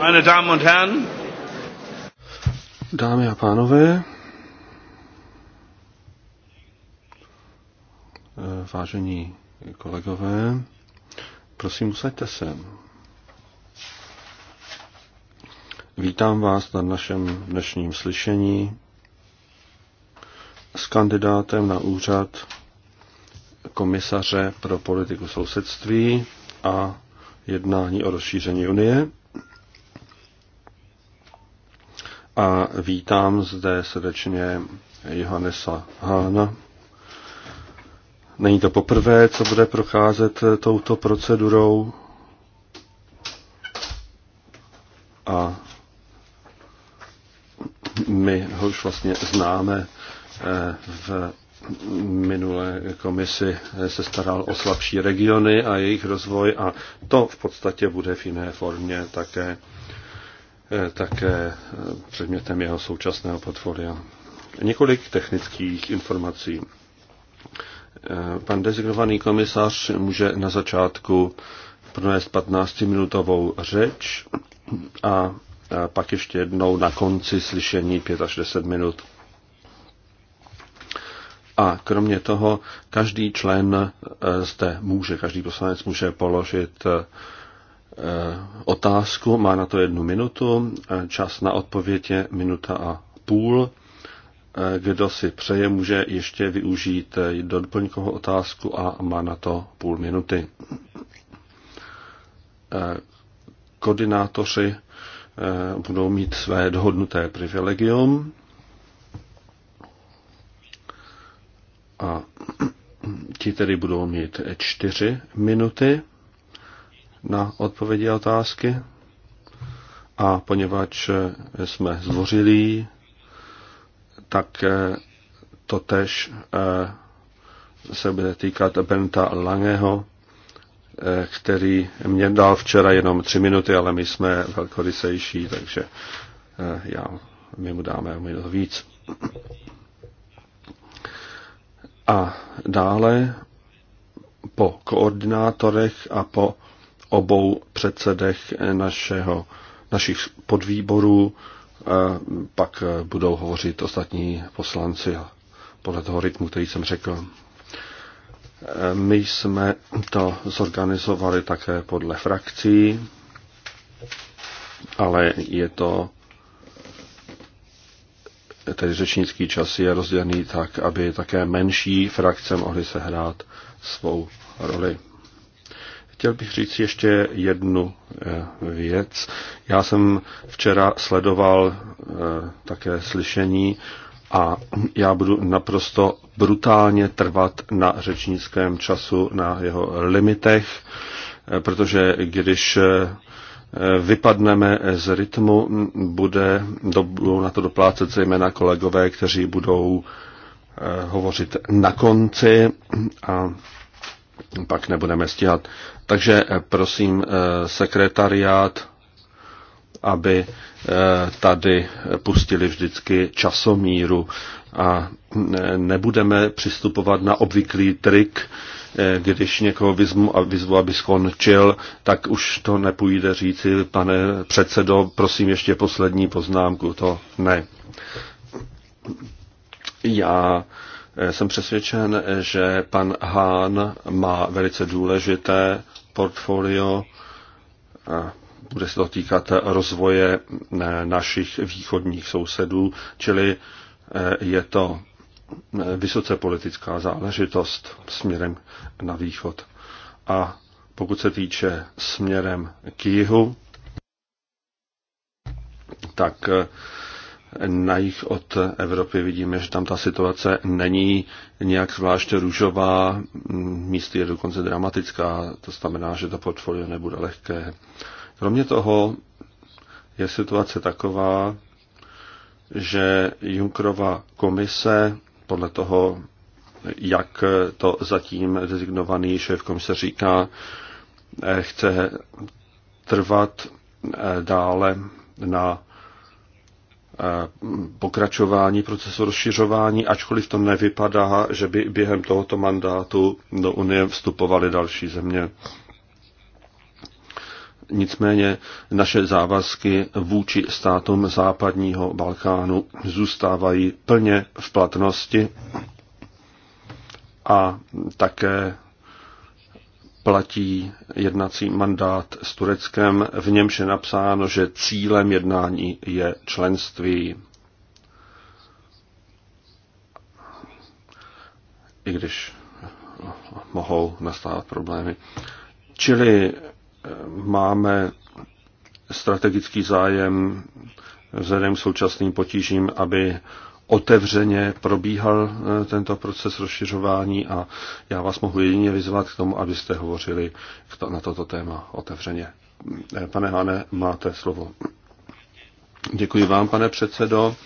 Meine Damen und Herren, Dámy a pánové, vážení kolegové, prosím, usaďte se. Vítám vás na našem dnešním slyšení s kandidátem na úřad komisaře pro politiku sousedství a jednání o rozšíření Unie. A vítám zde srdečně Johannesa Hána. Není to poprvé, co bude procházet touto procedurou. A my ho už vlastně známe eh, v minulé komisi se staral o slabší regiony a jejich rozvoj a to v podstatě bude v jiné formě také, eh, také eh, předmětem jeho současného portfolia. Několik technických informací. Eh, pan designovaný komisař může na začátku pronést 15-minutovou řeč a pak ještě jednou na konci slyšení 5 až 10 minut a kromě toho každý člen eh, zde může, každý poslanec může položit eh, otázku, má na to jednu minutu, eh, čas na odpověď je minuta a půl. Kdo si přeje, může ještě využít doplňkovou otázku a má na to půl minuty. Koordinátoři budou mít své dohodnuté privilegium a ti tedy budou mít čtyři minuty na odpovědi a otázky. A poněvadž jsme zdvořilí, tak to tež eh, se bude týkat Benta Langeho, eh, který mě dal včera jenom tři minuty, ale my jsme velkorysejší, takže eh, já, my mu dáme o minutu víc. A dále po koordinátorech a po obou předsedech našeho, našich podvýborů eh, pak budou hovořit ostatní poslanci podle toho rytmu, který jsem řekl. Eh, my jsme to zorganizovali také podle frakcí, ale je to tedy řečnický čas je rozdělený tak, aby také menší frakce mohly sehrát svou roli. Chtěl bych říct ještě jednu eh, věc. Já jsem včera sledoval eh, také slyšení a já budu naprosto brutálně trvat na řečnickém času, na jeho limitech, eh, protože když vypadneme z rytmu, bude, budou na to doplácet zejména kolegové, kteří budou eh, hovořit na konci a pak nebudeme stíhat. Takže eh, prosím eh, sekretariát aby eh, tady pustili vždycky časomíru a eh, nebudeme přistupovat na obvyklý trik, eh, když někoho vyzvu, a vyzvu, aby skončil, tak už to nepůjde říci, pane předsedo, prosím ještě poslední poznámku, to ne. Já jsem přesvědčen, že pan Hán má velice důležité portfolio bude se to týkat rozvoje eh, našich východních sousedů, čili eh, je to eh, vysoce politická záležitost směrem na východ. A pokud se týče směrem k jihu, tak na jich od Evropy vidíme, že tam ta situace není nějak zvlášť růžová, místy je dokonce dramatická, to znamená, že to portfolio nebude lehké. Kromě toho je situace taková, že Junkrova komise podle toho, jak to zatím designovaný šéf komise říká, eh, chce trvat eh, dále na eh, pokračování procesu rozšiřování, ačkoliv to nevypadá, že by během tohoto mandátu do Unie vstupovaly další země. Nicméně naše závazky vůči státům západního Balkánu zůstávají plně v platnosti a také platí jednací mandát s Tureckem, v němž je napsáno, že cílem jednání je členství. I když mohou nastávat problémy. Čili máme strategický zájem vzhledem k současným potížím, aby otevřeně probíhal eh, tento proces rozšiřování a já vás mohu jedině vyzvat k tomu, abyste hovořili na toto téma otevřeně. Eh, pane Hane, máte slovo. Děkuji vám, pane předsedo.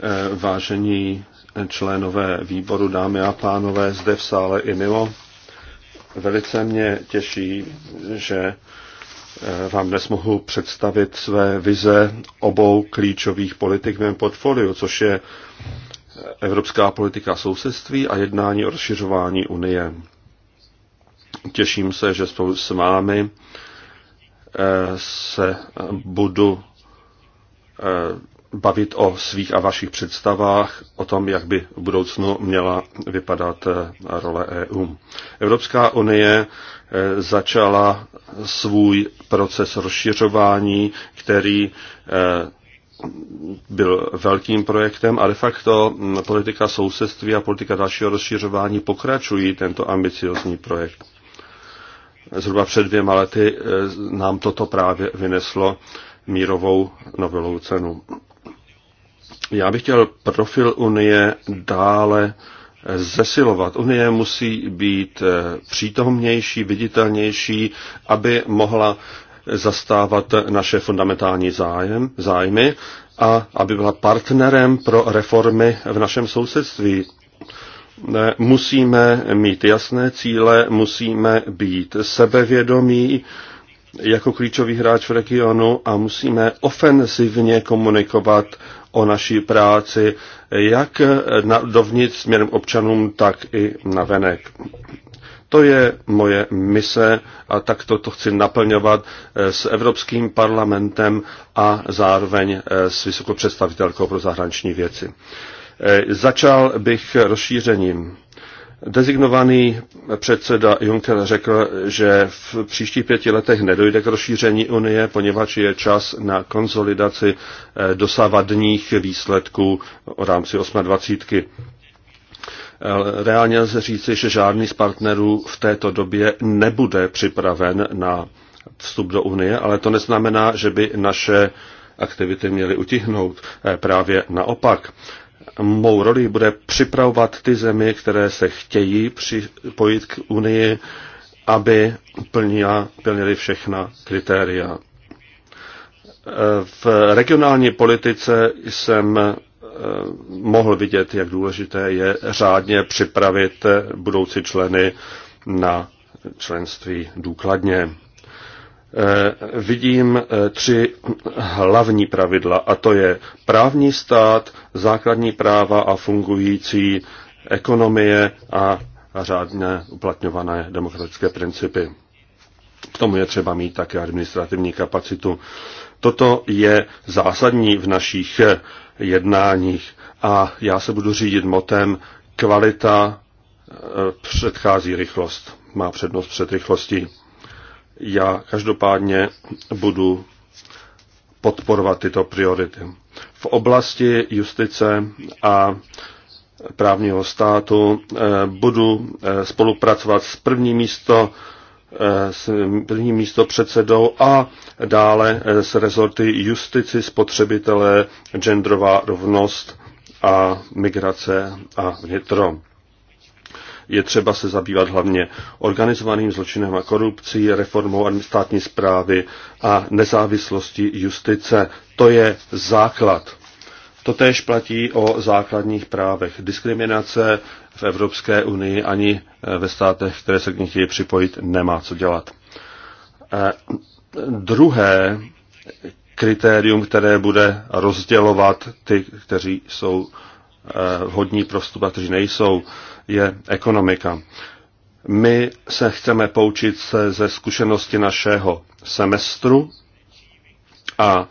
Eh, vážení členové výboru, dámy a pánové, zde v sále i mimo. Velice mě těší, že eh, vám dnes mohu představit své vize obou klíčových politik v mém portfoliu, což je eh, evropská politika sousedství a jednání o rozšiřování Unie. Těším se, že spolu s vámi eh, se budu bavit o svých a vašich představách, o tom, jak by v budoucnu měla vypadat eh, role EU. Evropská unie eh, začala svůj proces rozšiřování, který eh, byl velkým projektem a de facto hm, politika sousedství a politika dalšího rozšiřování pokračují tento ambiciozní projekt. Zhruba před dvěma lety nám toto právě vyneslo mírovou novelou cenu. Vlastně já bych chtěl profil Unie dále zesilovat. Unie musí být eh, přítomnější, viditelnější, aby mohla zastávat naše fundamentální zájem, zájmy a aby byla partnerem pro reformy v našem sousedství. Eh, musíme mít jasné cíle, musíme být sebevědomí jako klíčový hráč v regionu a musíme ofenzivně komunikovat o naší práci, jak na, dovnitř směrem občanům, tak i na venek. To je moje mise a tak to, to chci naplňovat eh, s Evropským parlamentem a zároveň eh, s vysokou představitelkou pro zahraniční věci. Eh, začal bych rozšířením. Dezignovaný předseda Juncker řekl, že v příštích pěti letech nedojde k rozšíření Unie, poněvadž je čas na konsolidaci eh, dosavadních výsledků o rámci 28. Eh, reálně lze říci, že žádný z partnerů v této době nebude připraven na vstup do Unie, ale to neznamená, že by naše aktivity měly utihnout. Eh, právě naopak mou roli bude připravovat ty země, které se chtějí připojit k Unii, aby plnila, plnili všechna kritéria. V regionální politice jsem eh, mohl vidět, jak důležité je řádně připravit budoucí členy na členství důkladně. Eh, vidím eh, tři hlavní pravidla, a to je právní stát, základní práva a fungující ekonomie a řádně uplatňované demokratické principy. K tomu je třeba mít také administrativní kapacitu. Toto je zásadní v našich eh, jednáních a já se budu řídit motem kvalita předchází rychlost, má přednost před rychlostí. Já každopádně budu podporovat tyto priority. V oblasti justice a právního státu eh, budu eh, spolupracovat s první místo eh, s prvním místo předsedou a dále s rezorty justici, spotřebitelé, genderová rovnost a migrace a vnitro je třeba se zabývat hlavně organizovaným zločinem a korupcí, reformou státní zprávy a nezávislosti justice. To je základ. Totež platí o základních právech. Diskriminace v Evropské unii ani eh, ve státech, které se k ní chtějí připojit, nemá co dělat. Eh, druhé kritérium, které bude rozdělovat ty, kteří jsou eh, hodní pro vstup a kteří nejsou, je ekonomika. My se chceme poučit se ze zkušenosti našeho semestru a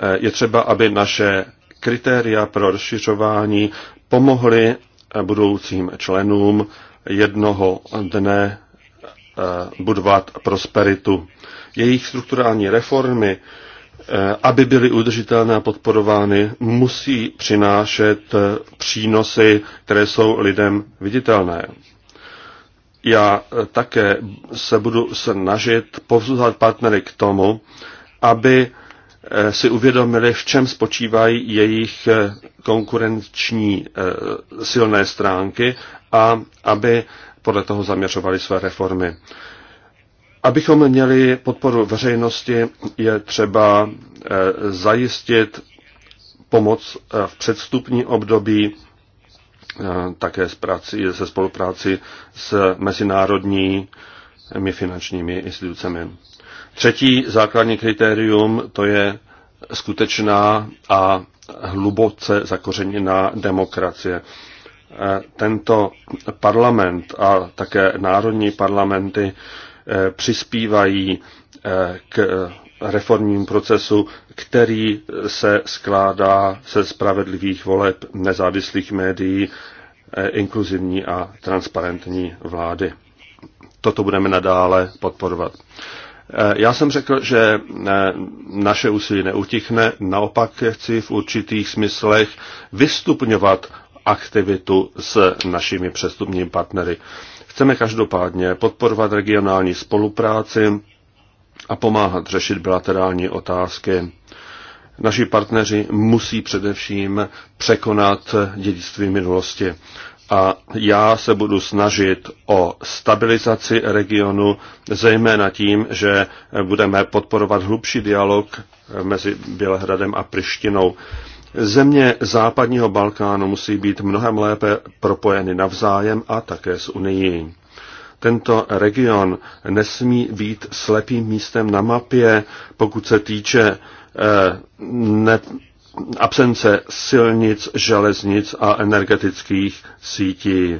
e, je třeba, aby naše kritéria pro rozšiřování pomohly e, budoucím členům jednoho dne e, budovat prosperitu. Jejich strukturální reformy Eh, aby byly udržitelné a podporovány, musí přinášet eh, přínosy, které jsou lidem viditelné. Já eh, také se budu snažit povzbuzovat partnery k tomu, aby si uvědomili, v čem spočívají jejich konkurenční silné stránky a aby podle toho zaměřovali své reformy. Abychom měli podporu veřejnosti, je třeba eh, zajistit pomoc eh, v předstupní období eh, také s prací, se spolupráci s mezinárodními finančními institucemi. Třetí základní kritérium to je skutečná a hluboce zakořeněná demokracie. Tento parlament a také národní parlamenty Eh, přispívají eh, k reformním procesu, který se skládá ze spravedlivých voleb nezávislých médií, eh, inkluzivní a transparentní vlády. Toto budeme nadále podporovat. Já jsem řekl, že naše úsilí neutichne, naopak chci v určitých smyslech vystupňovat aktivitu s našimi přestupními partnery. Chceme každopádně podporovat regionální spolupráci a pomáhat řešit bilaterální otázky. Naši partneři musí především překonat dědictví minulosti. A já se budu snažit o stabilizaci regionu, zejména tím, že budeme podporovat hlubší dialog mezi Bělehradem a Prištinou. Země západního Balkánu musí být mnohem lépe propojeny navzájem a také s Unii. Tento region nesmí být slepým místem na mapě, pokud se týče eh, ne, absence silnic, železnic a energetických sítí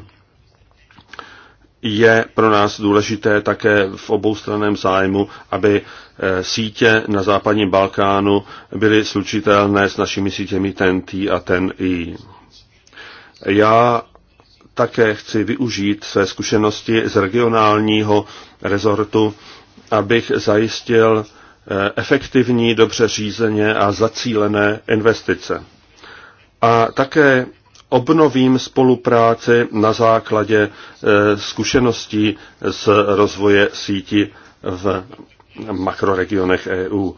je pro nás důležité také v oboustraném zájmu, aby eh, sítě na západním Balkánu byly slučitelné s našimi sítěmi TNT a TNI. Já také chci využít své zkušenosti z regionálního rezortu, abych zajistil eh, efektivní, dobře řízeně a zacílené investice. A také obnovím spolupráci na základě e, zkušeností z rozvoje síti v makroregionech EU.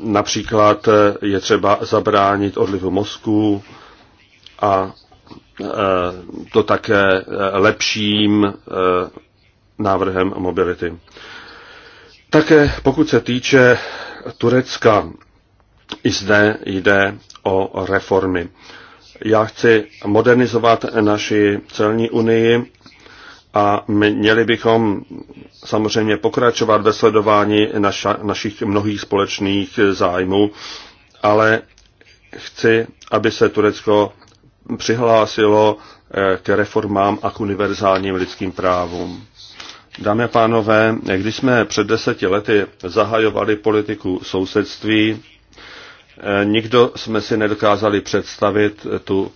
Například e, je třeba zabránit odlivu mozků a e, to také lepším návrhem mobility. Také pokud se týče Turecka, i zde jde o reformy. Já chci modernizovat naši celní unii a měli bychom samozřejmě pokračovat ve sledování naša, našich mnohých společných zájmů, ale chci, aby se Turecko přihlásilo eh, k reformám a k univerzálním lidským právům. Dámy a pánové, když jsme před deseti lety zahajovali politiku sousedství, Eh, nikdo jsme si nedokázali představit eh, tu,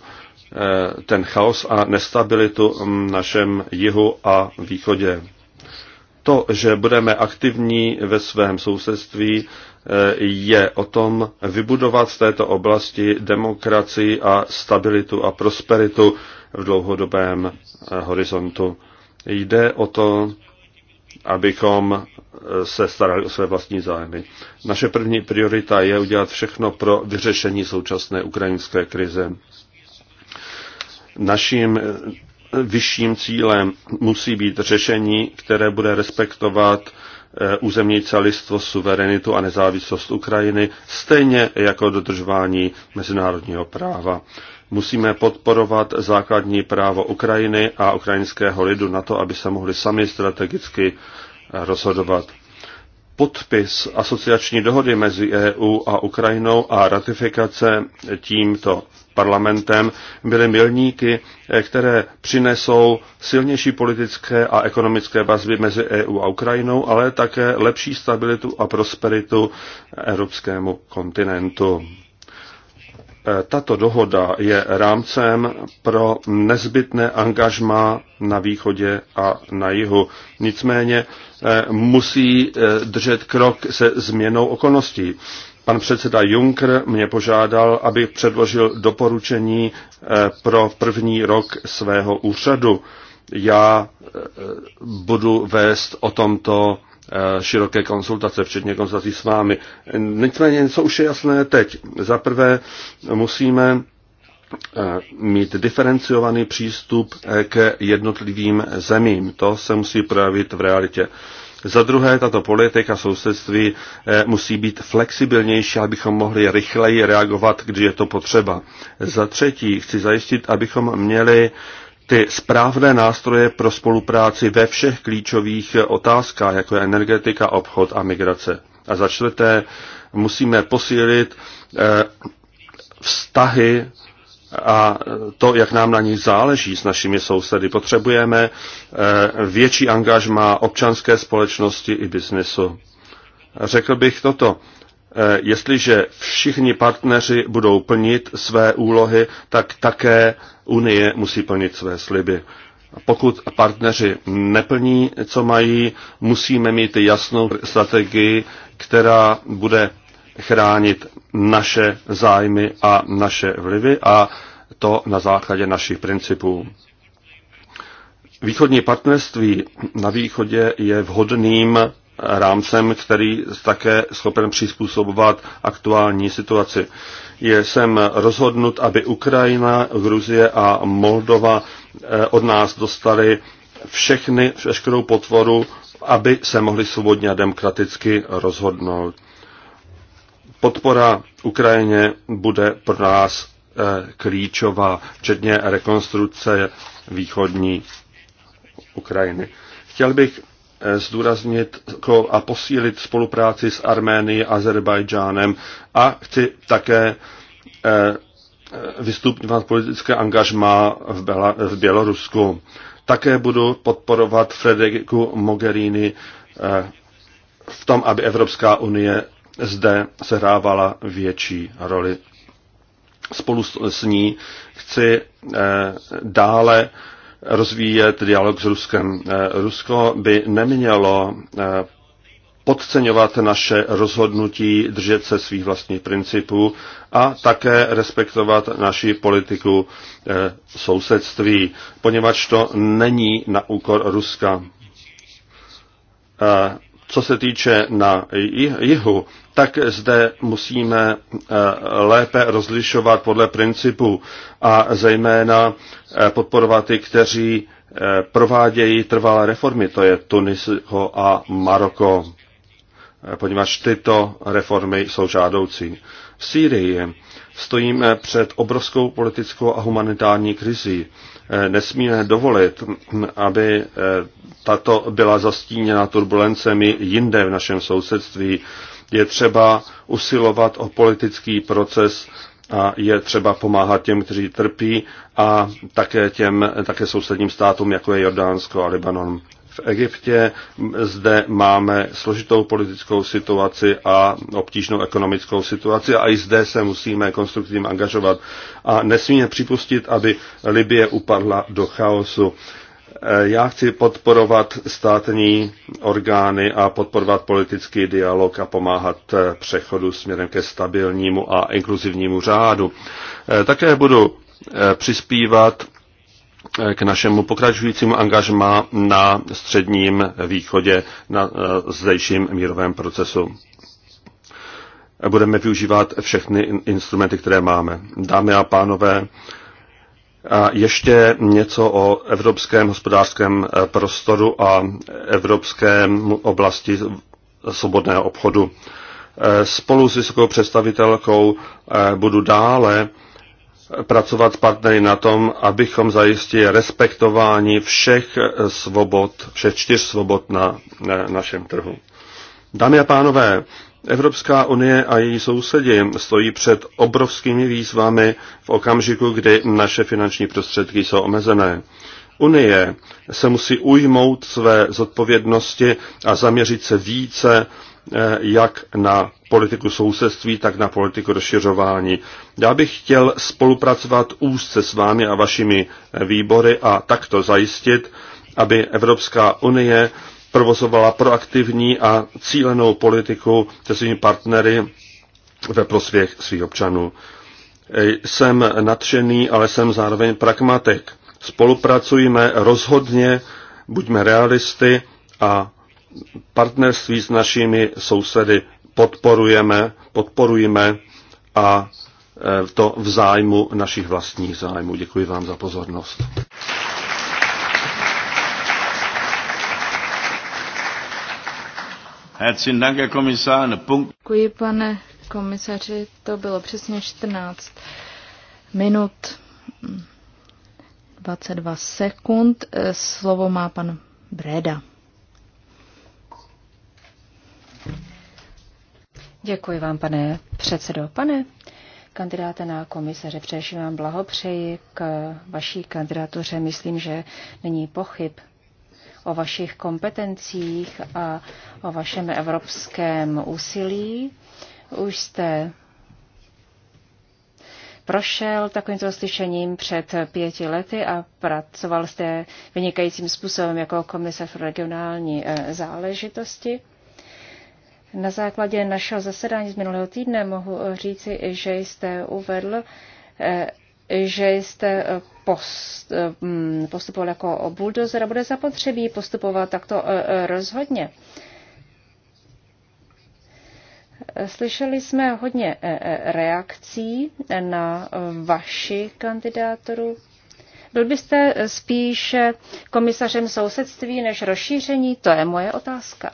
eh, ten chaos a nestabilitu v našem jihu a východě. To, že budeme aktivní ve svém sousedství, je o tom vybudovat z této oblasti demokracii a stabilitu a prosperitu v dlouhodobém horizontu. Jde o to, abychom se starali o své vlastní zájmy. Naše první priorita je udělat všechno pro vyřešení současné ukrajinské krize. Naším vyšším cílem musí být řešení, které bude respektovat eh, územní celistvo, suverenitu a nezávislost Ukrajiny, stejně jako dodržování mezinárodního práva. Musíme podporovat základní právo Ukrajiny a ukrajinského lidu na to, aby se mohli sami strategicky rozhodovat. Podpis asociační dohody mezi EU a Ukrajinou a ratifikace tímto parlamentem byly milníky, které přinesou silnější politické a ekonomické vazby mezi EU a Ukrajinou, ale také lepší stabilitu a prosperitu evropskému kontinentu. Tato dohoda je rámcem pro nezbytné angažma na východě a na jihu. Nicméně eh, musí eh, držet krok se změnou okolností. Pan předseda Juncker mě požádal, abych předložil doporučení eh, pro první rok svého úřadu. Já budu vést o tomto Eh, široké konsultace, včetně konzultací s vámi. Nicméně něco už je jasné teď. Za prvé musíme eh, mít diferenciovaný přístup k jednotlivým zemím. To se musí projevit v realitě. Za druhé, tato politika sousedství eh, musí být flexibilnější, abychom mohli rychleji reagovat, když je to potřeba. Za třetí, chci zajistit, abychom měli ty správné nástroje pro spolupráci ve všech klíčových otázkách, jako je energetika, obchod a migrace. A za čtvrté, musíme posílit eh, vztahy a to, jak nám na nich záleží s našimi sousedy. Potřebujeme eh, větší angažma občanské společnosti i biznesu. Řekl bych toto. Eh, jestliže všichni partneři budou plnit své úlohy, tak také Unie musí plnit své sliby. Pokud partneři neplní, co mají, musíme mít jasnou strategii, která bude chránit naše zájmy a naše vlivy a to na základě našich principů. Východní partnerství na východě je vhodným rámcem, který je také schopen přizpůsobovat aktuální situaci. Jsem rozhodnut, aby Ukrajina, Gruzie a Moldova eh, od nás dostali všechny, veškerou potvoru, aby se mohli svobodně a demokraticky rozhodnout. Podpora Ukrajině bude pro nás eh, klíčová, včetně rekonstrukce východní Ukrajiny. Chtěl bych zdůraznit a posílit spolupráci s Arménií a Azerbajdžánem a chci také eh, vystupňovat politické angažma v Bělorusku. Také budu podporovat Frederiku Mogherini eh, v tom, aby Evropská unie zde sehrávala větší roli. Spolu s ní chci eh, dále rozvíjet dialog s Ruskem. Eh, Rusko by nemělo eh, podceňovat naše rozhodnutí držet se svých vlastních principů a také respektovat naši politiku eh, sousedství, poněvadž to není na úkor Ruska. Co se týče na jihu, tak zde musíme lépe rozlišovat podle principu a zejména Eh, podporovat ty, kteří eh, provádějí trvalé reformy, to je Tunisko a Maroko, eh, poněvadž tyto reformy jsou žádoucí. V Sýrii stojíme před obrovskou politickou a humanitární krizí. Nesmíme dovolit, aby tato byla zastíněna turbulencemi jinde v našem sousedství. Je třeba usilovat o politický proces a je třeba pomáhat těm, kteří trpí a také těm také sousedním státům, jako je Jordánsko a Libanon. V Egyptě zde máme složitou politickou situaci a obtížnou ekonomickou situaci a i zde se musíme konstruktivně angažovat a nesmíme připustit, aby Libie upadla do chaosu. Eh, já chci podporovat státní orgány a podporovat politický dialog a pomáhat eh, přechodu směrem ke stabilnímu a inkluzivnímu řádu. Eh, také budu přispívat k našemu pokračujícímu angažmá na středním východě, na zdejším mírovém procesu. Budeme využívat všechny instrumenty, které máme. Dámy a pánové, a ještě něco o evropském hospodářském eh, prostoru a evropské oblasti svobodného obchodu. Eh, spolu s vysokou představitelkou eh, budu dále pracovat s partnery na tom, abychom zajistili respektování všech svobod, všech čtyř svobod na našem trhu. Dámy a pánové, Evropská unie a její sousedi stojí před obrovskými výzvami v okamžiku, kdy naše finanční prostředky jsou omezené. Unie se musí ujmout své zodpovědnosti a zaměřit se více eh, jak na politiku sousedství, tak na politiku rozšiřování. Já bych chtěl spolupracovat úzce s vámi a vašimi eh, výbory a takto zajistit, aby Evropská unie provozovala proaktivní a cílenou politiku se svými partnery ve prospěch svých občanů. Jsem nadšený, ale jsem zároveň pragmatik. Spolupracujeme rozhodně, buďme realisty a partnerství s našimi sousedy podporujeme, podporujeme a e, to v zájmu našich vlastních zájmů. Děkuji vám za pozornost. Herzlichen Dank, Herr Kommissar. Děkuji, pane komisaři. To bylo přesně 14 minut 22 sekund. Slovo má pan Breda. Děkuji vám, pane předsedo. Pane kandidáte na komisaře, především vám blahopřeji k vaší kandidatuře. Myslím, že není pochyb o vašich kompetencích a o vašem evropském úsilí. Už jste prošel takovýmto slyšením před pěti lety a pracoval jste vynikajícím způsobem jako komisař pro regionální eh, záležitosti. Na základě našeho zasedání z minulého týdne mohu říci, že jste uvedl eh, že jste eh, post, eh, hm, postupoval jako buldozer a bude zapotřebí postupovat takto eh, rozhodně. Slyšeli jsme hodně reakcí na vaši kandidátoru. Byl byste spíše komisařem sousedství než rozšíření? To je moje otázka.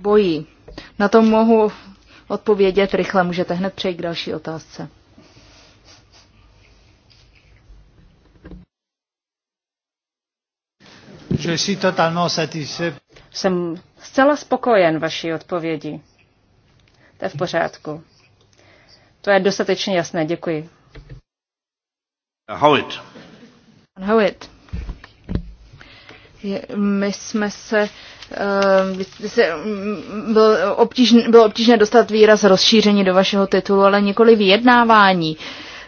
Bojí. Na to mohu odpovědět rychle, můžete hned přejít k další otázce. Jsem zcela spokojen vaší odpovědi. To je v pořádku. To je dostatečně jasné, děkuji. Howitt. Howitt. My jsme se Ehm, se, mm, byl obtížn, bylo obtížné dostat výraz rozšíření do vašeho titulu, ale nikoli vyjednávání.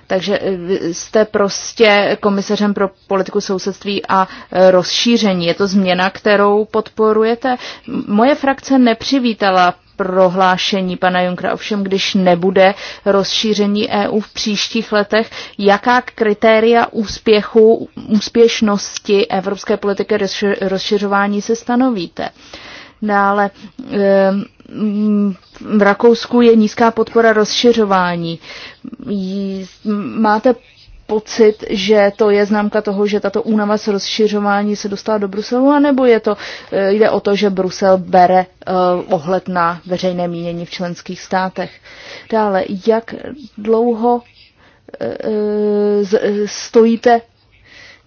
Takže eh, jste prostě komisařem pro politiku sousedství a eh, rozšíření. Je to změna, kterou podporujete? Moje frakce nepřivítala prohlášení pana Junkra. Ovšem, když nebude rozšíření EU v příštích letech, jaká kritéria úspěchu, úspěšnosti evropské politiky rozšiřování se stanovíte? Dále ehm, v Rakousku je nízká podpora rozšiřování. Máte pocit, že to je známka toho, že tato únava s rozšiřování se dostala do Bruselu, anebo je to, eh, jde o to, že Brusel bere eh, ohled na veřejné mínění v členských státech. Dále, jak dlouho eh, stojíte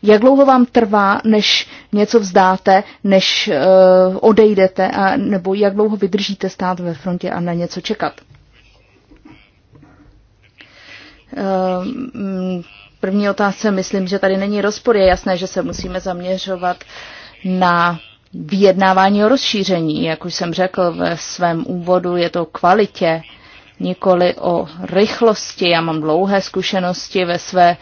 jak dlouho vám trvá, než něco vzdáte, než uh, odejdete, a, nebo jak dlouho vydržíte stát ve frontě a na něco čekat? Mm, první otázce myslím, že tady není rozpor. Je jasné, že se musíme zaměřovat na vyjednávání o rozšíření. Jak už jsem řekl ve svém úvodu, je to o kvalitě, nikoli o rychlosti. Já mám dlouhé zkušenosti ve své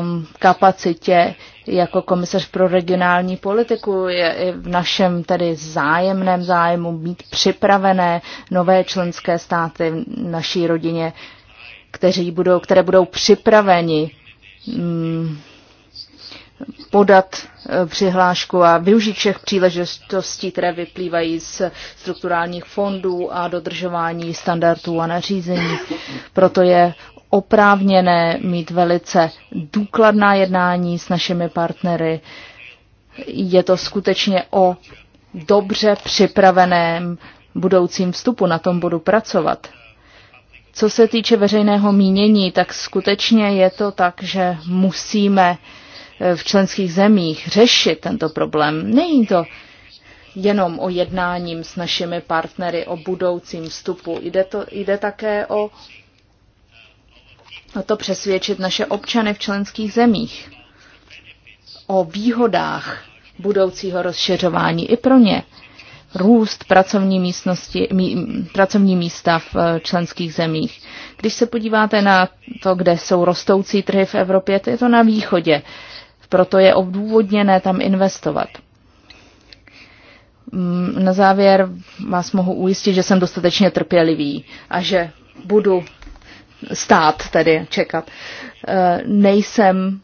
um, kapacitě jako komisař pro regionální politiku. Je i v našem tedy zájemném zájmu mít připravené nové členské státy v naší rodině, kteří budou, které budou připraveni Mm, podat e, přihlášku a využít všech příležitostí, které vyplývají z strukturálních fondů a dodržování standardů a nařízení. Proto je oprávněné mít velice důkladná jednání s našimi partnery. Je to skutečně o dobře připraveném budoucím vstupu. Na tom budu pracovat. Co se týče veřejného mínění, tak skutečně je to tak, že musíme eh, v členských zemích řešit tento problém. Není to jenom o jednáním s našimi partnery o budoucím vstupu. Jde, to, jde také o, o to přesvědčit naše občany v členských zemích o výhodách budoucího rozšiřování i pro ně růst pracovní, místnosti, mí, pracovní místa v eh, členských zemích. Když se podíváte na to, kde jsou rostoucí trhy v Evropě, to je to na východě. Proto je obdůvodněné tam investovat. Mm, na závěr vás mohu ujistit, že jsem dostatečně trpělivý a že budu stát tedy čekat. Eh, nejsem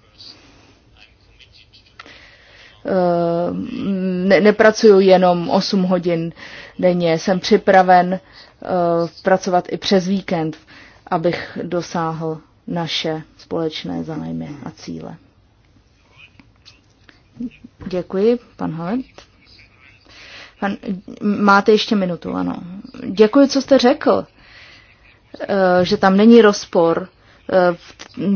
ne, nepracuju jenom 8 hodin denně, jsem připraven eh, pracovat i přes víkend, abych dosáhl naše společné zájmy a cíle. Děkuji, pan Holt. Pan, máte ještě minutu, ano. Děkuji, co jste řekl, eh, že tam není rozpor, eh,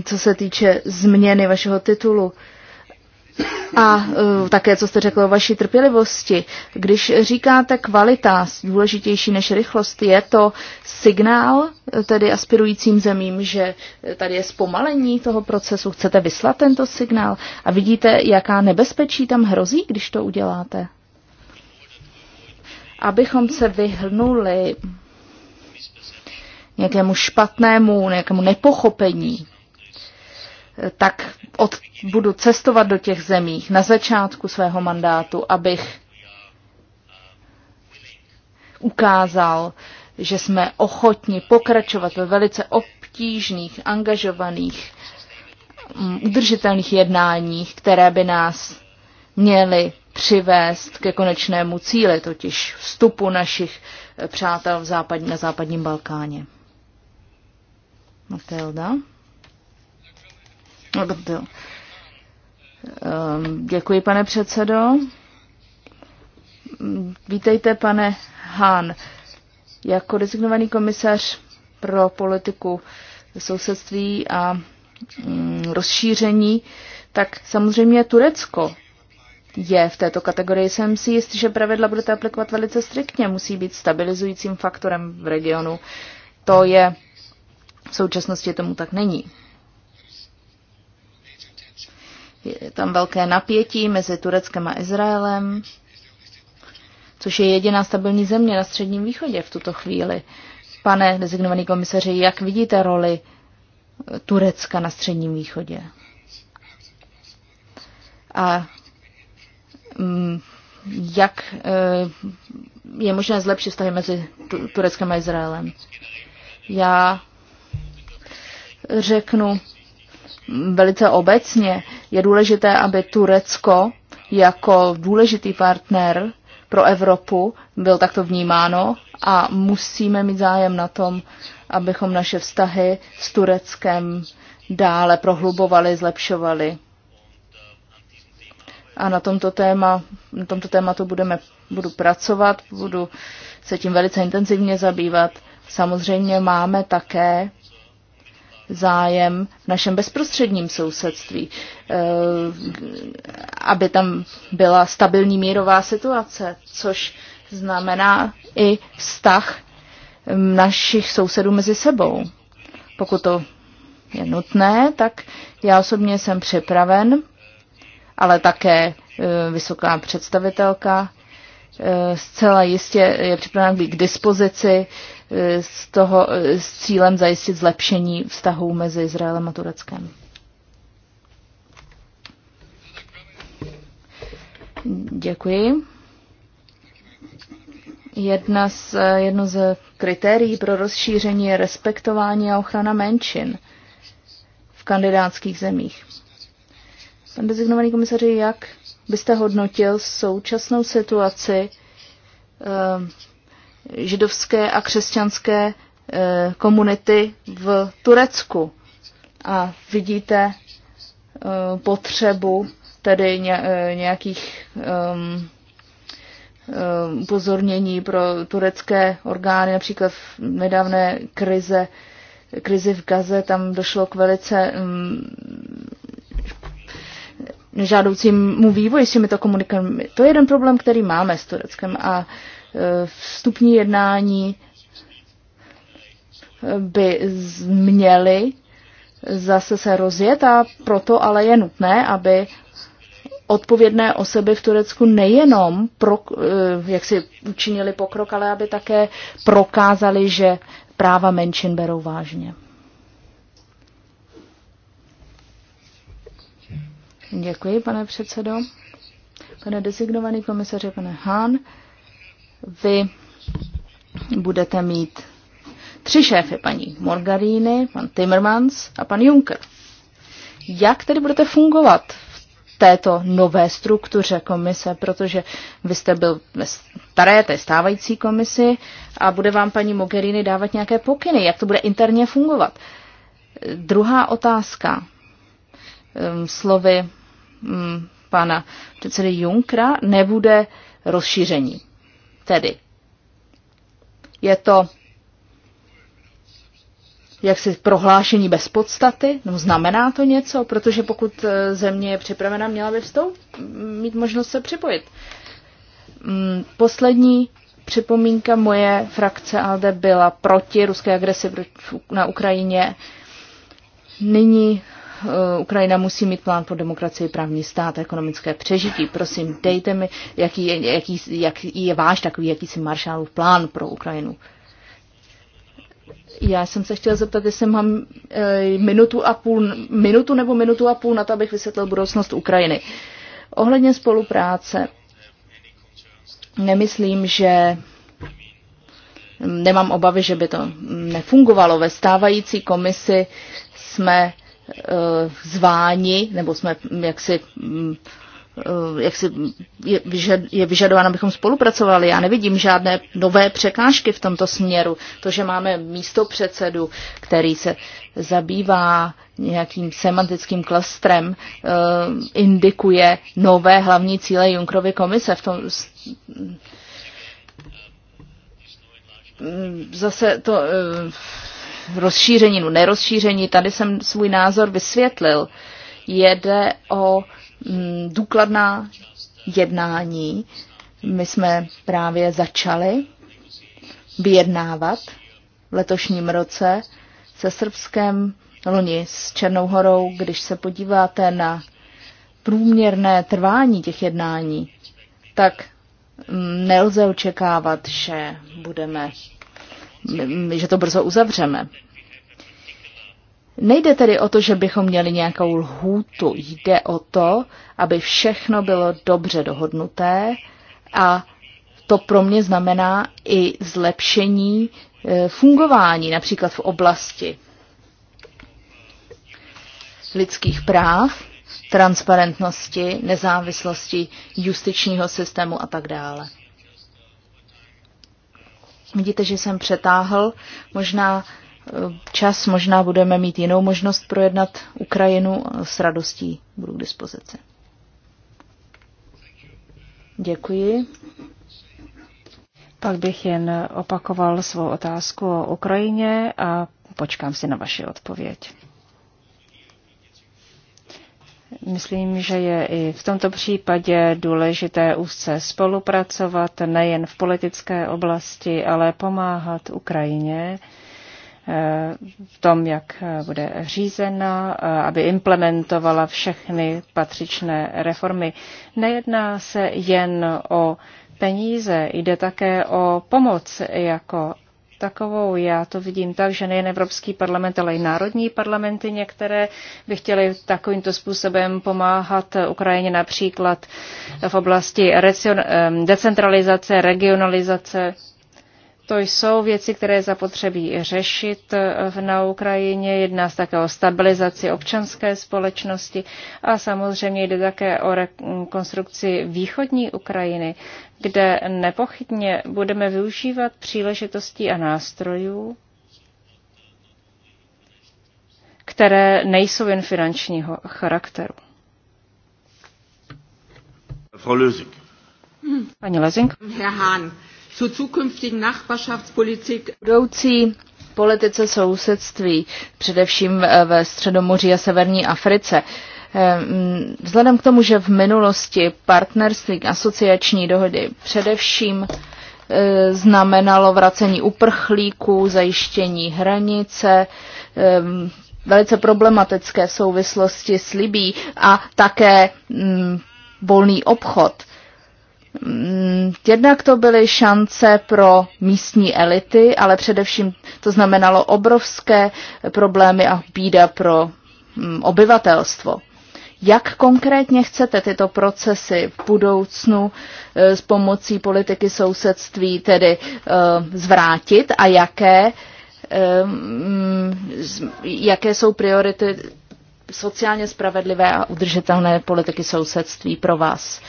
co se týče změny vašeho titulu. A uh, také, co jste řekl o vaší trpělivosti, když říkáte kvalita důležitější než rychlost, je to signál eh, tedy aspirujícím zemím, že tady je zpomalení toho procesu, chcete vyslat tento signál a vidíte, jaká nebezpečí tam hrozí, když to uděláte? Abychom se vyhnuli nějakému špatnému, nějakému nepochopení tak od, budu cestovat do těch zemí na začátku svého mandátu, abych ukázal, že jsme ochotni pokračovat ve velice obtížných, angažovaných, mm, udržitelných jednáních, které by nás měly přivést ke konečnému cíli, totiž vstupu našich eh, přátel v západ, na západním Balkáně. Matilda. Ehm, děkuji, pane předsedo. Vítejte, pane Hán. Jako designovaný komisař pro politiku sousedství a mm, rozšíření, tak samozřejmě Turecko je v této kategorii. Jsem si jistý, že pravidla budete aplikovat velice striktně. Musí být stabilizujícím faktorem v regionu. To je v současnosti tomu tak není. Je tam velké napětí mezi Tureckem a Izraelem, což je jediná stabilní země na Středním východě v tuto chvíli. Pane designovaný komisaři, jak vidíte roli eh, Turecka na Středním východě? A mm, jak eh, je možné zlepšit vztahy mezi Tureckem a Izraelem? Já řeknu velice obecně je důležité, aby Turecko jako důležitý partner pro Evropu byl takto vnímáno a musíme mít zájem na tom, abychom naše vztahy s Tureckem dále prohlubovali, zlepšovali. A na tomto, téma, na tomto tématu budeme, budu pracovat, budu se tím velice intenzivně zabývat. Samozřejmě máme také zájem v našem bezprostředním sousedství, eh, aby tam byla stabilní mírová situace, což znamená i vztah mm, našich sousedů mezi sebou. Pokud to je nutné, tak já osobně jsem připraven, ale také eh, vysoká představitelka eh, zcela jistě je připravena být k dispozici s, eh, toho, eh, s cílem zajistit zlepšení vztahů mezi Izraelem a Tureckem. Děkuji. Jedna z, eh, jedno z kritérií pro rozšíření je respektování a ochrana menšin v kandidátských zemích. Pan designovaný komisaři, jak byste hodnotil současnou situaci židovské a křesťanské eh, komunity v Turecku. A vidíte eh, potřebu tedy eh, nějakých ehm, ehm, upozornění pro turecké orgány, například v nedávné krize, krizi v Gaze, tam došlo k velice ehm, nežádoucímu vývoji s těmito komunikami. To je jeden problém, který máme s Tureckem a vstupní jednání by měly zase se rozjet a proto ale je nutné, aby odpovědné osoby v Turecku nejenom pro, eh, jak si učinili pokrok, ale aby také prokázali, že práva menšin berou vážně. Děkuji, pane předsedo. Pane designovaný komisaře, pane Han. Vy budete mít tři šéfy, paní Morgarini, pan Timmermans a pan Juncker. Jak tedy budete fungovat v této nové struktuře komise, protože vy jste byl ve staré, té stávající komisi a bude vám paní Mogherini dávat nějaké pokyny, jak to bude interně fungovat. Druhá otázka. Ehm, slovy mm, pana předsedy Junkra nebude rozšíření. Tedy je to jaksi prohlášení bez podstaty, no znamená to něco, protože pokud e, země je připravena, měla by vstoup, mít možnost se připojit. Mm, poslední připomínka moje frakce ALDE byla proti ruské agresi na Ukrajině. Nyní Eh, Ukrajina musí mít plán pro demokracii, právní stát, ekonomické přežití. Prosím, dejte mi, jaký je, jaký, jaký je váš takový jakýsi Maršálův plán pro Ukrajinu. Já jsem se chtěla zeptat, jestli mám e, minutu a půl, minutu nebo minutu a půl na to, abych vysvětlil budoucnost Ukrajiny. Ohledně spolupráce, nemyslím, že mm, nemám obavy, že by to mm, nefungovalo. Ve stávající komisi jsme Eh, zváni, nebo jsme mm, jaksi mm, eh, jak si je, vyžad, je vyžadováno, abychom spolupracovali. Já nevidím žádné nové překážky v tomto směru. To, že máme místo předsedu, který se zabývá nějakým semantickým klastrem, eh, indikuje nové hlavní cíle Junkrovy komise. V tom, mm, zase to eh, rozšíření no nerozšíření, tady jsem svůj názor vysvětlil. Jede o mm, důkladná jednání. My jsme právě začali vyjednávat v letošním roce se Srbskem loni s Černou horou, když se podíváte na průměrné trvání těch jednání, tak mm, nelze očekávat, že budeme že to brzo uzavřeme. Nejde tedy o to, že bychom měli nějakou lhůtu. Jde o to, aby všechno bylo dobře dohodnuté a to pro mě znamená i zlepšení e, fungování, například v oblasti lidských práv, transparentnosti, nezávislosti justičního systému a tak dále. Vidíte, že jsem přetáhl. Možná eh, čas, možná budeme mít jinou možnost projednat Ukrajinu. S radostí budu k dispozici. Děkuji. Pak bych jen opakoval svou otázku o Ukrajině a počkám si na vaši odpověď. Myslím, že je i v tomto případě důležité úzce spolupracovat nejen v politické oblasti, ale pomáhat Ukrajině eh, v tom, jak eh, bude řízena, eh, aby implementovala všechny patřičné reformy. Nejedná se jen o peníze, jde také o pomoc jako takovou. Já to vidím tak, že nejen Evropský parlament, ale i národní parlamenty některé by chtěly takovýmto způsobem pomáhat Ukrajině například v oblasti decentralizace, regionalizace to jsou věci, které zapotřebí řešit eh, na Ukrajině. Jedná se také o stabilizaci občanské společnosti a samozřejmě jde také o rekonstrukci východní Ukrajiny, kde nepochybně budeme využívat příležitostí a nástrojů, které nejsou jen finančního charakteru. Frau Lösing. Pani Lezing. Herr Hahn. Budoucí politice sousedství, především eh, ve Středomoří a Severní Africe. Ehm, vzhledem k tomu, že v minulosti partnerství k asociační dohody především eh, znamenalo vracení uprchlíků, zajištění hranice, ehm, velice problematické souvislosti s Libí a také mm, volný obchod. Mm, jednak to byly šance pro místní elity, ale především to znamenalo obrovské problémy a bída pro mm, obyvatelstvo. Jak konkrétně chcete tyto procesy v budoucnu e, s pomocí politiky sousedství tedy e, zvrátit a jaké, e, mm, jaké jsou priority sociálně spravedlivé a udržitelné politiky sousedství pro vás?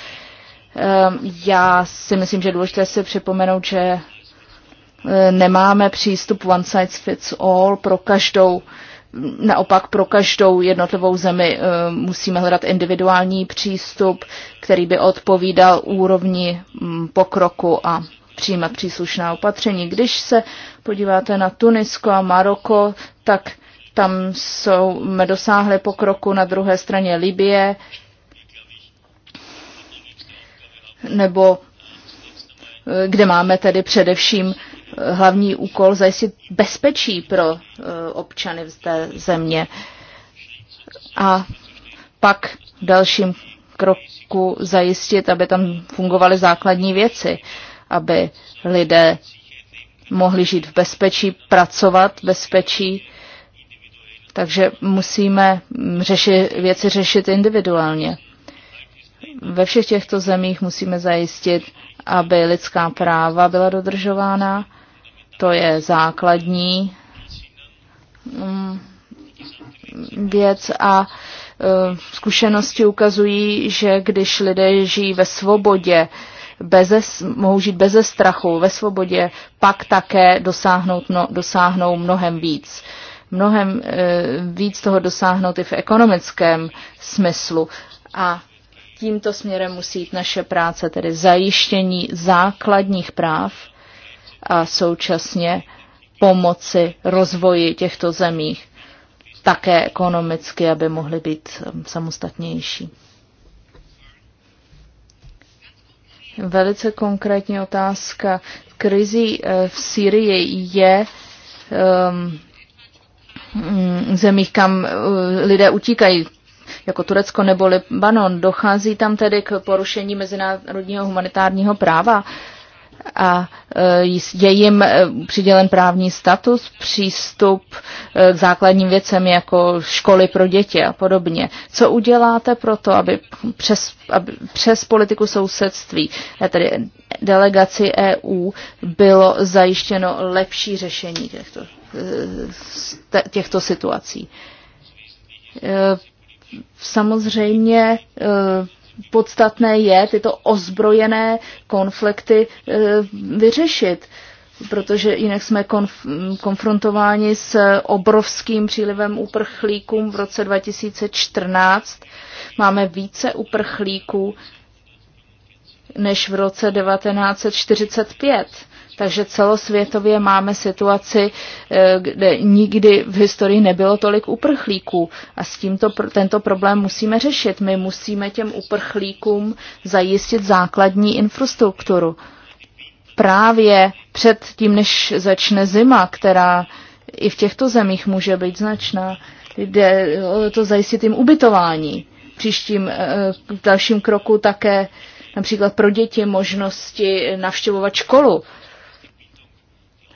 Ehm, já si myslím, že důležité si připomenout, že eh, nemáme přístup one size fits all pro každou, naopak pro každou jednotlivou zemi eh, musíme hledat individuální přístup, který by odpovídal úrovni mm, pokroku a přijímat příslušná opatření. Když se podíváte na Tunisko a Maroko, tak tam jsou, jsme dosáhli pokroku na druhé straně Libie, nebo eh, kde máme tedy především eh, hlavní úkol zajistit bezpečí pro eh, občany v té země. A pak v dalším kroku zajistit, aby tam fungovaly základní věci, aby lidé mohli žít v bezpečí, pracovat v bezpečí. Takže musíme mm, řeši, věci řešit individuálně. Ve všech těchto zemích musíme zajistit, aby lidská práva byla dodržována. To je základní mm, věc a e, zkušenosti ukazují, že když lidé žijí ve svobodě, beze, mohou žít beze strachu, ve svobodě, pak také dosáhnout, no, dosáhnou mnohem víc. Mnohem e, víc toho dosáhnout i v ekonomickém smyslu. A tímto směrem musí jít naše práce, tedy zajištění základních práv a současně pomoci rozvoji těchto zemích také ekonomicky, aby mohly být um, samostatnější. Velice konkrétní otázka. Krizi eh, v Syrii je um, mm, zemích, kam eh, lidé utíkají jako Turecko nebo Libanon. Dochází tam tedy k porušení mezinárodního humanitárního práva a e, je jim e, přidělen právní status, přístup e, k základním věcem jako školy pro děti a podobně. Co uděláte pro to, aby přes, aby přes politiku sousedství, tedy delegaci EU, bylo zajištěno lepší řešení těchto, těchto situací? Samozřejmě eh, podstatné je tyto ozbrojené konflikty eh, vyřešit, protože jinak jsme konf- konfrontováni s obrovským přílivem uprchlíků v roce 2014. Máme více uprchlíků než v roce 1945. Takže celosvětově máme situaci, eh, kde nikdy v historii nebylo tolik uprchlíků a s tímto tento problém musíme řešit. My musíme těm uprchlíkům zajistit základní infrastrukturu. Právě před tím, než začne zima, která i v těchto zemích může být značná, jde to zajistit jim ubytování. Příštím eh, v dalším kroku také například pro děti možnosti navštěvovat školu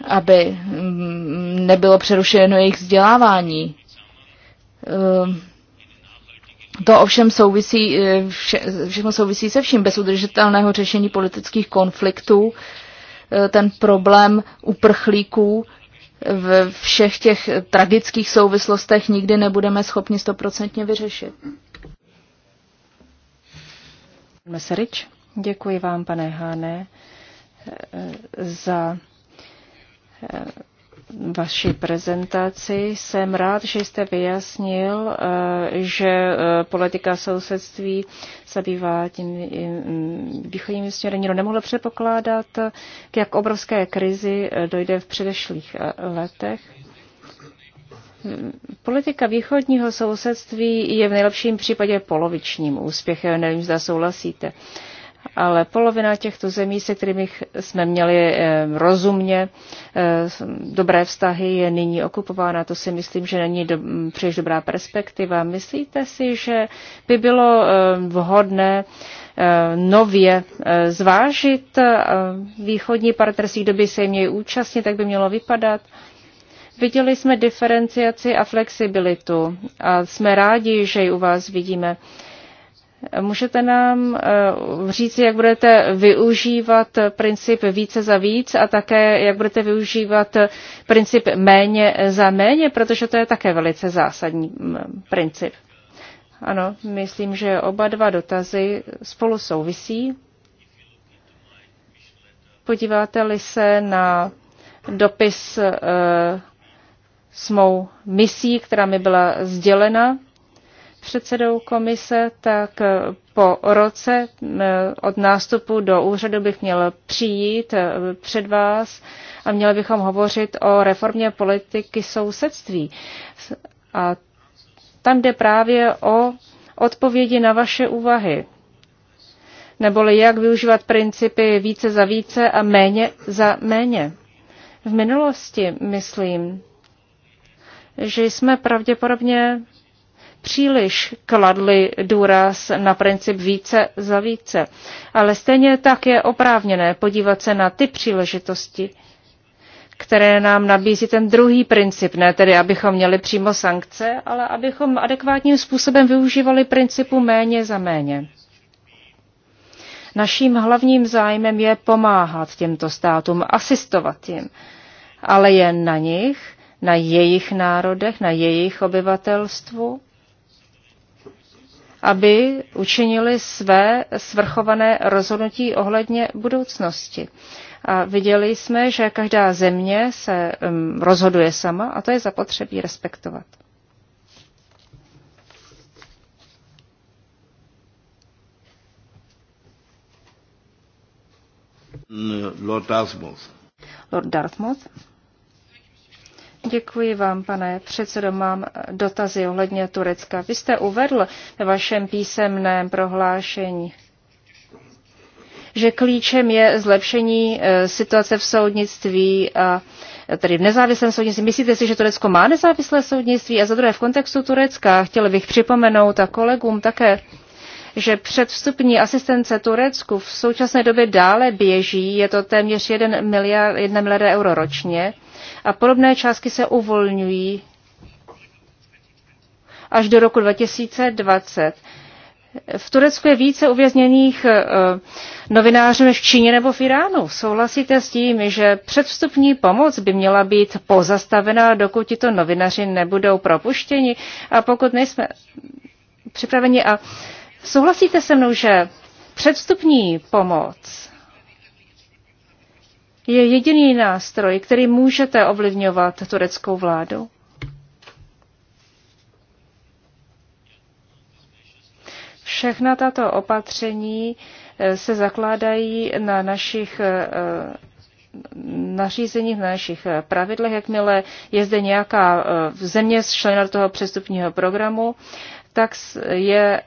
aby mm, nebylo přerušeno jejich vzdělávání. Ehm, to ovšem souvisí, eh, vše, všechno souvisí se vším. Bez udržitelného řešení politických konfliktů eh, ten problém uprchlíků v všech těch tragických souvislostech nikdy nebudeme schopni stoprocentně vyřešit. Meserič, děkuji vám, pane Háne, eh, za Eh, vaší prezentaci. Jsem rád, že jste vyjasnil, eh, že eh, politika sousedství zabývá tím východním směrem. Nikdo nemohl předpokládat, k jak obrovské krizi dojde v předešlých letech. Politika východního sousedství je v nejlepším případě polovičním úspěchem. Nevím, zda souhlasíte ale polovina těchto zemí, se kterými jsme měli eh, rozumně eh, dobré vztahy, je nyní okupována. To si myslím, že není do, příliš dobrá perspektiva. Myslíte si, že by bylo eh, vhodné nově zvážit východní partnerství, kdo by se jim měl účastnit, tak by mělo vypadat? Viděli jsme diferenciaci a flexibilitu a jsme rádi, že ji u vás vidíme. Můžete nám eh, říct, jak budete využívat princip více za víc a také jak budete využívat princip méně za méně, protože to je také velice zásadní mm, princip. Ano, myslím, že oba dva dotazy spolu souvisí. Podíváte-li se na dopis eh, s mou misí, která mi byla sdělena, předsedou komise, tak po roce eh, od nástupu do úřadu bych měl přijít eh, před vás a měli bychom hovořit o reformě politiky sousedství. A tam jde právě o odpovědi na vaše úvahy. Neboli jak využívat principy více za více a méně za méně. V minulosti, myslím, že jsme pravděpodobně příliš kladli důraz na princip více za více. Ale stejně tak je oprávněné podívat se na ty příležitosti, které nám nabízí ten druhý princip, ne tedy abychom měli přímo sankce, ale abychom adekvátním způsobem využívali principu méně za méně. Naším hlavním zájmem je pomáhat těmto státům, asistovat jim, ale je na nich, na jejich národech, na jejich obyvatelstvu, aby učinili své svrchované rozhodnutí ohledně budoucnosti. A viděli jsme, že každá země se um, rozhoduje sama a to je zapotřebí respektovat. Lord Dartmouth. Lord Dartmouth. Děkuji vám, pane předsedo. Mám dotazy ohledně Turecka. Vy jste uvedl ve vašem písemném prohlášení, že klíčem je zlepšení e, situace v soudnictví a e, tedy v nezávislém soudnictví. Myslíte si, že Turecko má nezávislé soudnictví? A za druhé, v kontextu Turecka chtěl bych připomenout a kolegům také, že předvstupní asistence Turecku v současné době dále běží, je to téměř 1 miliard, 1 miliard euro ročně a podobné částky se uvolňují až do roku 2020. V Turecku je více uvězněných eh, novinářů než v Číně nebo v Iránu. Souhlasíte s tím, že předvstupní pomoc by měla být pozastavena, dokud tito novinaři nebudou propuštěni? A pokud nejsme připraveni a Souhlasíte se mnou, že předstupní pomoc je jediný nástroj, který můžete ovlivňovat tureckou vládu? Všechna tato opatření eh, se zakládají na našich eh, nařízeních, na našich eh, pravidlech. Jakmile je zde nějaká země z člena toho přestupního programu, tak je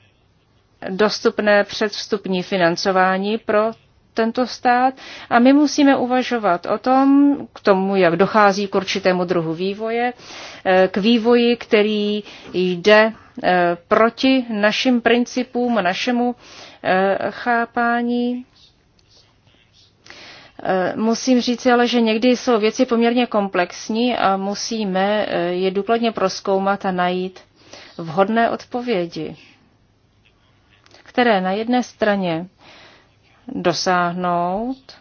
dostupné předvstupní financování pro tento stát a my musíme uvažovat o tom, k tomu, jak dochází k určitému druhu vývoje, eh, k vývoji, který jde eh, proti našim principům, našemu eh, chápání. Musím říct ale, že někdy jsou věci poměrně komplexní a musíme je důkladně proskoumat a najít vhodné odpovědi které na jedné straně dosáhnout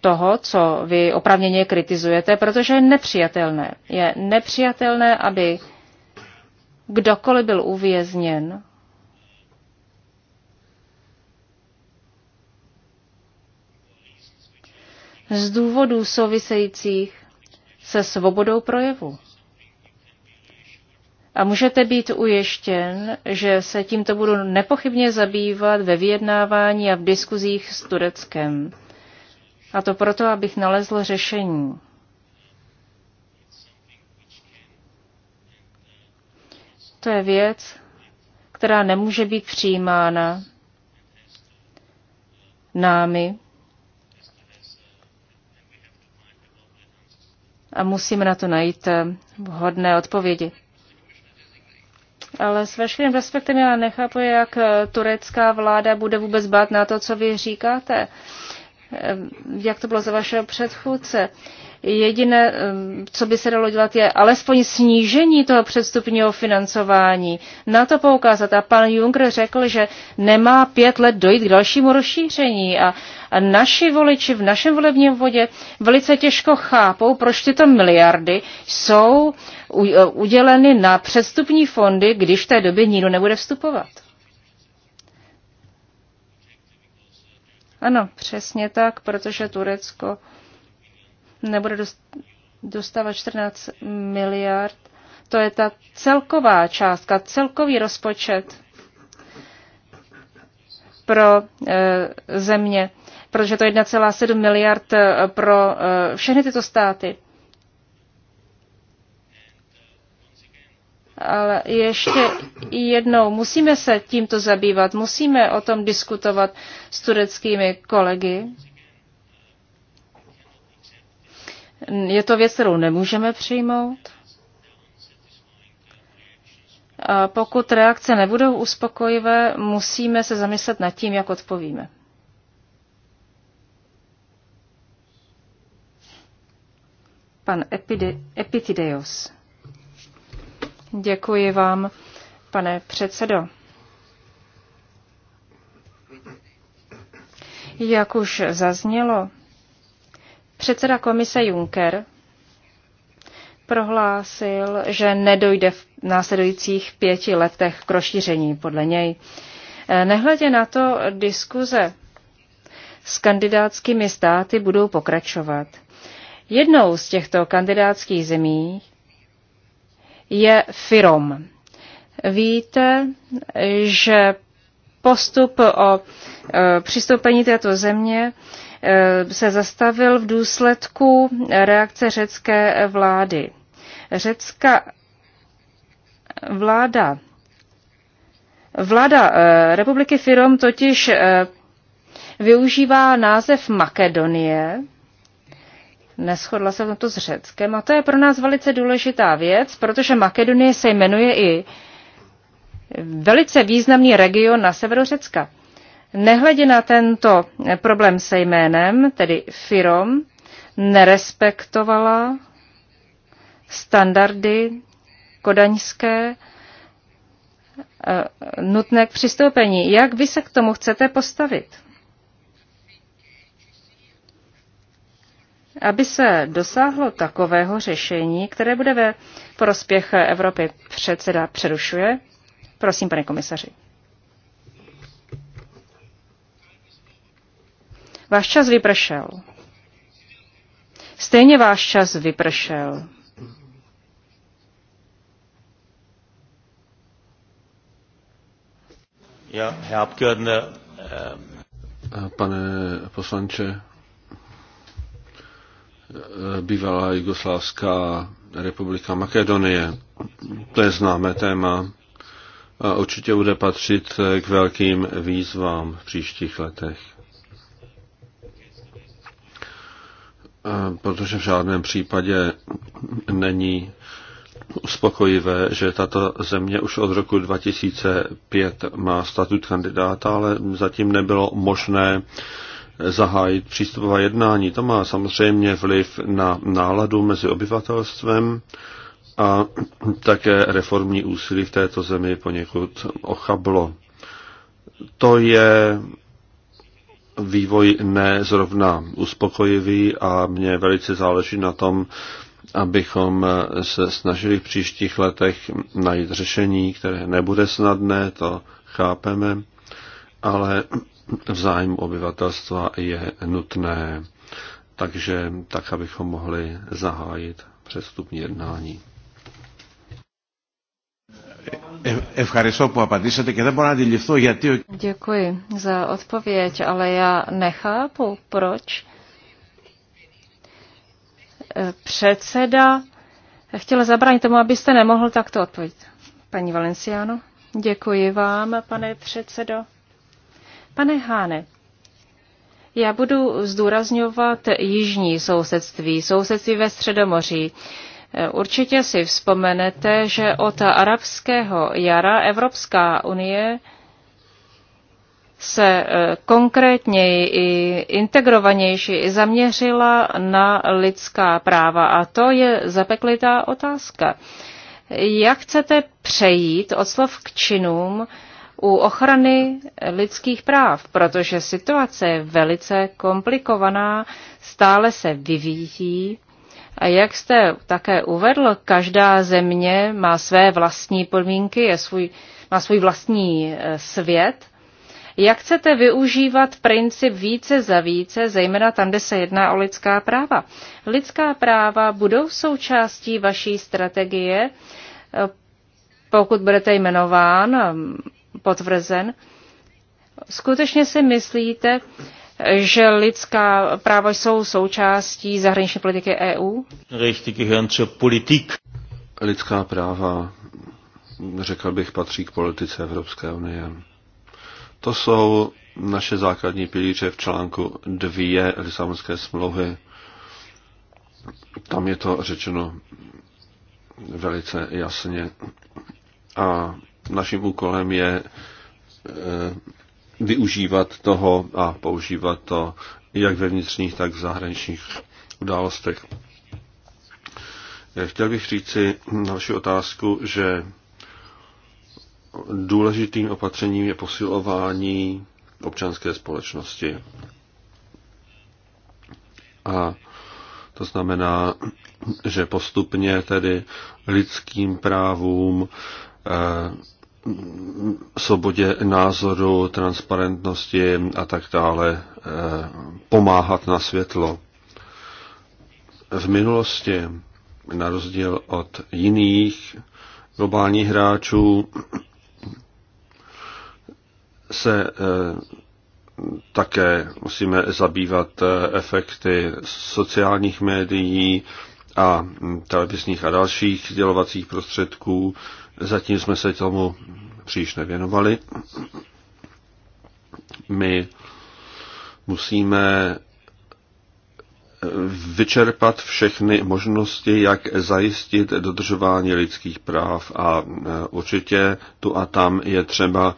toho, co vy opravněně kritizujete, protože je nepřijatelné. Je nepřijatelné, aby kdokoliv byl uvězněn z důvodů souvisejících se svobodou projevu. A můžete být ujištěn, že se tímto budu nepochybně zabývat ve vyjednávání a v diskuzích s Tureckem. A to proto, abych nalezl řešení. To je věc, která nemůže být přijímána námi. A musíme na to najít vhodné odpovědi. Ale s veškerým respektem já nechápu, jak eh, turecká vláda bude vůbec bát na to, co vy říkáte. Eh, jak to bylo za vašeho předchůdce? Jediné, co by se dalo dělat, je alespoň snížení toho předstupního financování. Na to poukázat. A pan Juncker řekl, že nemá pět let dojít k dalšímu rozšíření. A, a naši voliči v našem volebním vodě velice těžko chápou, proč tyto miliardy jsou e, uděleny na předstupní fondy, když v té době nikdo nebude vstupovat. Ano, přesně tak, protože Turecko nebude dostávat 14 miliard. To je ta celková částka, celkový rozpočet pro e, země, protože to je 1,7 miliard e, pro e, všechny tyto státy. Ale ještě jednou, musíme se tímto zabývat, musíme o tom diskutovat s tureckými kolegy. Je to věc, kterou nemůžeme přijmout. A pokud reakce nebudou uspokojivé, musíme se zamyslet nad tím, jak odpovíme. Pan Epide- Epitideos. Děkuji vám, pane předsedo. Jak už zaznělo, Předseda komise Juncker prohlásil, že nedojde v následujících pěti letech k rozšíření podle něj. Eh, nehledě na to, diskuze s kandidátskými státy budou pokračovat. Jednou z těchto kandidátských zemí je Firom. Víte, že postup o e, přistoupení této země e, se zastavil v důsledku reakce řecké vlády. Řecká vláda Vláda e, republiky Firom totiž využívá název Makedonie, neschodla se v tomto s Řeckem a to je pro nás velice důležitá věc, protože Makedonie se jmenuje i velice významný region na severu Řecka. Nehledě na tento problém se jménem, tedy Firom, nerespektovala standardy kodaňské eh, nutné k přistoupení. Jak vy se k tomu chcete postavit? Aby se dosáhlo takového řešení, které bude ve prospěch Evropy předseda přerušuje. Prosím, pane komisaři. Váš čas vypršel. Stejně váš čas vypršel. Ja, ähm, Pane poslanče, bývalá Jugoslávská republika Makedonie, to je známé téma a určitě bude patřit eh, k velkým výzvám v příštích letech. Protože v žádném případě není uspokojivé, že tato země už od roku 2005 má statut kandidáta, ale zatím nebylo možné zahájit přístupová jednání. To má samozřejmě vliv na náladu mezi obyvatelstvem, a také reformní úsilí v této zemi poněkud ochablo. To je vývoj ne zrovna uspokojivý a mně velice záleží na tom, abychom se snažili v příštích letech najít řešení, které nebude snadné, to chápeme, ale v zájmu obyvatelstva je nutné, takže tak, abychom mohli zahájit přestupní jednání. E, děkuji za odpověď, ale já nechápu, proč e, předseda chtěl zabránit tomu, abyste nemohl takto odpovědět. Paní Valenciano, děkuji vám, pane předsedo. Pane Háne, já budu zdůrazňovat jižní sousedství, sousedství ve Středomoří. Určitě si vzpomenete, že od arabského jara Evropská unie se e, konkrétněji i integrovanější zaměřila na lidská práva. A to je zapeklitá otázka. Jak chcete přejít od slov k činům u ochrany lidských práv? Protože situace je velice komplikovaná, stále se vyvíjí a jak jste také uvedl, každá země má své vlastní podmínky, je svůj, má svůj vlastní e, svět. Jak chcete využívat princip více za více, zejména tam, kde se jedná o lidská práva? Lidská práva budou součástí vaší strategie, e, pokud budete jmenován, potvrzen. Skutečně si myslíte, že lidská práva jsou součástí zahraniční politiky EU? Politik. Lidská práva, řekl bych, patří k politice Evropské unie. To jsou naše základní pilíře v článku dvě, Lisabonské smlouvy. Tam je to řečeno velice jasně. A naším úkolem je eh, využívat toho a používat to jak ve vnitřních, tak v zahraničních událostech. Chtěl bych říci na vaši otázku, že důležitým opatřením je posilování občanské společnosti. A to znamená, že postupně tedy lidským právům, eh, svobodě názoru, transparentnosti a tak dále eh, pomáhat na světlo. V minulosti, na rozdíl od jiných globálních hráčů, se eh, také musíme zabývat eh, efekty sociálních médií a hm, televizních a dalších dělovacích prostředků, Zatím jsme se tomu příliš nevěnovali. My musíme vyčerpat všechny možnosti, jak zajistit dodržování lidských práv a e, určitě tu a tam je třeba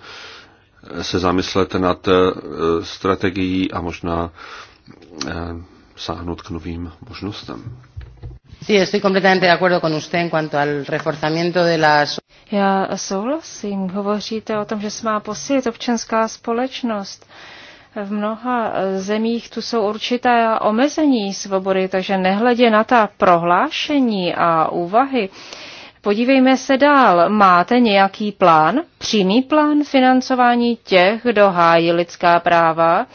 se zamyslet nad e, strategií a možná e, sáhnout k novým možnostem. Sí, estoy completamente de acuerdo con usted en cuanto al reforzamiento de las já souhlasím. Hovoříte o tom, že se má posílit občanská společnost. V mnoha zemích tu jsou určitá omezení svobody, takže nehledě na ta prohlášení a úvahy. Podívejme se dál. Máte nějaký plán, přímý plán financování těch, kdo hájí lidská práva?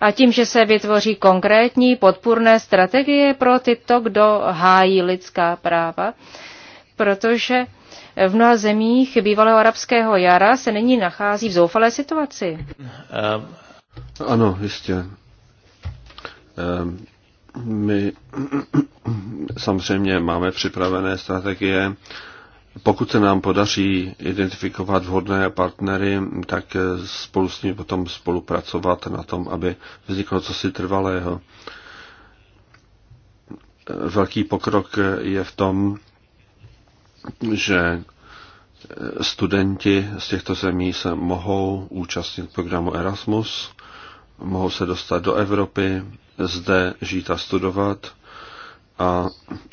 A tím, že se vytvoří konkrétní podpůrné strategie pro tyto, kdo hájí lidská práva? Protože v mnoha zemích bývalého arabského jara se nyní nachází v zoufalé situaci. Um. Ano, jistě. Um, my samozřejmě máme připravené strategie. Pokud se nám podaří identifikovat vhodné partnery, tak eh, spolu s nimi potom spolupracovat na tom, aby vzniklo cosi trvalého. Velký pokrok je v tom, že eh, studenti z těchto zemí se mohou účastnit programu Erasmus, mohou se dostat do Evropy, zde žít a studovat a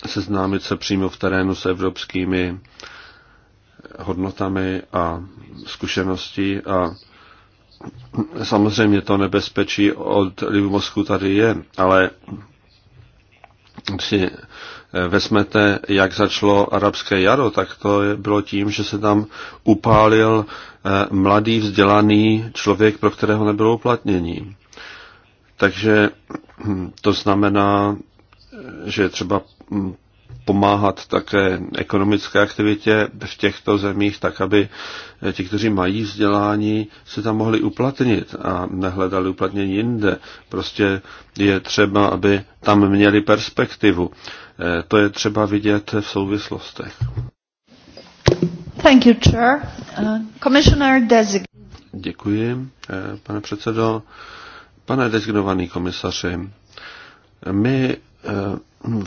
seznámit se přímo v terénu s evropskými eh, hodnotami a zkušeností a samozřejmě to nebezpečí od livu Mosku tady je, ale při vezmete, jak začalo arabské jaro, tak to bylo tím, že se tam upálil eh, mladý vzdělaný člověk, pro kterého nebylo uplatnění. Takže hm, to znamená, eh, že třeba hm, pomáhat také ekonomické aktivitě v těchto zemích, tak aby ti, kteří mají vzdělání, se tam mohli uplatnit a nehledali uplatnění jinde. Prostě je třeba, aby tam měli perspektivu. Eh, to je třeba vidět v souvislostech. Thank you, Chair. Uh, Commissioner Děkuji, eh, pane předsedo. Pane designovaný komisaři, my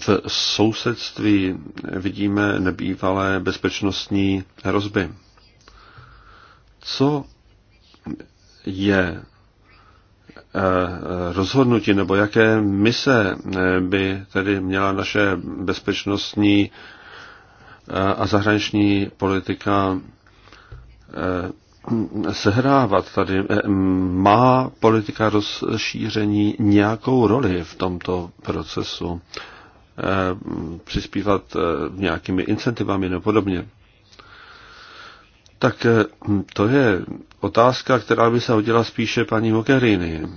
v sousedství vidíme nebývalé bezpečnostní hrozby. Co je eh, rozhodnutí nebo jaké mise eh, by tedy měla naše bezpečnostní eh, a zahraniční politika sehrávat tady? Eh, má politika rozšíření nějakou roli v tomto procesu? Eh, přispívat eh, nějakými incentivami nebo podobně? Tak to je otázka, která by se hodila spíše paní Mogherini.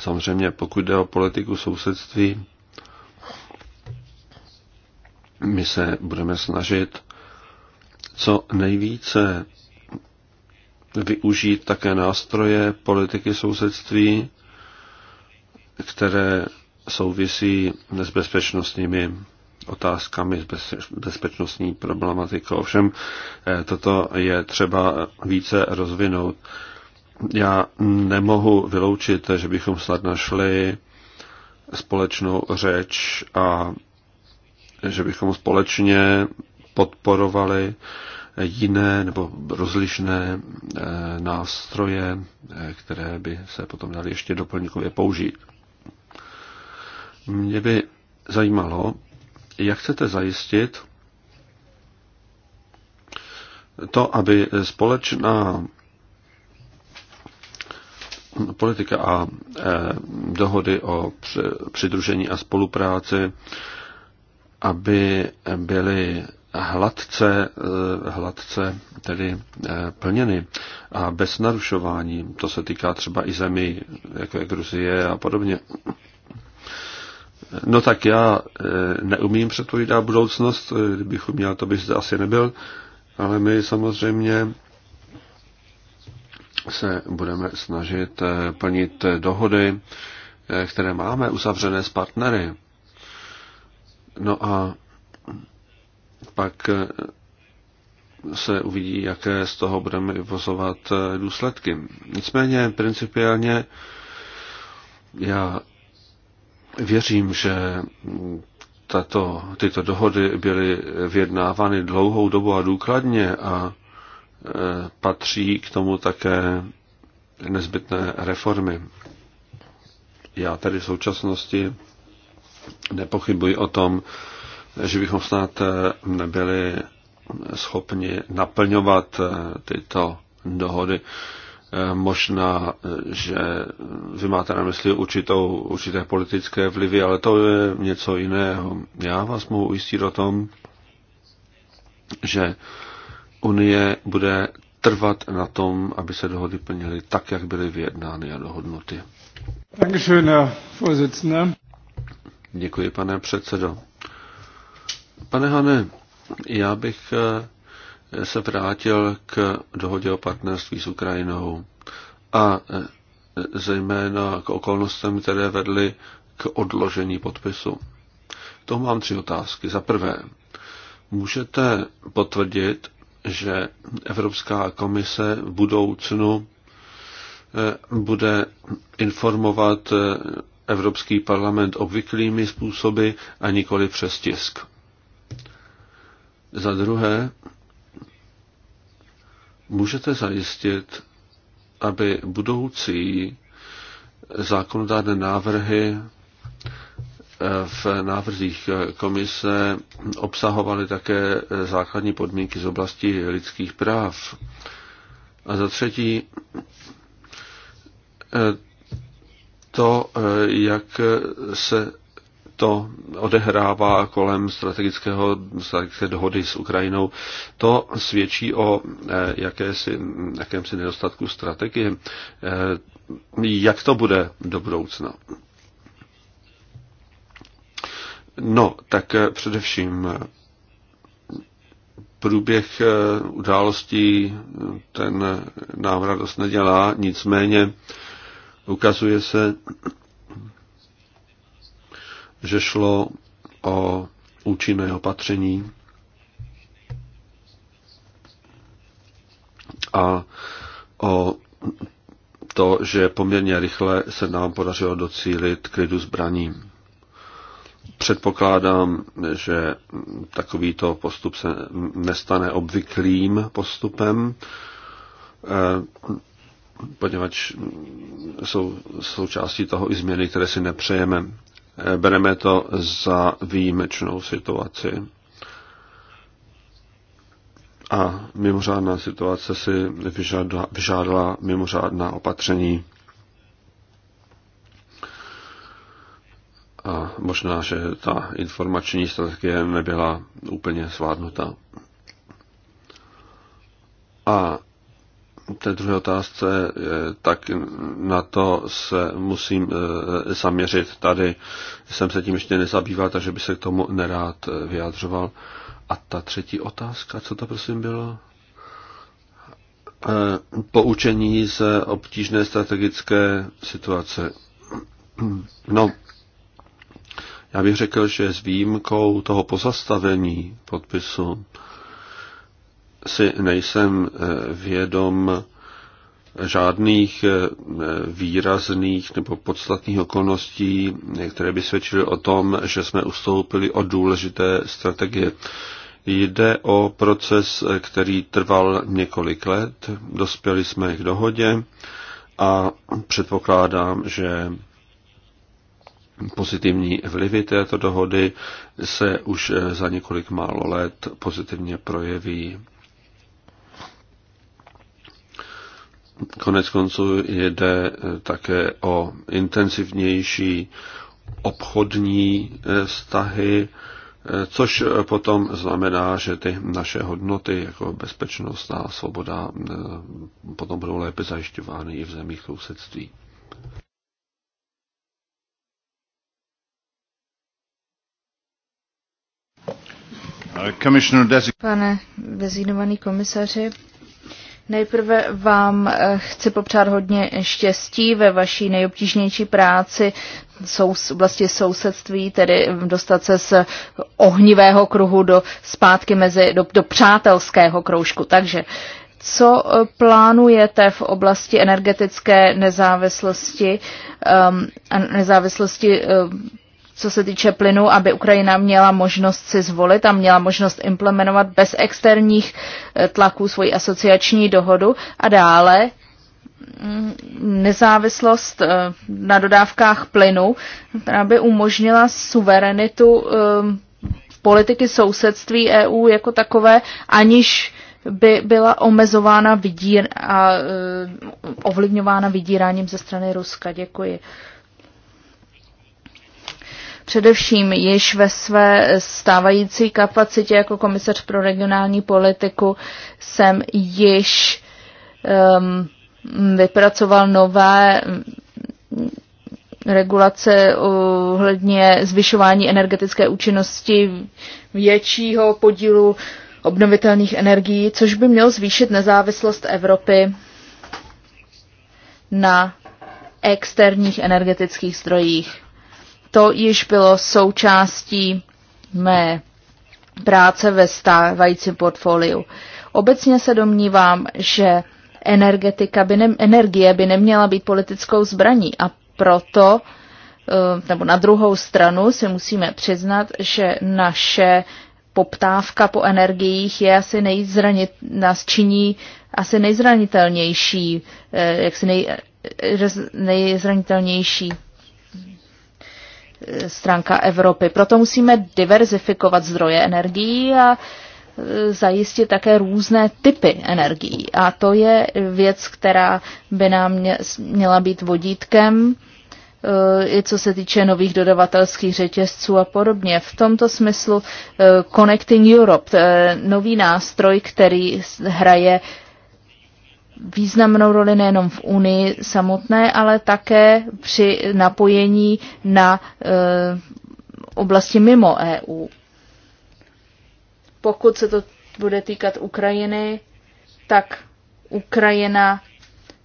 Samozřejmě, pokud jde o politiku sousedství, my se budeme snažit co nejvíce využít také nástroje politiky sousedství, které souvisí s bezpečnostními otázkami, s bezpečnostní problematikou. Ovšem, eh, toto je třeba více rozvinout. Já nemohu vyloučit, že bychom snad našli společnou řeč a že bychom společně podporovali jiné nebo rozlišné eh, nástroje, eh, které by se potom daly ještě doplňkově použít. Mě by zajímalo, jak chcete zajistit to, aby společná politika a eh, dohody o přidružení a spolupráci, aby byly hladce, eh, hladce tedy eh, plněny a bez narušování. To se týká třeba i zemí, jako je Gruzie a podobně. No tak já eh, neumím předpovídat budoucnost, kdybych uměl, to bych zde asi nebyl, ale my samozřejmě se budeme snažit plnit dohody, které máme uzavřené s partnery. No a pak eh, se uvidí, jaké z toho budeme vyvozovat eh, důsledky. Nicméně principiálně já věřím, že tato, tyto dohody byly vyjednávány dlouhou dobu a důkladně a eh, patří k tomu také nezbytné reformy. Já tady v současnosti nepochybuji o tom, že bychom snad eh, nebyli schopni naplňovat eh, tyto dohody. Eh, možná, že vy máte na mysli určitou, určité politické vlivy, ale to je něco jiného. Já vás mohu ujistit o tom, že Unie bude trvat na tom, aby se dohody plnily tak, jak byly vyjednány a dohodnuty. Děkuji, pane předsedo. Pane Hane, já bych eh, se vrátil k dohodě o partnerství s Ukrajinou a eh, zejména k okolnostem, které vedly k odložení podpisu. To mám tři otázky. Za prvé, můžete potvrdit, že Evropská komise v budoucnu eh, bude informovat Evropský parlament obvyklými způsoby a nikoli přes tisk. Za druhé, můžete zajistit, aby budoucí zákonodárné návrhy eh, v návrzích eh, komise obsahovaly také eh, základní podmínky z oblasti lidských práv. A za třetí, to, jak se to odehrává kolem strategického, strategické dohody s Ukrajinou, to svědčí o eh, jakési, jakémsi nedostatku strategie. Eh, jak to bude do budoucna? No, tak eh, především průběh událostí ten nám radost nedělá, nicméně ukazuje se, že šlo o účinné opatření a o to, že poměrně rychle se nám podařilo docílit klidu zbraní. Předpokládám, že takovýto postup se nestane obvyklým postupem, eh, poněvadž jsou součástí toho i změny, které si nepřejeme bereme to za výjimečnou situaci. A mimořádná situace si vyžádala, vyžádala mimořádná opatření. A možná, že ta informační strategie nebyla úplně svádnuta. A té druhé otázce, eh, tak na to se musím eh, zaměřit. Tady jsem se tím ještě nezabýval, takže by se k tomu nerád eh, vyjadřoval. A ta třetí otázka, co to prosím bylo? Poučení z obtížné strategické situace. No, já bych řekl, že s výjimkou toho pozastavení podpisu, si nejsem eh, vědom žádných eh, výrazných nebo podstatných okolností, které by svědčily o tom, že jsme ustoupili od důležité strategie. Jde o proces, eh, který trval několik let, dospěli jsme k dohodě a předpokládám, že pozitivní vlivy této dohody se už za několik málo let pozitivně projeví. Konec konců jde eh, také o intenzivnější obchodní eh, vztahy, eh, což potom znamená, že ty naše hodnoty jako bezpečnost a svoboda potom budou lépe zajišťovány i v zemích sousedství. Pane designovaný komisaři, Nejprve vám eh, chci popřát hodně štěstí ve vaší nejobtížnější práci z oblasti sousedství, tedy dostat se z ohnivého kruhu do zpátky mezi, do, do přátelského kroužku. Takže co eh, plánujete v oblasti energetické nezávislosti, um, nezávislosti um, co se týče plynu, aby Ukrajina měla možnost si zvolit a měla možnost implementovat bez externích eh, tlaků svoji asociační dohodu a dále mm, nezávislost eh, na dodávkách plynu, která by umožnila suverenitu ehm, politiky sousedství EU jako takové, aniž by byla omezována vidír a eh, ovlivňována vydíráním ze strany Ruska. Děkuji. Především již ve své stávající kapacitě jako komisař pro regionální politiku jsem již um, vypracoval nové mm, regulace ohledně zvyšování energetické účinnosti většího podílu obnovitelných energií, což by mělo zvýšit nezávislost Evropy na externích energetických zdrojích. To již bylo součástí mé práce ve stávajícím portfoliu. Obecně se domnívám, že energetika by ne, energie by neměla být politickou zbraní a proto eh, nebo na druhou stranu si musíme přiznat, že naše poptávka po energiích je asi nejzranit, nás činí asi nejzranitelnější, eh, jaksi nej, eh, nejzranitelnější Eh, stránka Evropy. Proto musíme diverzifikovat zdroje energií a eh, zajistit také různé typy energií. A to je věc, která by nám měla být vodítkem, eh, i co se týče nových dodavatelských řetězců a podobně. V tomto smyslu Connecting Europe, nový nástroj, který hraje významnou roli nejenom v Unii samotné, ale také při napojení na e, oblasti mimo EU. Pokud se to bude týkat Ukrajiny, tak Ukrajina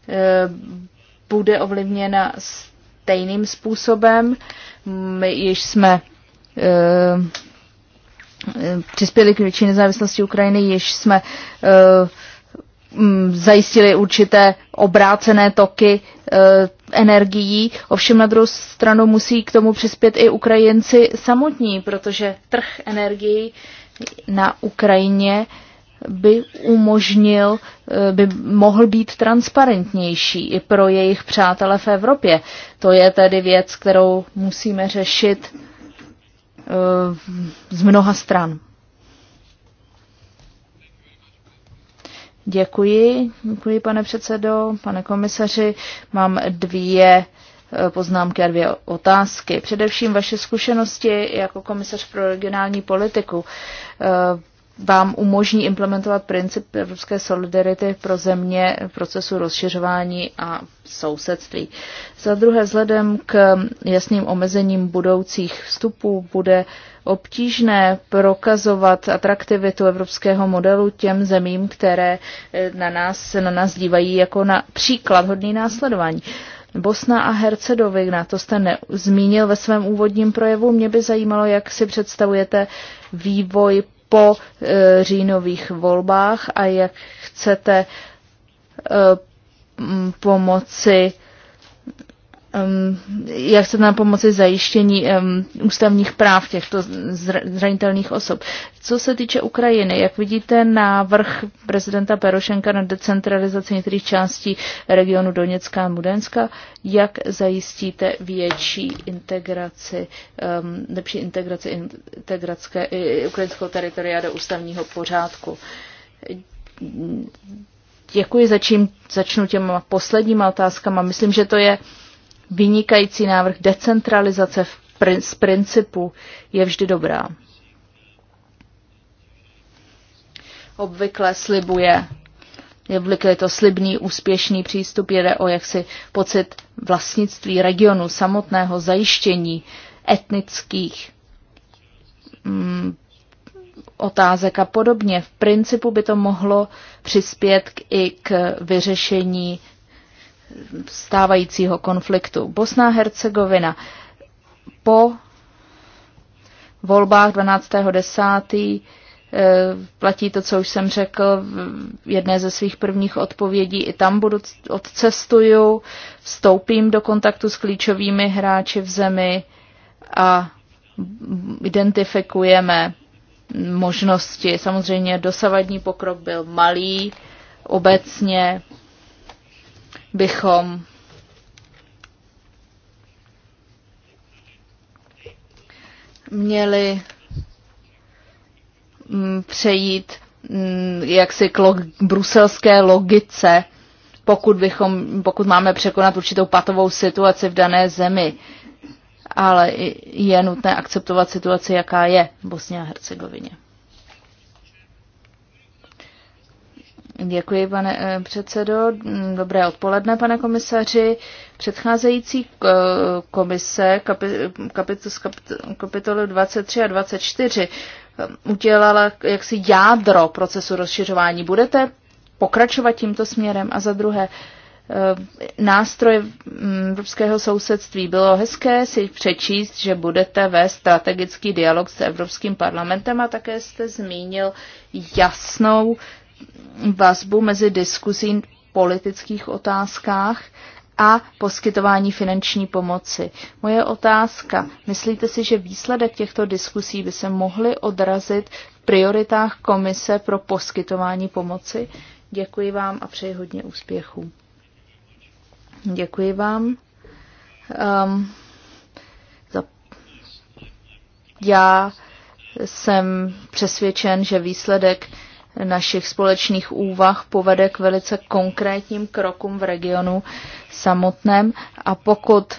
e, bude ovlivněna stejným způsobem. My již jsme e, přispěli k větší nezávislosti Ukrajiny, již jsme e, Mm, zajistili určité obrácené toky e, energií. Ovšem na druhou stranu musí k tomu přispět i Ukrajinci samotní, protože trh energií na Ukrajině by umožnil, e, by mohl být transparentnější i pro jejich přátele v Evropě. To je tedy věc, kterou musíme řešit e, z mnoha stran. Děkuji, děkuji pane předsedo, pane komisaři. Mám dvě eh, poznámky a dvě otázky. Především vaše zkušenosti jako komisař pro regionální politiku eh, vám umožní implementovat princip evropské solidarity pro země v procesu rozšiřování a sousedství. Za druhé, vzhledem k jasným omezením budoucích vstupů bude obtížné prokazovat atraktivitu evropského modelu těm zemím, které eh, na nás, na nás dívají jako na příklad hodný následování. Bosna a Hercegovina, to jste ne- zmínil ve svém úvodním projevu. Mě by zajímalo, jak si představujete vývoj po e, říjnových volbách a jak chcete e, pomoci e, um, jak se nám pomoci zajištění um, ústavních práv těchto zranitelných osob. Co se týče Ukrajiny, jak vidíte návrh prezidenta Perošenka na decentralizaci některých částí regionu Doněcka a Mudenska, jak zajistíte větší integraci, um, lepší integraci integracké, ukrajinského teritoria do ústavního pořádku? Děkuji, začím, začnu těma posledníma otázkama. Myslím, že to je vynikající návrh decentralizace z principu je vždy dobrá. Obvykle slibuje, je obvykle to slibný, úspěšný přístup, jde o jaksi pocit vlastnictví regionu, samotného zajištění etnických mm, otázek a podobně. V principu by to mohlo přispět k, i k vyřešení stávajícího konfliktu. Bosna a Hercegovina po volbách 12.10. Eh, platí to, co už jsem řekl v jedné ze svých prvních odpovědí. I tam budu odcestuju, vstoupím do kontaktu s klíčovými hráči v zemi a identifikujeme možnosti. Samozřejmě dosavadní pokrok byl malý, obecně bychom měli mm, přejít mm, jaksi k log- bruselské logice, pokud, bychom, pokud máme překonat určitou patovou situaci v dané zemi. Ale je nutné akceptovat situaci, jaká je v Bosně a Hercegovině. Děkuji, pane eh, předsedo. Dobré odpoledne, pane komisaři. Předcházející eh, komise kapitoly 23 a 24 eh, udělala jaksi jádro procesu rozšiřování. Budete pokračovat tímto směrem? A za druhé, nástroj mm, evropského sousedství. Bylo hezké si přečíst, že budete vést strategický dialog s Evropským parlamentem a také jste zmínil jasnou vazbu mezi diskuzí v politických otázkách a poskytování finanční pomoci. Moje otázka, myslíte si, že výsledek těchto diskusí by se mohly odrazit v prioritách komise pro poskytování pomoci? Děkuji vám a přeji hodně úspěchů. Děkuji vám. Um, za... Já jsem přesvědčen, že výsledek našich společných úvah povede k velice konkrétním krokům v regionu samotném a pokud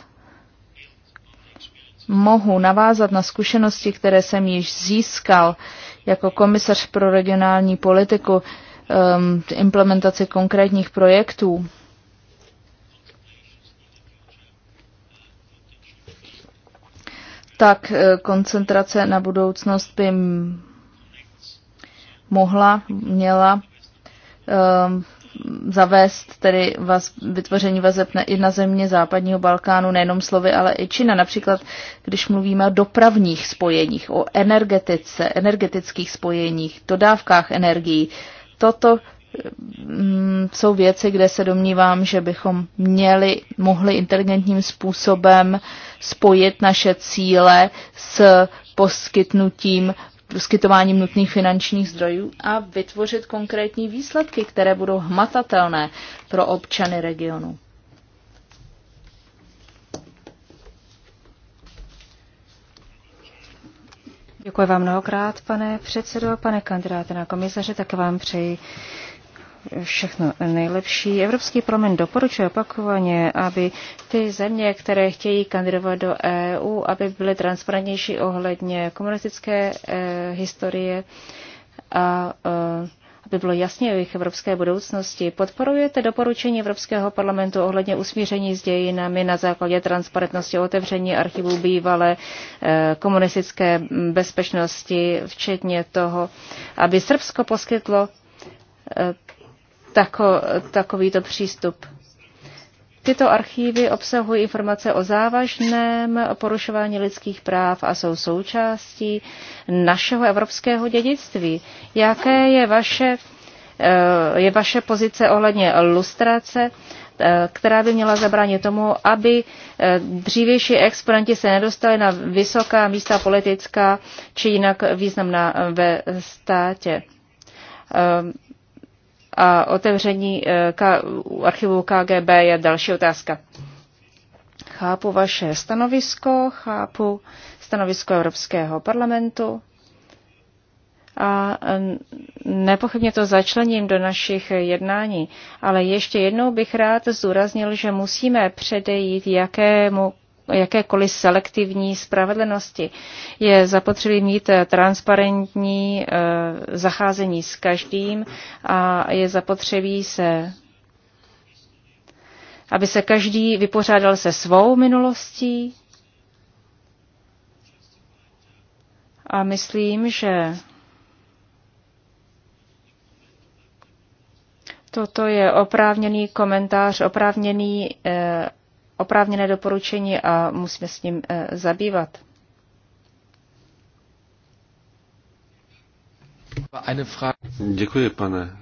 mohu navázat na zkušenosti, které jsem již získal jako komisař pro regionální politiku, ehm, implementaci konkrétních projektů, tak eh, koncentrace na budoucnost by mohla, měla um, zavést tedy vaz, vytvoření vazeb na, i na země západního Balkánu, nejenom slovy, ale i Čína. Například, když mluvíme o dopravních spojeních, o energetice, energetických spojeních, dodávkách energií, toto mm, jsou věci, kde se domnívám, že bychom měli, mohli inteligentním způsobem spojit naše cíle s poskytnutím poskytováním nutných finančních zdrojů a vytvořit konkrétní výsledky, které budou hmatatelné pro občany regionu. Děkuji vám mnohokrát, pane předsedo, pane kandidáte na komisaře, tak vám přeji všechno nejlepší. Evropský parlament doporučuje opakovaně, aby ty země, které chtějí kandidovat do EU, aby byly transparentnější ohledně komunistické eh, historie a eh, aby bylo jasně o jejich evropské budoucnosti. Podporujete doporučení Evropského parlamentu ohledně usmíření s dějinami na základě transparentnosti otevření archivů bývalé eh, komunistické bezpečnosti, včetně toho, aby Srbsko poskytlo eh, tako, takovýto přístup. Tyto archívy obsahují informace o závažném porušování lidských práv a jsou součástí našeho evropského dědictví. Jaké je vaše, eh, je vaše pozice ohledně lustrace, eh, která by měla zabránit tomu, aby eh, dřívější exponenti se nedostali na vysoká místa politická či jinak významná ve státě? A otevření eh, K, archivu KGB je další otázka. Chápu vaše stanovisko, chápu stanovisko Evropského parlamentu a nepochybně to začlením do našich jednání. Ale ještě jednou bych rád zdůraznil, že musíme předejít jakému jakékoliv selektivní spravedlnosti. Je zapotřebí mít eh, transparentní eh, zacházení s každým a je zapotřebí se aby se každý vypořádal se svou minulostí. A myslím, že toto je oprávněný komentář, oprávněný eh, oprávněné doporučení a musíme s ním eh, zabývat. Děkuji, pane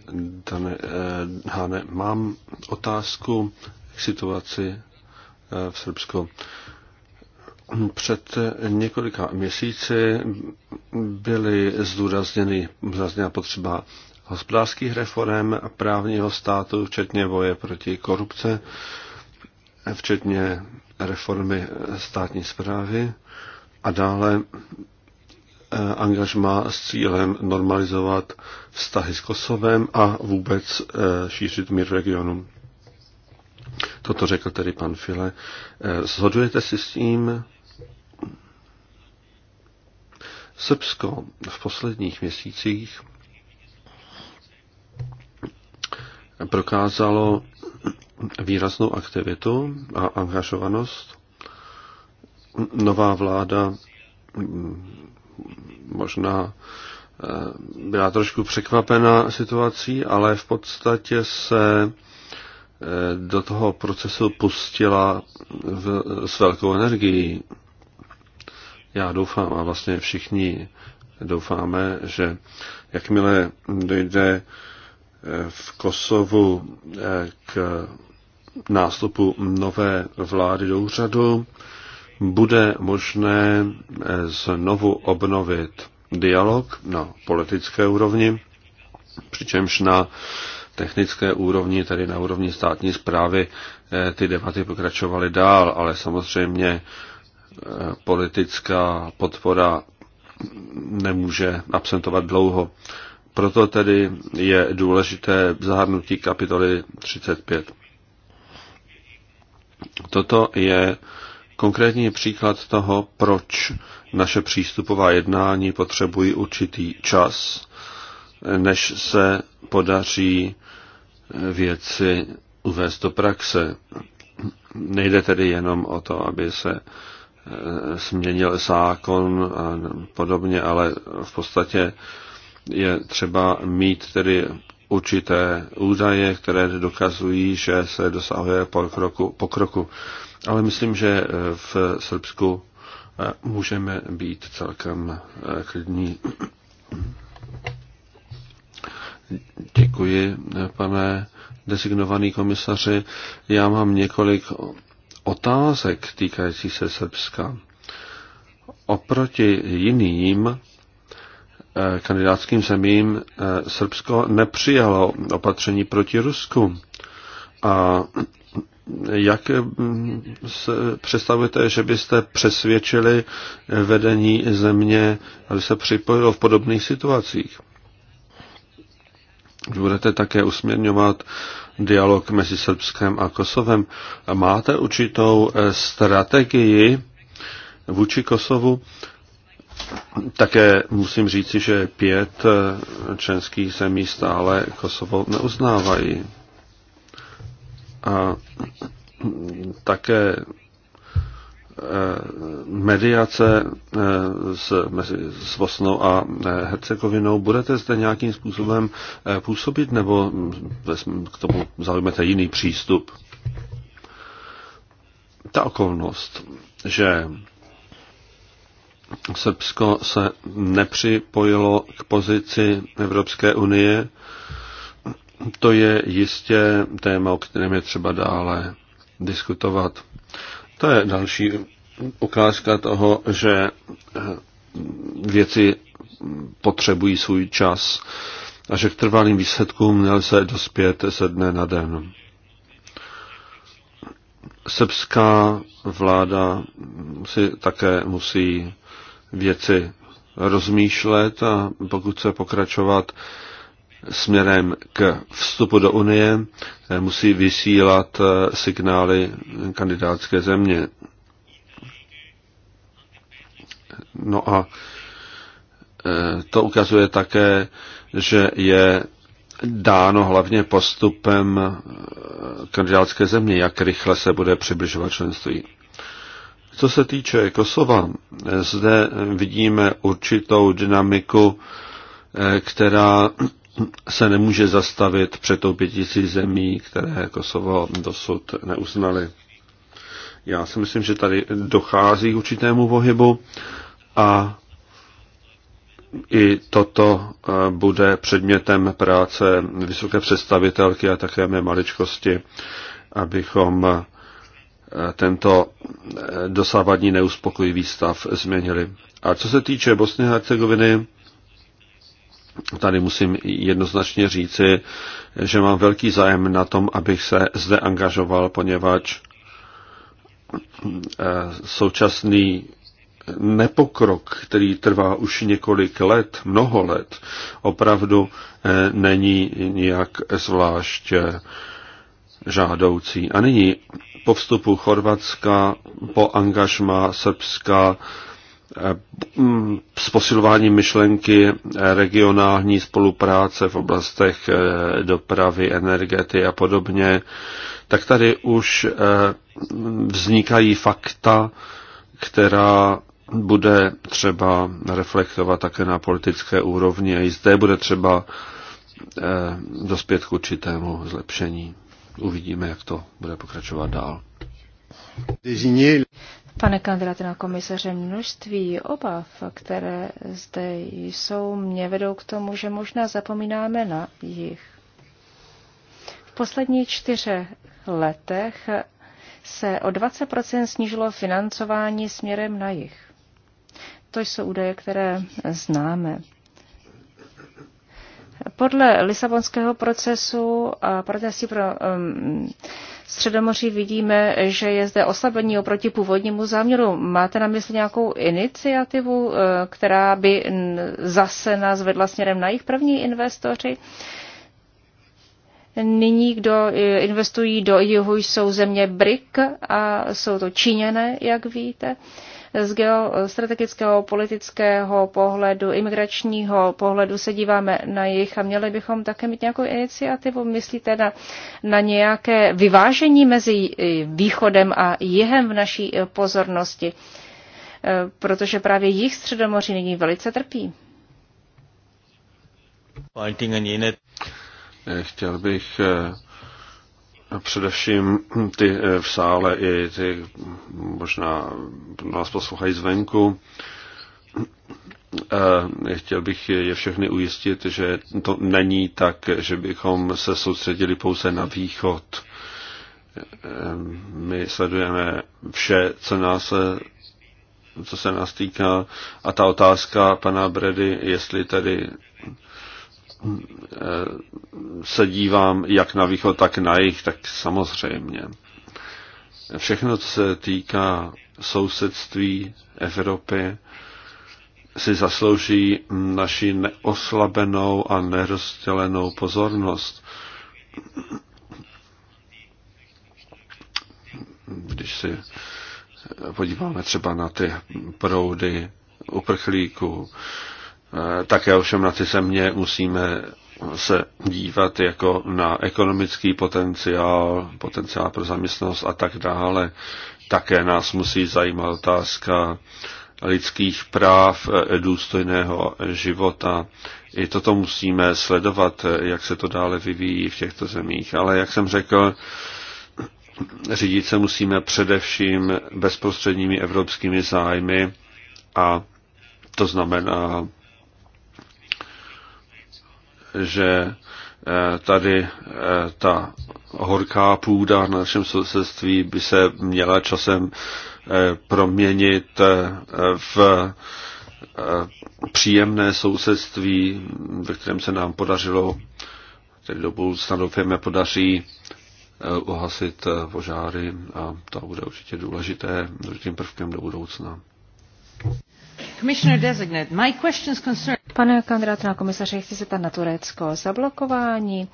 Dane, eh, Hane. Mám otázku k situaci eh, v Srbsku. Před několika měsíci byly zdůrazněny zdůrazněna potřeba hospodářských reform, právního státu, včetně boje proti korupce. Eh, včetně reformy státní zprávy a dále eh, angažma s cílem normalizovat vztahy s Kosovem a vůbec eh, šířit mír v regionu. Toto řekl tedy pan File. Zhodujete eh, si s tím? Srbsko v posledních měsících prokázalo výraznou aktivitu a angažovanost. Nová vláda mm, možná eh, byla trošku překvapena situací, ale v podstatě se eh, do toho procesu pustila v, s velkou energií. Já doufám a vlastně všichni doufáme, že jakmile dojde eh, v Kosovu k nástupu nové vlády do úřadu bude možné eh, znovu obnovit dialog na politické úrovni, přičemž na technické úrovni, tedy na úrovni státní zprávy, eh, ty debaty pokračovaly dál, ale samozřejmě eh, politická podpora nemůže absentovat dlouho. Proto tedy je důležité zahrnutí kapitoly 35. Toto je konkrétní příklad toho, proč naše přístupová jednání potřebují určitý čas, než se podaří věci uvést do praxe. Nejde tedy jenom o to, aby se e, změnil zákon a podobně, ale v podstatě je třeba mít tedy určité údaje, které dokazují, že se dosahuje pokroku. pokroku. Ale myslím, že eh, v Srbsku eh, můžeme být celkem eh, klidní. Děkuji, pane designovaný komisaři. Já mám několik otázek týkající se Srbska. Oproti jiným Eh, kandidátským zemím eh, Srbsko nepřijalo opatření proti Rusku. A jak eh, se představujete, že byste přesvědčili vedení země, aby se připojilo v podobných situacích? Budete také usměrňovat dialog mezi Srbskem a Kosovem. Máte určitou strategii vůči Kosovu, také musím říci, že pět eh, členských zemí stále Kosovo neuznávají. A také eh, mediace eh, s, mezi, s Vosnou a Hercegovinou. Budete zde nějakým způsobem působit nebo hm, k tomu zaujmete jiný přístup? Ta okolnost, že Srbsko se nepřipojilo k pozici Evropské unie. To je jistě téma, o kterém je třeba dále diskutovat. To je další ukázka toho, že eh, věci potřebují svůj čas a že k trvalým výsledkům nelze dospět ze dne na den. Srbská vláda si také musí věci rozmýšlet a pokud se pokračovat směrem k vstupu do Unie, eh, musí vysílat eh, signály kandidátské země. No a eh, to ukazuje také, že je dáno hlavně postupem kandidátské země, jak rychle se bude přibližovat členství. Co se týče Kosova, zde vidíme určitou dynamiku, eh, která se nemůže zastavit před tou pěticí zemí, které Kosovo dosud neuznali. Já si myslím, že tady dochází k určitému pohybu a i toto eh, bude předmětem práce vysoké představitelky a také mé maličkosti, abychom tento eh, dosávadní neuspokojivý stav změnili. A co se týče Bosny a Hercegoviny, tady musím jednoznačně říci, že mám velký zájem na tom, abych se zde angažoval, poněvadž eh, současný nepokrok, který trvá už několik let, mnoho let, opravdu eh, není nijak zvlášť žádoucí. A nyní po vstupu Chorvatska, po angažma Srbska, eh, s posilováním myšlenky regionální spolupráce v oblastech eh, dopravy, energety a podobně, tak tady už eh, vznikají fakta, která bude třeba reflektovat také na politické úrovni a i zde bude třeba dospět k určitému zlepšení uvidíme, jak to bude pokračovat dál. Pane kandidáte na komisaře, množství obav, které zde jsou, mě vedou k tomu, že možná zapomínáme na jich. V posledních čtyřech letech se o 20% snížilo financování směrem na jich. To jsou údaje, které známe. Podle Lisabonského procesu a protestí pro um, Středomoří vidíme, že je zde oslabení oproti původnímu záměru. Máte na mysli nějakou iniciativu, uh, která by zase nás vedla směrem na jejich první investoři? Nyní, kdo eh, investují do jihu, jsou země BRIC a jsou to Číňané, jak víte. Uh, z geostrategického, politického pohledu, imigračního pohledu se díváme na jich a měli bychom také mít nějakou iniciativu. Myslíte na, na nějaké vyvážení mezi východem a jihem v naší pozornosti? Protože právě jich středomoří nyní velice trpí. Eh, chtěl bych eh, především ty eh, v sále i ty možná nás poslouchají zvenku. Eh, chtěl bych je všechny ujistit, že to není tak, že bychom se soustředili pouze na východ. Eh, my sledujeme vše, co nás co se nás týká. A ta otázka pana Bredy, jestli tady Eh, se dívám jak na východ, tak na jih, tak samozřejmě. Všechno, co se týká sousedství Evropy, si zaslouží naši neoslabenou a nerozdělenou pozornost. Když si podíváme třeba na ty proudy uprchlíků, Eh, také ovšem na ty země musíme se dívat jako na ekonomický potenciál, potenciál pro zaměstnanost a tak dále. Také nás musí zajímat otázka lidských práv, eh, důstojného života. I toto musíme sledovat, eh, jak se to dále vyvíjí v těchto zemích. Ale jak jsem řekl, řídit se musíme především bezprostředními evropskými zájmy a to znamená že eh, tady eh, ta horká půda na našem sousedství by se měla časem eh, proměnit v příjemné sousedství, ve kterém se nám podařilo, tedy do budoucna doufujeme, podaří uhasit požáry a to bude určitě důležité, důležitým prvkem do budoucna. Pane kandidátu na komisaře, chci se ptát na Turecko. Zablokování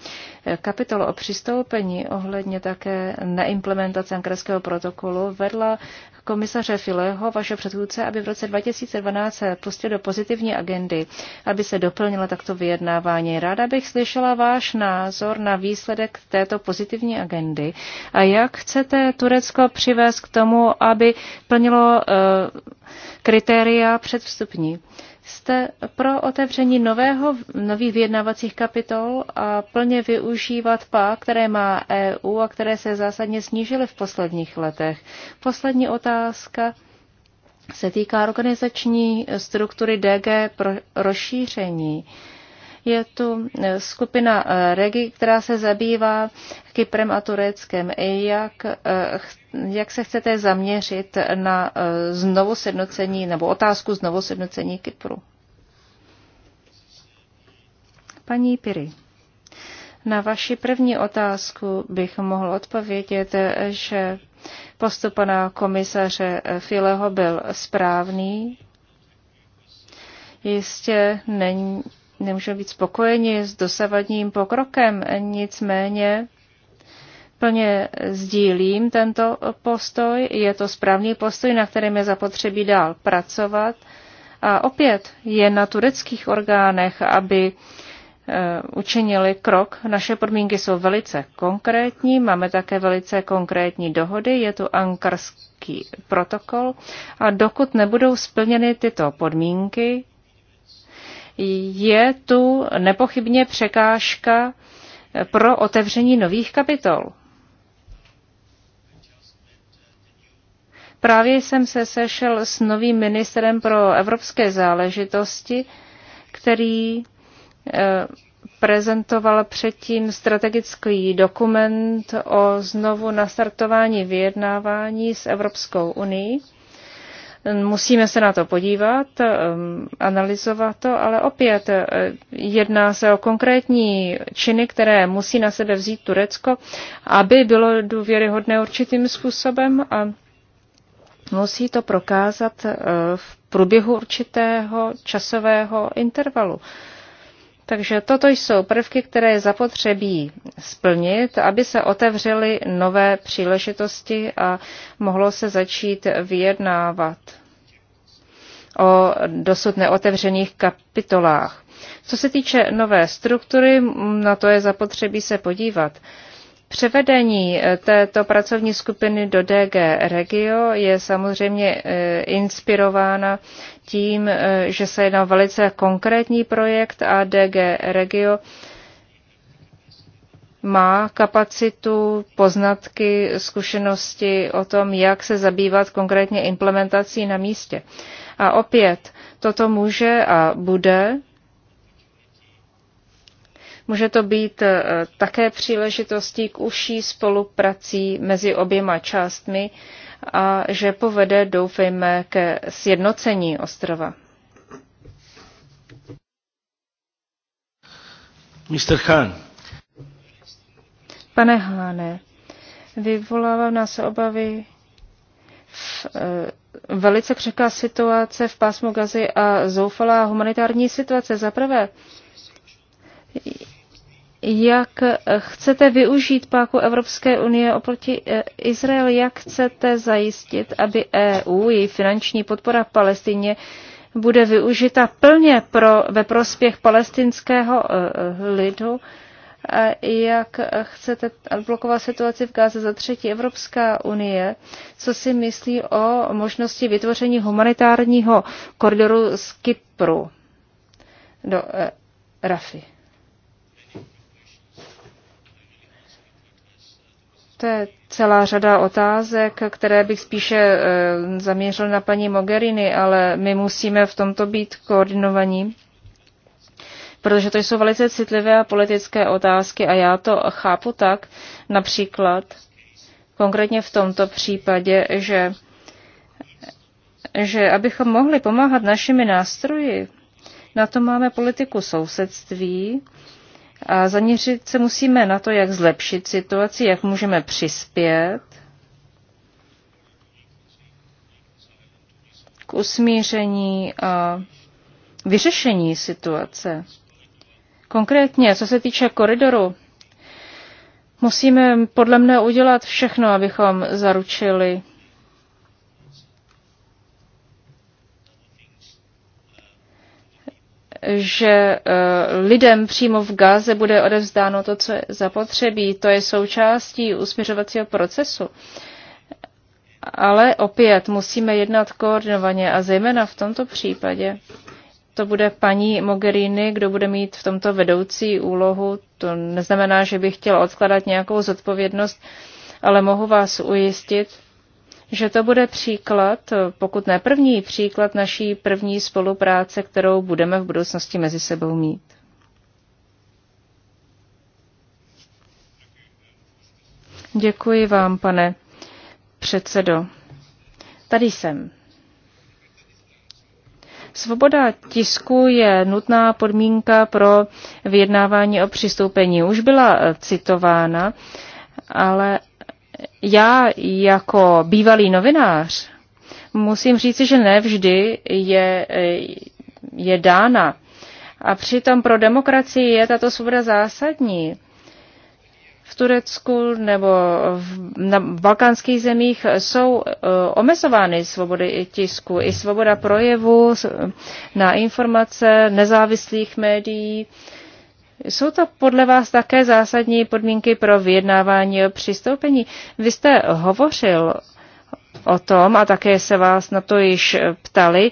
eh, kapitolu o přistoupení ohledně také neimplementace ankarského protokolu vedla komisaře Fileho, vaše předchůdce, aby v roce 2012 se pustil do pozitivní agendy, aby se doplnila takto vyjednávání. Ráda bych slyšela váš názor na výsledek této pozitivní agendy a jak chcete Turecko přivést k tomu, aby plnilo eh, kritéria předvstupní. Jste pro otevření nového, nových vyjednávacích kapitol a plně využívat pá, které má EU a které se zásadně snížily v posledních letech. Poslední otázka se týká organizační struktury DG pro rozšíření. Uh, je tu e, skupina e, Regi, která se zabývá Kyprem a Tureckem. Jak, e, jak se chcete zaměřit na znovu sednocení, nebo otázku znovu sednocení Kypru? Paní Piri. Na vaši první otázku bych mohl odpovědět, že postup pana komisaře Fileho byl správný. Jistě není, nemůžeme být spokojeni s dosavadním pokrokem, nicméně plně sdílím tento postoj. Je to správný postoj, na kterém je zapotřebí dál pracovat. A opět je na tureckých orgánech, aby e, učinili krok. Naše podmínky jsou velice konkrétní, máme také velice konkrétní dohody, je tu ankarský protokol a dokud nebudou splněny tyto podmínky, je tu nepochybně překážka pro otevření nových kapitol. Právě jsem se sešel s novým ministrem pro evropské záležitosti, který eh, prezentoval předtím strategický dokument o znovu nastartování vyjednávání s Evropskou unii Musíme se na to podívat, um, analyzovat to, ale opět uh, jedná se o konkrétní činy, které musí na sebe vzít Turecko, aby bylo důvěryhodné určitým způsobem a musí to prokázat uh, v průběhu určitého časového intervalu. Takže toto jsou prvky, které je zapotřebí splnit, aby se otevřely nové příležitosti a mohlo se začít vyjednávat o dosud neotevřených kapitolách. Co se týče nové struktury, na to je zapotřebí se podívat. Převedení eh, této pracovní skupiny do DG Regio je samozřejmě eh, inspirována tím, eh, že se jedná o velice konkrétní projekt a DG Regio má kapacitu, poznatky, zkušenosti o tom, jak se zabývat konkrétně implementací na místě. A opět, toto může a bude Může to být eh, také příležitostí k užší spoluprací mezi oběma částmi a že povede, doufejme, ke sjednocení ostrova. Mr. Khan. Pane Háne, vyvolává nás obavy v, e, velice křehká situace v pásmu Gazy a zoufalá humanitární situace. Za prvé, jak chcete využít páku Evropské unie oproti eh, Izrael, jak chcete zajistit, aby EU, její finanční podpora Palestině, bude využita plně pro, ve prospěch palestinského eh, eh, lidu, jak chcete blokovat situaci v Gáze za třetí Evropská unie, co si myslí o možnosti vytvoření humanitárního koridoru z Kypru do Rafi. To je celá řada otázek, které bych spíše eh, zaměřil na paní Mogherini, ale my musíme v tomto být koordinovaní, protože to jsou velice citlivé a politické otázky a já to chápu tak, například konkrétně v tomto případě, že, že abychom mohli pomáhat našimi nástroji, na to máme politiku sousedství, a zaměřit se musíme na to, jak zlepšit situaci, jak můžeme přispět k usmíření a vyřešení situace. Konkrétně, co se týče koridoru, musíme podle mne udělat všechno, abychom zaručili že e, lidem přímo v Gaze bude odevzdáno to, co je zapotřebí. To je součástí usměřovacího procesu. Ale opět musíme jednat koordinovaně a zejména v tomto případě to bude paní Mogherini, kdo bude mít v tomto vedoucí úlohu. To neznamená, že bych chtěla odkladat nějakou zodpovědnost, ale mohu vás ujistit, že to bude příklad, pokud ne první příklad naší první spolupráce, kterou budeme v budoucnosti mezi sebou mít. Děkuji vám, pane předsedo. Tady jsem. Svoboda tisku je nutná podmínka pro vyjednávání o přistoupení. Už byla citována, ale já jako bývalý novinář musím říci, že nevždy je, je dána. A přitom pro demokracii je tato svoboda zásadní. V Turecku nebo v, na balkánských zemích jsou uh, omezovány svobody tisku i svoboda projevu na informace nezávislých médií. Uh, jsou to podle vás také zásadní podmínky pro vyjednávání o přistoupení? Vy jste hovořil o tom a také se vás na to již ptali,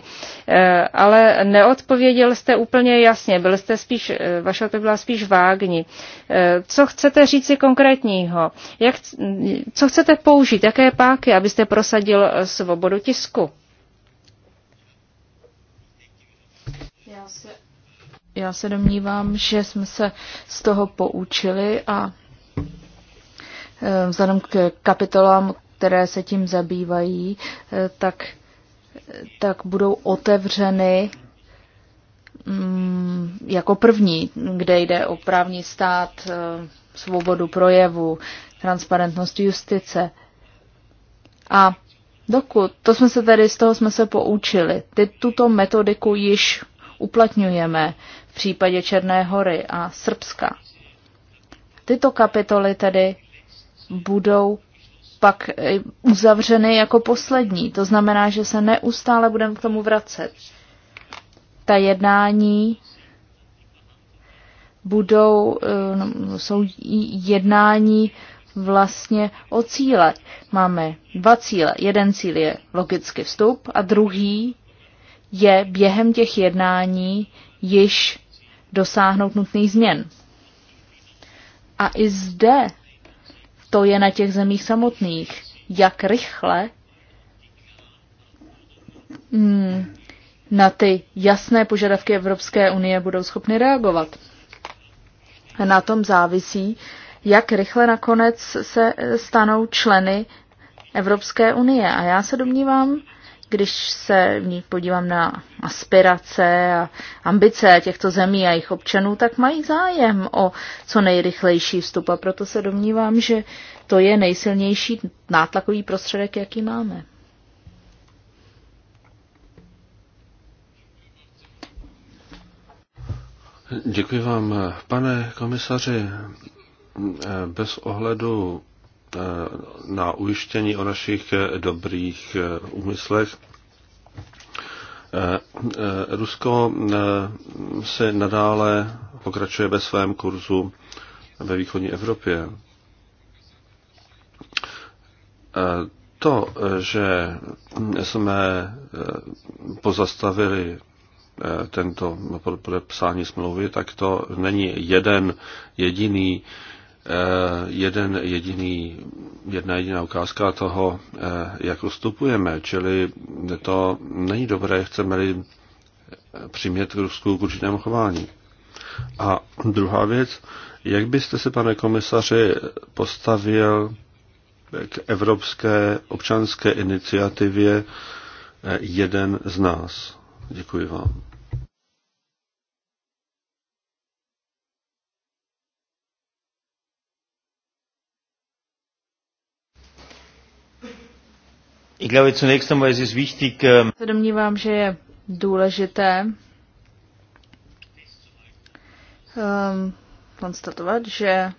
eh, ale neodpověděl jste úplně jasně, byl jste spíš, eh, vaše to byla spíš vágní. Eh, co chcete říci konkrétního? Jak, co chcete použít? Jaké páky, abyste prosadil svobodu tisku? Já se já se domnívám, že jsme se z toho poučili a e, vzhledem k kapitolám, které se tím zabývají, e, tak, tak budou otevřeny mm, jako první, kde jde o právní stát, e, svobodu projevu, transparentnost justice. A dokud, to jsme se tady z toho jsme se poučili, ty tuto metodiku již uplatňujeme v případě Černé hory a Srbska. Tyto kapitoly tedy budou pak eh, uzavřeny jako poslední. To znamená, že se neustále budeme k tomu vracet. Ta jednání budou, eh, no, no, jsou jednání vlastně o cíle. Máme dva cíle. Jeden cíl je logicky vstup a druhý je během těch jednání již dosáhnout nutných změn. A i zde to je na těch zemích samotných, jak rychle hmm, na ty jasné požadavky Evropské unie budou schopny reagovat. A na tom závisí, jak rychle nakonec se stanou členy Evropské unie. A já se domnívám, když se v ní podívám na aspirace a ambice těchto zemí a jejich občanů, tak mají zájem o co nejrychlejší vstup a proto se domnívám, že to je nejsilnější nátlakový prostředek, jaký máme. Děkuji vám, pane komisaři. Bez ohledu Eh, na ujištění o našich eh, dobrých eh, úmyslech. Rusko se nadále pokračuje ve svém kurzu ve východní Evropě. To, že jsme pozastavili tento podepsání smlouvy, tak to není jeden jediný Eh, jeden jediný, jedna jediná ukázka toho, eh, jak ustupujeme. Čili to není dobré, chceme-li přimět Rusku k určitému chování. A druhá věc, jak byste se, pane komisaři, postavil k Evropské občanské iniciativě eh, Jeden z nás? Děkuji vám. Ähm, se domnívám, že je důležité um, konstatovat, že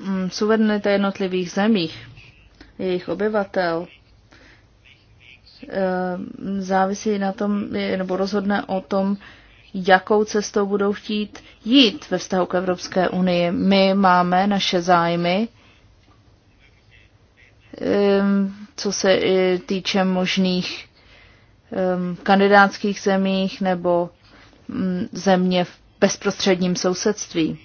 um, suverenita jednotlivých zemích, jejich obyvatel, um, závisí na tom, nebo rozhodne o tom, jakou cestou budou chtít jít ve vztahu k Evropské unii. My máme naše zájmy, Ehm, co se e, týče možných ehm, kandidátských zemích nebo mm, země v bezprostředním sousedství.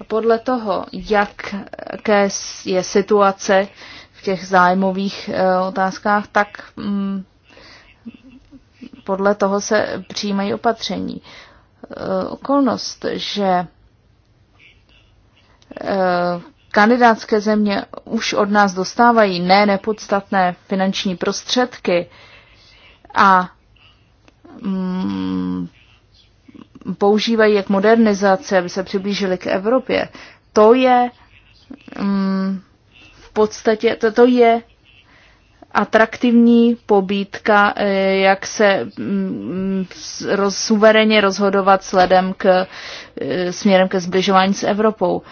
A podle toho, jaké je situace v těch zájmových e, otázkách, tak mm, podle toho se přijímají opatření. E, okolnost, že Kandidátské země už od nás dostávají ne nepodstatné finanční prostředky a mm, používají jak modernizace, aby se přiblížili k Evropě. To je mm, v podstatě, to, to je atraktivní pobídka, eh, jak se mm, roz, suverénně rozhodovat sledem k, eh, směrem ke zbližování s Evropou.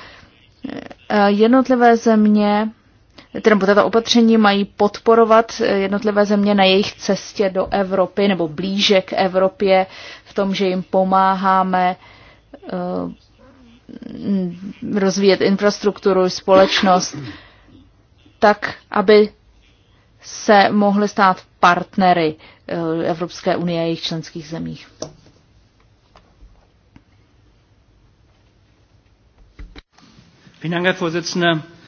Eh, jednotlivé země, tedy tato opatření mají podporovat eh, jednotlivé země na jejich cestě do Evropy nebo blíže k Evropě v tom, že jim pomáháme eh, rozvíjet infrastrukturu, společnost, tak, aby se mohly stát partnery Evropské unie a jejich členských zemích.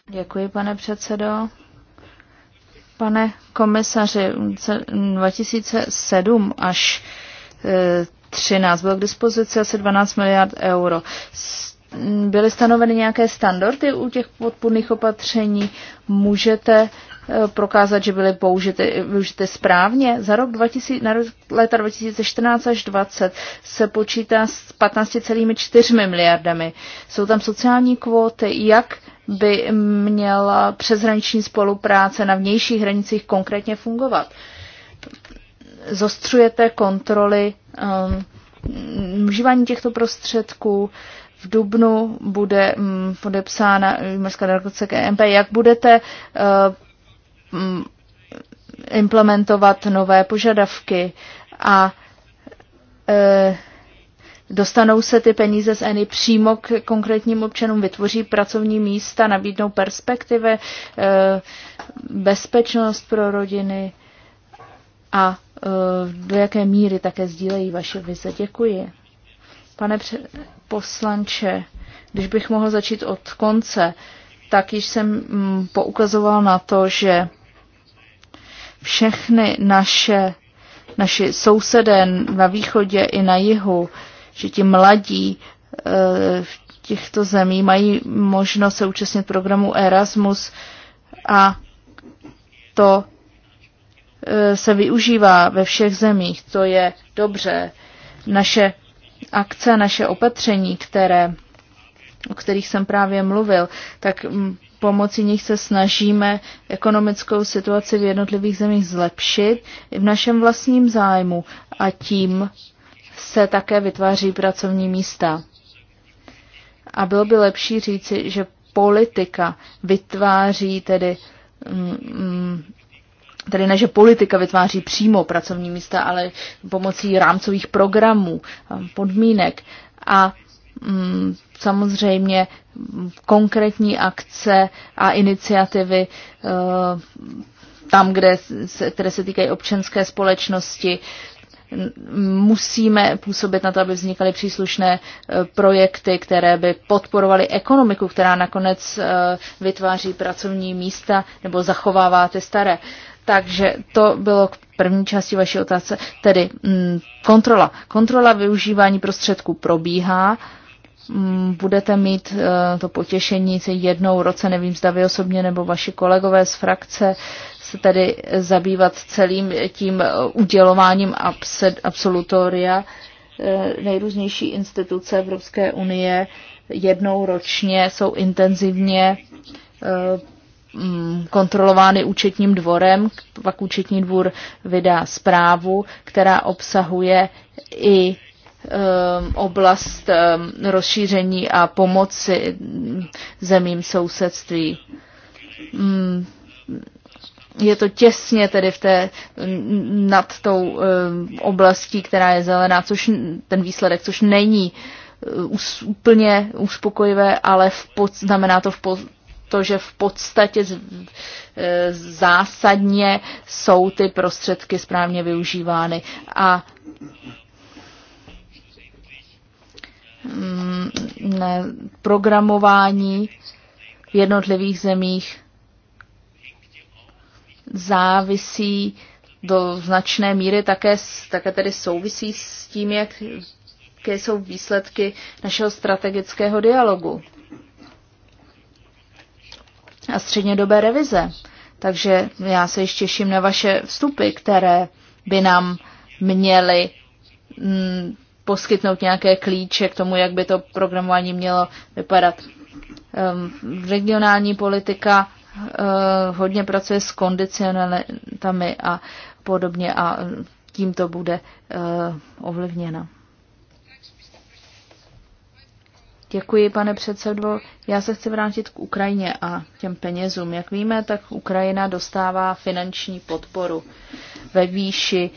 Děkuji, pane předsedo. Pane komisaři, 2007 až 13 eh, bylo k dispozici asi 12 miliard euro. Byly stanoveny nějaké standardy u těch podpůrných opatření? Můžete Eh, prokázat, že byly použity, využity správně. Za rok 2000, na rok, 2014 až 20 se počítá s 15,4 miliardami. Jsou tam sociální kvóty, jak by měla přeshraniční spolupráce na vnějších hranicích konkrétně fungovat. Zostřujete kontroly um, ehm, užívání těchto prostředků, v Dubnu bude mm, podepsána Jumerská delegace KMP. Jak budete eh, implementovat nové požadavky a e, dostanou se ty peníze z ENI přímo k konkrétním občanům, vytvoří pracovní místa, nabídnou perspektivy, e, bezpečnost pro rodiny a e, do jaké míry také sdílejí vaše vize. Děkuji. Pane poslanče, když bych mohl začít od konce, tak již jsem poukazoval na to, že všechny naše, naši sousedé na východě i na jihu, že ti mladí eh, v těchto zemí mají možnost se účastnit programu Erasmus a to eh, se využívá ve všech zemích. To je dobře. Naše akce, naše opatření, které, o kterých jsem právě mluvil, tak mm, pomocí nich se snažíme ekonomickou situaci v jednotlivých zemích zlepšit v našem vlastním zájmu a tím se také vytváří pracovní místa. A bylo by lepší říci, že politika vytváří tedy, mm, mm, tedy ne, že politika vytváří přímo pracovní místa, ale pomocí rámcových programů, podmínek. A Mm, samozřejmě konkrétní akce a iniciativy eh, tam, kde se, které se týkají občanské společnosti. Musíme působit na to, aby vznikaly příslušné eh, projekty, které by podporovaly ekonomiku, která nakonec eh, vytváří pracovní místa nebo zachovává ty staré. Takže to bylo k první části vaší otázce, tedy mm, kontrola. Kontrola využívání prostředků probíhá. Mm, budete mít eh, to potěšení se jednou roce, nevím, zda vy osobně nebo vaši kolegové z frakce, se tedy zabývat celým tím eh, udělováním absolutoria eh, nejrůznější instituce Evropské unie jednou ročně jsou intenzivně mm, kontrolovány účetním dvorem, pak účetní dvůr vydá zprávu, která obsahuje i Um, oblast um, rozšíření a pomoci mm, zemím sousedství. Mm, je to těsně tedy v té, mm, nad tou um, oblastí, která je zelená, což ten výsledek, což není uh, úplně uspokojivé, ale v pod, znamená to v pod, to, že v podstatě z, eh, zásadně jsou ty prostředky správně využívány. A Mm, ne, programování v jednotlivých zemích závisí do značné míry také, také tedy souvisí s tím, jak, jaké jsou výsledky našeho strategického dialogu a střednědobé revize. Takže já se ještě těším na vaše vstupy, které by nám měly mm, poskytnout nějaké klíče k tomu, jak by to programování mělo vypadat. Ehm, regionální politika eh, hodně pracuje s kondicionalitami a podobně a eh, tím to bude eh, ovlivněna. Děkuji, pane předsedo. Já se chci vrátit k Ukrajině a těm penězům. Jak víme, tak Ukrajina dostává finanční podporu ve výši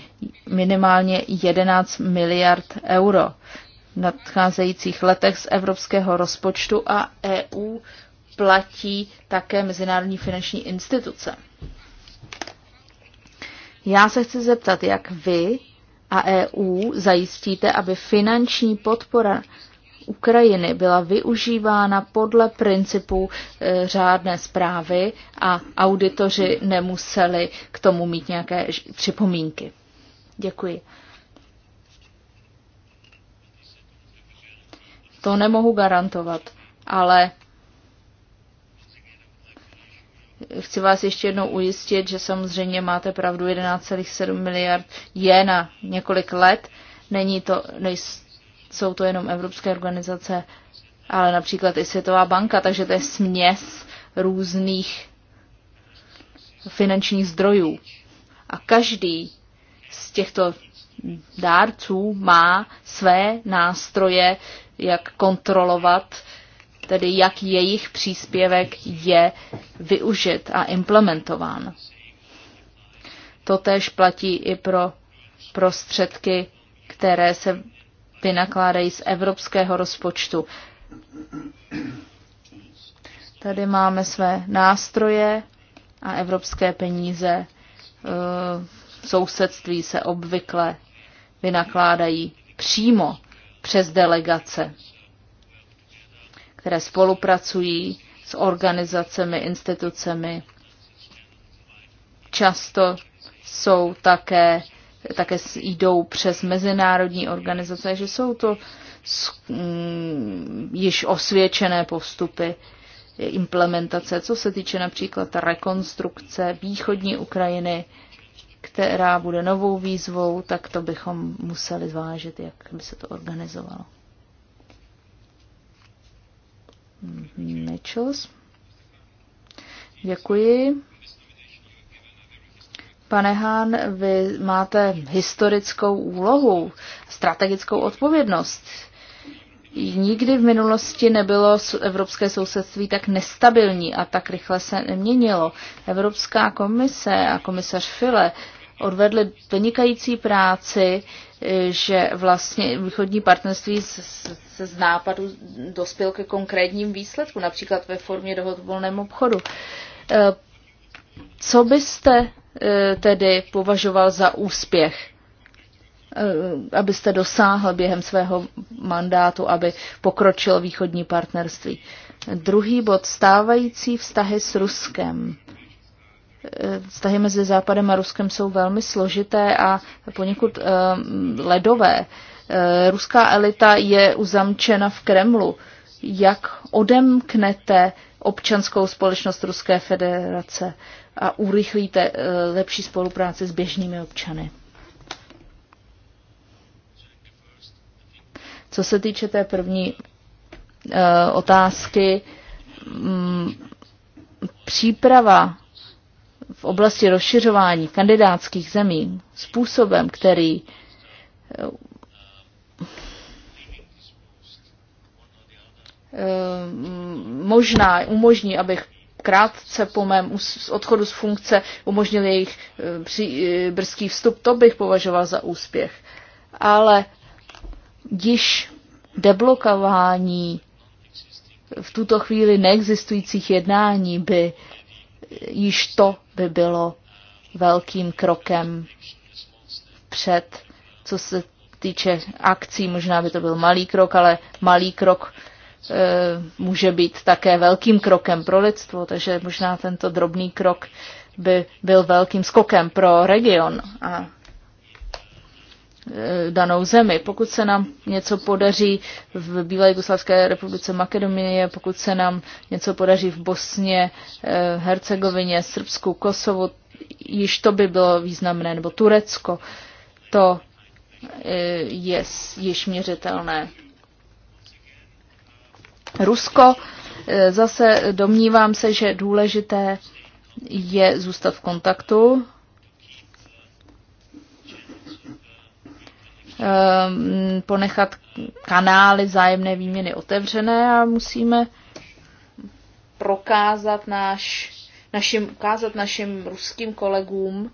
minimálně 11 miliard euro v nadcházejících letech z evropského rozpočtu a EU platí také mezinárodní finanční instituce. Já se chci zeptat, jak vy a EU zajistíte, aby finanční podpora Ukrajiny byla využívána podle principu e, eh, řádné zprávy a auditoři nemuseli k tomu mít nějaké připomínky. Děkuji. To nemohu garantovat, ale chci vás ještě jednou ujistit, že samozřejmě máte pravdu, 11,7 miliard je na několik let. Není to, jsou to jenom evropské organizace, ale například i Světová banka, takže to je směs různých finančních zdrojů. A každý z těchto dárců má své nástroje, jak kontrolovat, tedy jak jejich příspěvek je využit a implementován. Totež platí i pro prostředky, které se vynakládají z evropského rozpočtu. Tady máme své nástroje a evropské peníze eh, v sousedství se obvykle vynakládají přímo přes delegace, které spolupracují s organizacemi, institucemi. Často jsou také také jdou přes mezinárodní organizace, že jsou to mm, již osvědčené postupy implementace, co se týče například rekonstrukce východní Ukrajiny, která bude novou výzvou, tak to bychom museli zvážit, jak by se to organizovalo. Mm, Mitchells. Děkuji. Pane Hán, vy máte historickou úlohu, strategickou odpovědnost. Nikdy v minulosti nebylo evropské sousedství tak nestabilní a tak rychle se neměnilo. Evropská komise a komisař File odvedli vynikající práci, že vlastně východní partnerství se z nápadu dospěl ke konkrétním výsledkům, například ve formě dohod o volném obchodu. Eh, co byste E, tedy považoval za úspěch, e, abyste dosáhl během svého mandátu, aby pokročil východní partnerství. Druhý bod, stávající vztahy s Ruskem. E, vztahy mezi Západem a Ruskem jsou velmi složité a poněkud ledové. Ruská elita je uzamčena v Kremlu. Jak odemknete občanskou společnost Ruské federace? a urychlíte eh, lepší spolupráci s běžnými občany. Co se týče té první eh, otázky, mm, příprava v oblasti rozšiřování kandidátských zemí způsobem, který eh, možná umožní, abych krátce po mém odchodu z funkce umožnil jejich eh, eh, brzký vstup, to bych považoval za úspěch. Ale když deblokování v tuto chvíli neexistujících jednání by eh, již to by bylo velkým krokem před, co se týče akcí, možná by to byl malý krok, ale malý krok E, může být také velkým krokem pro lidstvo, takže možná tento drobný krok by byl velkým skokem pro region a e, danou zemi. Pokud se nám něco podaří v Bílé Jugoslavské republice Makedonie, pokud se nám něco podaří v Bosně, e, Hercegovině, Srbsku, Kosovu, již to by bylo významné, nebo Turecko, to je již měřitelné. Rusko. Eh, zase domnívám se, že důležité je zůstat v kontaktu. Ehm, ponechat kanály zájemné výměny otevřené a musíme prokázat náš, našim, ukázat našim ruským kolegům,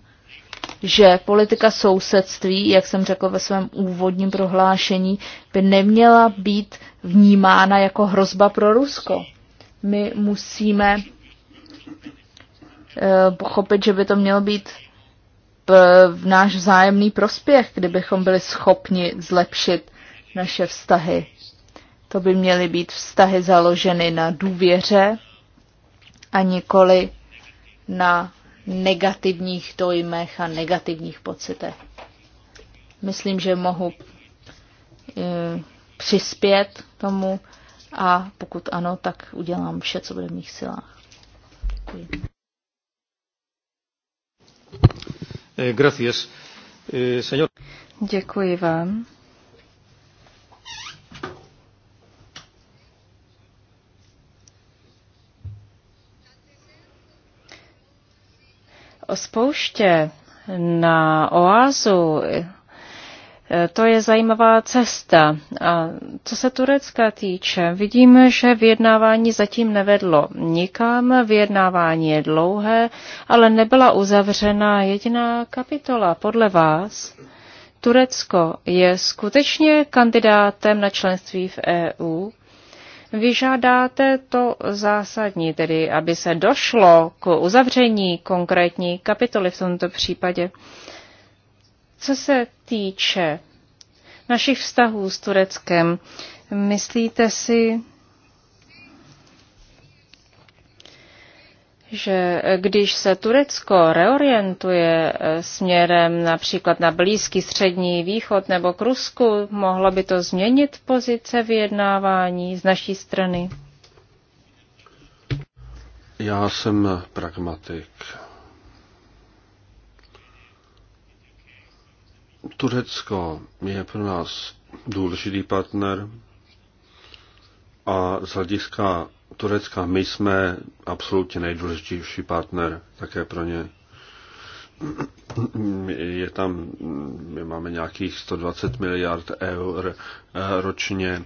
že politika sousedství, jak jsem řekl ve svém úvodním prohlášení, by neměla být vnímána jako hrozba pro Rusko. My musíme eh, pochopit, že by to mělo být eh, v náš vzájemný prospěch, kdybychom byli schopni zlepšit naše vztahy. To by měly být vztahy založeny na důvěře a nikoli na negativních dojmech a negativních pocitech. Myslím, že mohu eh, přispět tomu a pokud ano, tak udělám vše, co bude v mých silách. Děkuji. Eh, gracias. Eh, Děkuji vám. spouště na oázu, to je zajímavá cesta. A co se Turecka týče, vidíme, že vyjednávání zatím nevedlo nikam. Vyjednávání je dlouhé, ale nebyla uzavřena jediná kapitola. Podle vás, Turecko je skutečně kandidátem na členství v EU? vyžádáte to zásadní, tedy aby se došlo k uzavření konkrétní kapitoly v tomto případě. Co se týče našich vztahů s Tureckem, myslíte si, že když se Turecko reorientuje eh, směrem například na Blízký střední východ nebo k Rusku, mohlo by to změnit pozice vyjednávání z naší strany? Já jsem pragmatik. Turecko je pro nás důležitý partner a z hlediska Turecka. My jsme absolutně nejdůležitější partner také pro ně. Je tam, my máme nějakých 120 miliard eur eh, ročně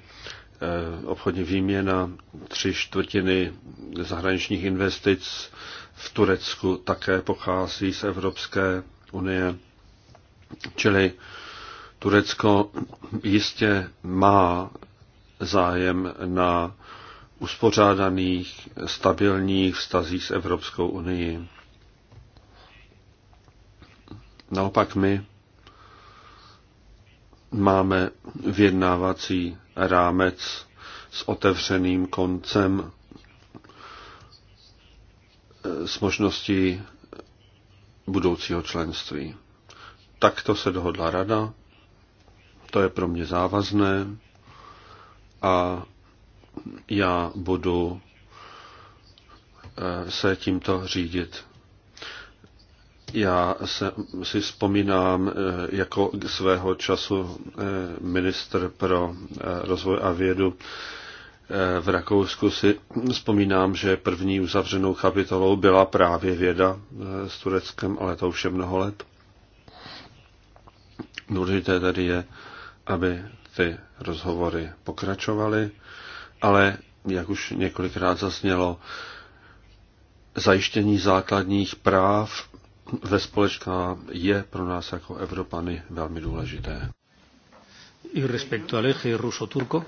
eh, obchodní výměna, tři čtvrtiny zahraničních investic v Turecku také pochází z Evropské unie. Čili Turecko jistě má zájem na uspořádaných, stabilních vztazích s Evropskou unii. Naopak my máme vyjednávací rámec s otevřeným koncem, eh, s možností budoucího členství. Takto se dohodla rada, to je pro mě závazné a já budu eh, se tímto řídit. Já se, si vzpomínám eh, jako svého času eh, ministr pro rozvoj a vědu v Rakousku si vzpomínám, že první uzavřenou kapitolou byla právě věda s Tureckem, ale to už je mnoho let. Důležité tady je, aby ty rozhovory pokračovaly ale jak už několikrát zasnělo, zajištění základních práv ve společná je pro nás jako Evropany velmi důležité. I respektu ale ruso turko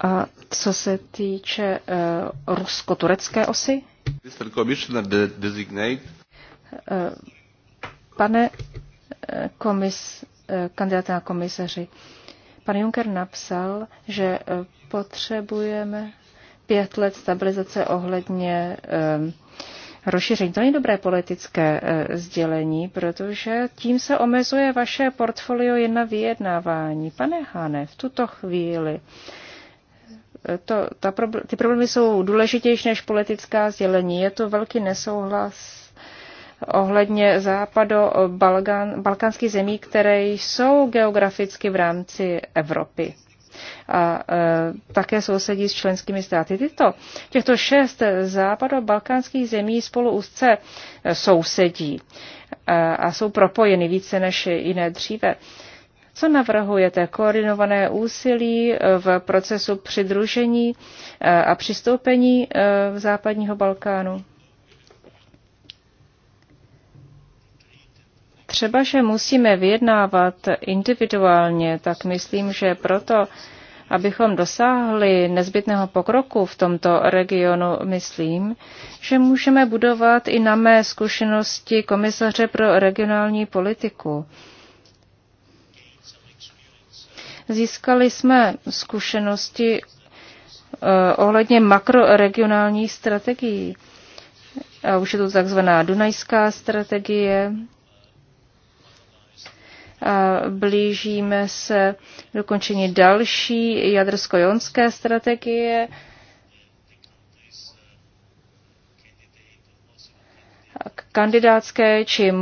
A co se týče uh, rusko-turecké osy? Mr. Commissioner designate. Uh, pane eh, komis, uh, kandidáte na komisaři, pan Juncker napsal, že uh, potřebujeme pět let stabilizace ohledně ehm, rozšíření. To není dobré politické eh, sdělení, protože tím se omezuje vaše portfolio jen na vyjednávání. Pane Hane, v tuto chvíli eh, to, ta, ty problémy jsou důležitější než politická sdělení. Je to velký nesouhlas ohledně západo-balkánských eh, zemí, které jsou geograficky v rámci Evropy a e, také sousedí s členskými státy. Tyto, těchto šest západobalkánských zemí spolu úzce e, sousedí e, a jsou propojeny více než jiné dříve. Co navrhujete? Koordinované úsilí v procesu přidružení a přistoupení v západního Balkánu? třeba, že musíme vyjednávat individuálně, tak myslím, že proto, abychom dosáhli nezbytného pokroku v tomto regionu, myslím, že můžeme budovat i na mé zkušenosti komisaře pro regionální politiku. Získali jsme zkušenosti eh, ohledně makroregionálních strategií. A už je tu takzvaná Dunajská strategie, Blížíme se dokončení další jadrsko-jonské strategie. kandidátské či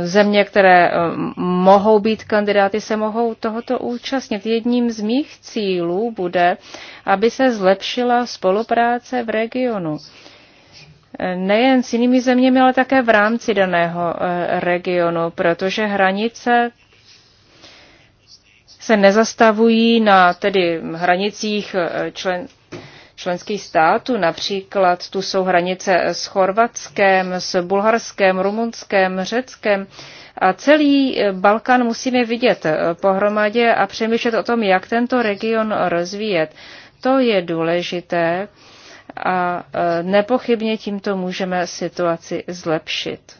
země, které e, mohou být kandidáty, se mohou tohoto účastnit. Jedním z mých cílů bude, aby se zlepšila spolupráce v regionu nejen s jinými zeměmi, ale také v rámci daného eh, regionu, protože hranice se nezastavují na tedy hranicích eh, člen, členských států. Například tu jsou hranice s Chorvatskem, s Bulharskem, Rumunskem, Řeckem. A celý eh, Balkán musíme vidět pohromadě a přemýšlet o tom, jak tento region rozvíjet. To je důležité a nepochybně tímto můžeme situaci zlepšit.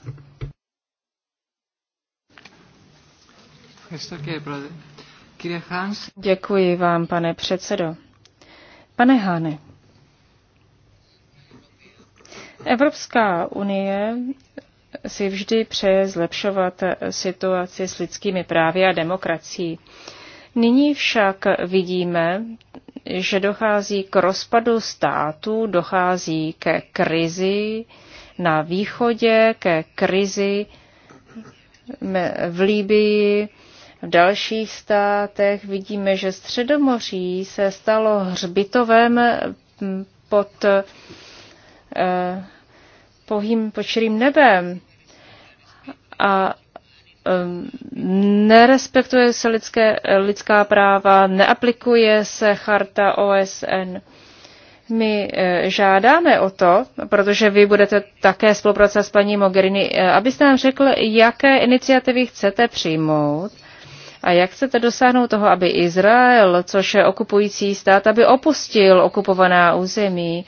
Děkuji vám, pane předsedo. Pane Hány, Evropská unie si vždy přeje zlepšovat situaci s lidskými právy a demokracií. Nyní však vidíme, že dochází k rozpadu států, dochází ke krizi na východě, ke krizi v Líbii, v dalších státech. Vidíme, že Středomoří se stalo hřbitovem pod eh, pohým počerým nebem. A Ehm, nerespektuje se lidské, lidská práva, neaplikuje se charta OSN. My eh, žádáme o to, protože vy budete také spolupracovat s paní Mogherini, eh, abyste nám řekl, jaké iniciativy chcete přijmout a jak chcete dosáhnout toho, aby Izrael, což je okupující stát, aby opustil okupovaná území.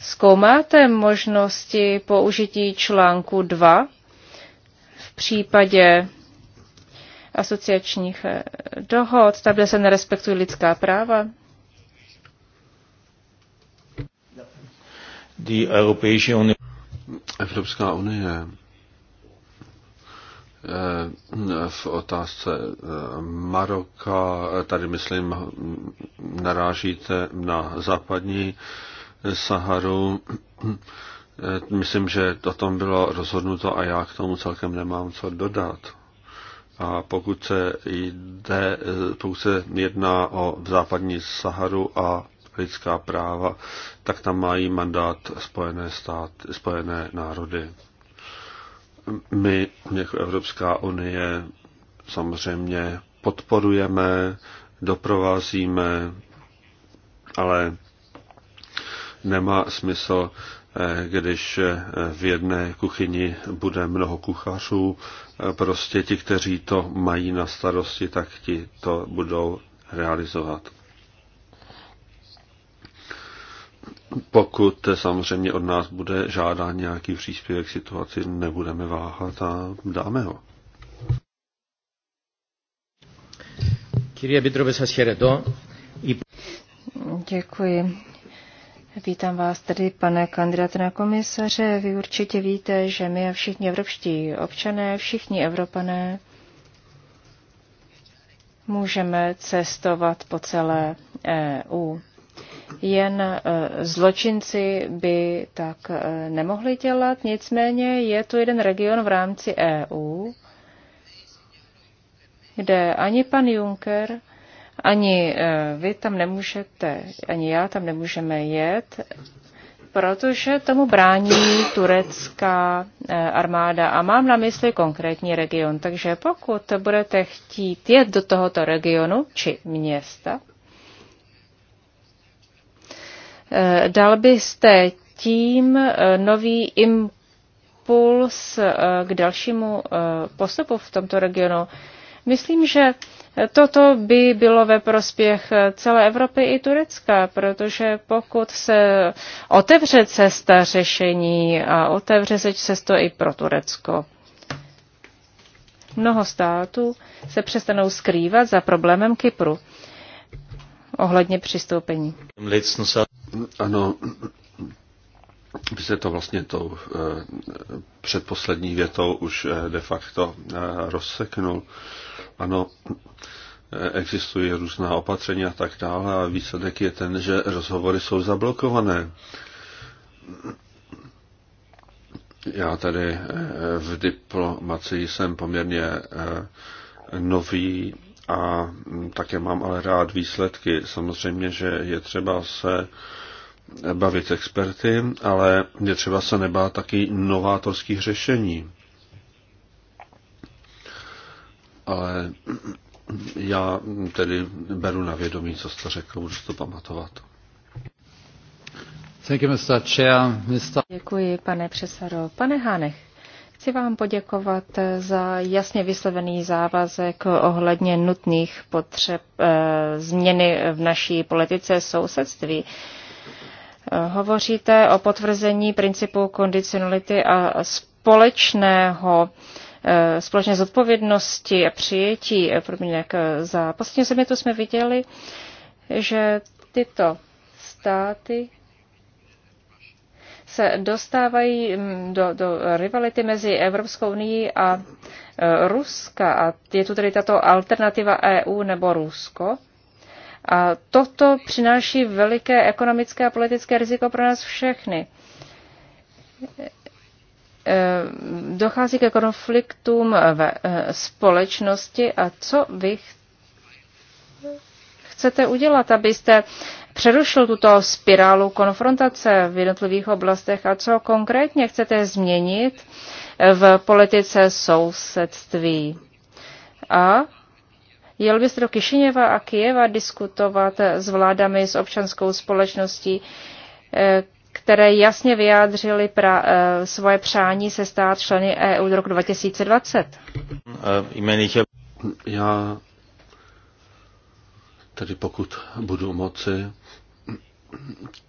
Zkoumáte možnosti použití článku 2 v případě asociačních eh, dohod, tam, kde se nerespektují lidská práva. Evropská unie eh, v otázce eh, Maroka, tady myslím, narážíte na západní Saharu. Myslím, že o tom bylo rozhodnuto a já k tomu celkem nemám co dodat. A pokud se jde, pokud se jedná o západní Saharu a lidská práva, tak tam mají mandát Spojené, stát, Spojené národy. My jako Evropská unie samozřejmě podporujeme, doprovázíme, ale nemá smysl když v jedné kuchyni bude mnoho kuchařů, prostě ti, kteří to mají na starosti, tak ti to budou realizovat. Pokud samozřejmě od nás bude žádán nějaký příspěvek situaci, nebudeme váhat a dáme ho. Kyrie Bitrobe, Děkuji. Vítám vás tedy, pane kandidáte na komisaře. Vy určitě víte, že my a všichni evropští občané, všichni evropané můžeme cestovat po celé EU. Jen e, zločinci by tak e, nemohli dělat, nicméně je tu jeden region v rámci EU, kde ani pan Juncker, ani eh, vy tam nemůžete, ani já tam nemůžeme jet, protože tomu brání turecká eh, armáda a mám na mysli konkrétní region. Takže pokud budete chtít jet do tohoto regionu či města, eh, dal byste tím nový impuls k dalšímu postupu v tomto regionu. Myslím, že Toto by bylo ve prospěch celé Evropy i Turecka, protože pokud se otevře cesta řešení a otevře se cesto i pro Turecko, mnoho států se přestanou skrývat za problémem Kypru ohledně přistoupení. Ano, vy jste to vlastně tou eh, předposlední větou už eh, de facto eh, rozseknul. Ano, existují různá opatření a tak dále a výsledek je ten, že rozhovory jsou zablokované. Já tady eh, v diplomacii jsem poměrně eh, nový a také mám ale rád výsledky. Samozřejmě, že je třeba se bavit s experty, ale je třeba se nebát taky novátorských řešení ale já tedy beru na vědomí, co jste řekl, budu to pamatovat. Děkuji, pane Přesaro. Pane Hánech, chci vám poděkovat za jasně vyslovený závazek ohledně nutných potřeb e, změny v naší politice sousedství. Eh, hovoříte o potvrzení principu kondicionality a společného Eh, společné zodpovědnosti a přijetí eh, podmínek eh, za poslední země, to jsme viděli, že tyto státy se dostávají mm, do, do rivality mezi Evropskou unii a Ruska. A je tu tedy tato alternativa EU nebo Rusko. A toto přináší veliké ekonomické a politické riziko pro nás všechny. Eh, dochází ke konfliktům ve eh, společnosti a co vy chcete udělat, abyste přerušil tuto spirálu konfrontace v jednotlivých oblastech a co konkrétně chcete změnit eh, v politice sousedství. A jel byste do Kišiněva a Kijeva diskutovat s vládami, s občanskou společností, které jasně vyjádřili pra, eh, svoje přání se stát členy EU do roku 2020. Eh, já tedy pokud budu moci,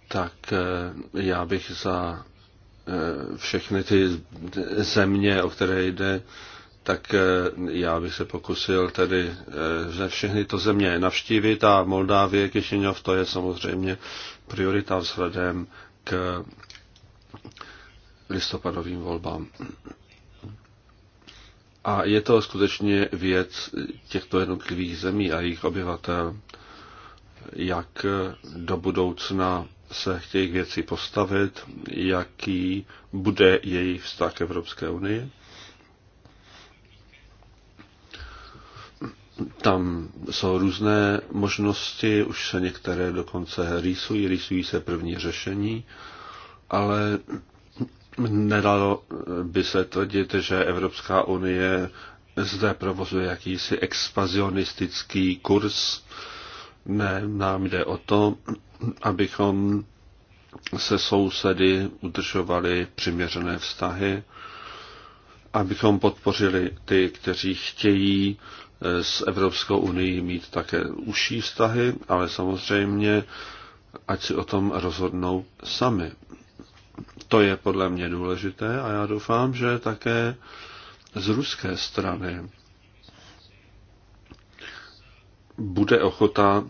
tak eh, já bych za všechny ty země, o které jde, tak já bych se pokusil tedy ze všechny to země navštívit a Moldávie, Kišiňov, to je samozřejmě priorita vzhledem k listopadovým volbám. A je to skutečně věc těchto jednotlivých zemí a jejich obyvatel, jak do budoucna se chtějí věci postavit, jaký bude jejich vztah k Evropské unii Tam jsou různé možnosti, už se některé dokonce rýsují, rýsují se první řešení, ale nedalo by se tvrdit, že Evropská unie zde provozuje jakýsi expazionistický kurz. Ne, nám jde o to, abychom se sousedy udržovali přiměřené vztahy abychom podpořili ty, kteří chtějí eh, s Evropskou unii mít také užší vztahy, ale samozřejmě, ať si o tom rozhodnou sami. To je podle mě důležité a já doufám, že také z ruské strany bude ochota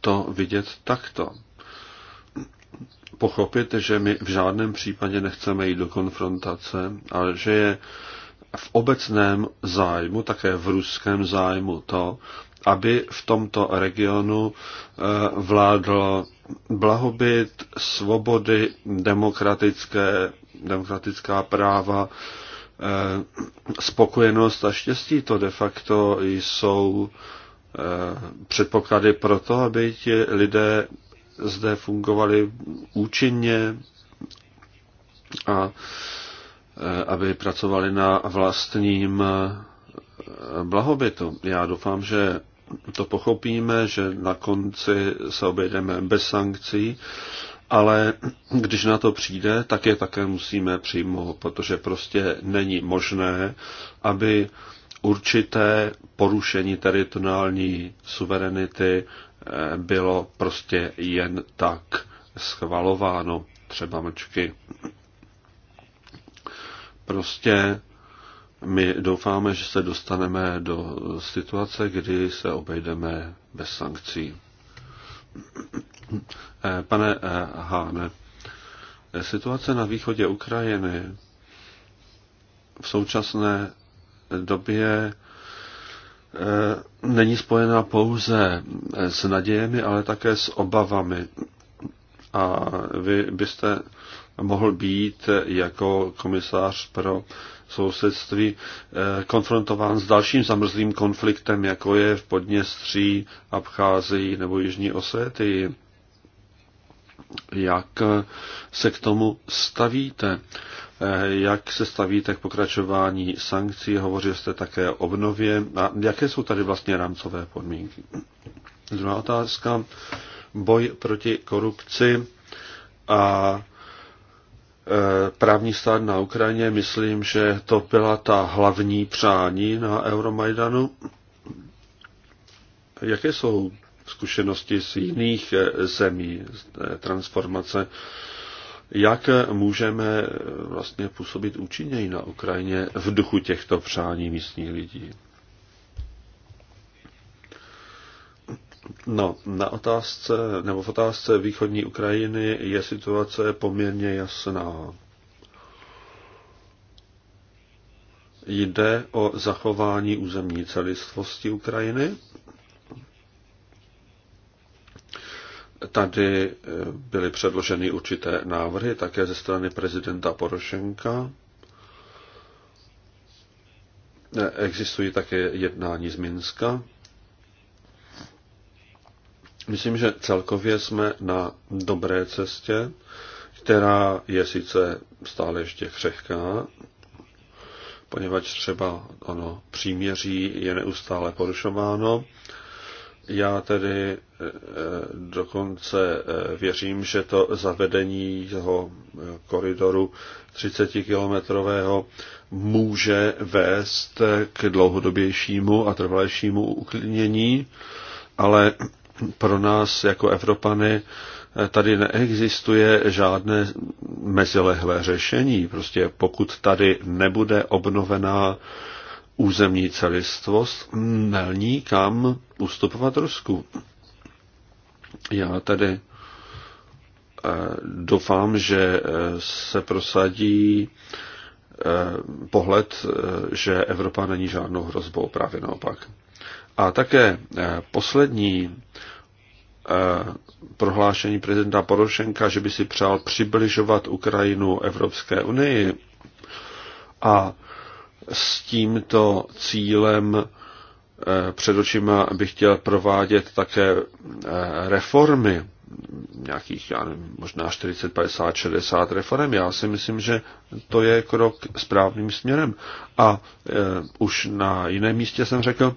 to vidět takto pochopit, že my v žádném případě nechceme jít do konfrontace, ale že je v obecném zájmu, také v ruském zájmu to, aby v tomto regionu eh, vládl blahobyt, svobody, demokratické, demokratická práva, eh, spokojenost a štěstí. To de facto jsou eh, předpoklady pro to, aby ti lidé zde fungovali účinně a eh, aby pracovali na vlastním eh, blahobytu. Já doufám, že to pochopíme, že na konci se obejdeme bez sankcí, ale když na to přijde, tak je také musíme přijmout, protože prostě není možné, aby určité porušení teritoriální suverenity bylo prostě jen tak schvalováno, třeba mlčky. Prostě my doufáme, že se dostaneme do situace, kdy se obejdeme bez sankcí. Pane Háne, situace na východě Ukrajiny v současné době Eh, není spojená pouze eh, s nadějemi, ale také s obavami. A vy byste mohl být jako komisář pro sousedství eh, konfrontován s dalším zamrzlým konfliktem, jako je v Podněstří, Abcházii nebo Jižní Osetii. Jak se k tomu stavíte? jak se stavíte k pokračování sankcí, hovořil jste také o obnově a jaké jsou tady vlastně rámcové podmínky. Druhá otázka, boj proti korupci a e, právní stát na Ukrajině, myslím, že to byla ta hlavní přání na Euromajdanu. Jaké jsou zkušenosti z jiných e, zemí transformace jak můžeme eh, vlastně působit účinněji na Ukrajině v duchu těchto přání místních lidí. No, na otázce, nebo v otázce východní Ukrajiny je situace poměrně jasná. Jde o zachování územní celistvosti Ukrajiny Tady eh, byly předloženy určité návrhy také ze strany prezidenta Porošenka. Eh, existují také jednání z Minska. Myslím, že celkově jsme na dobré cestě, která je sice stále ještě křehká, poněvadž třeba ono příměří je neustále porušováno, já tedy e, e, dokonce e, věřím, že to zavedení toho koridoru 30-kilometrového může vést k dlouhodobějšímu a trvalejšímu uklidnění, ale pro nás jako Evropany tady neexistuje žádné mezilehlé řešení. Prostě pokud tady nebude obnovená územní celistvost není kam ustupovat Rusku. Já tady eh, doufám, že eh, se prosadí eh, pohled, že Evropa není žádnou hrozbou, právě naopak. A také poslední prohlášení prezidenta Porošenka, že by si přál přibližovat Ukrajinu Evropské unii a s tímto cílem eh, před očima bych chtěl provádět také eh, reformy, nějakých já nevím, možná 40, 50, 60 reform. Já si myslím, že to je krok správným směrem. A e, už na jiném místě jsem řekl,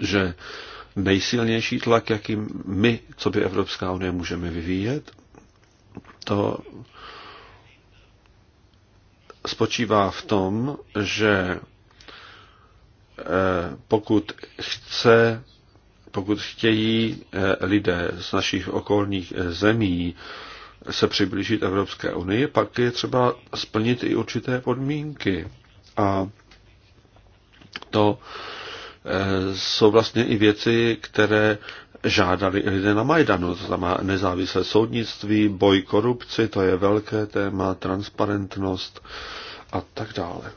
že nejsilnější tlak, jakým my, co by Evropská unie můžeme vyvíjet, to spočívá v tom, že eh, pokud chce, pokud chtějí eh, lidé z našich okolních eh, zemí se přiblížit Evropské unii, pak je třeba splnit i určité podmínky. A to jsou vlastně i věci, které žádali lidé na Majdanu, to znamená nezávislé soudnictví, boj korupci, to je velké téma, transparentnost a tak dále.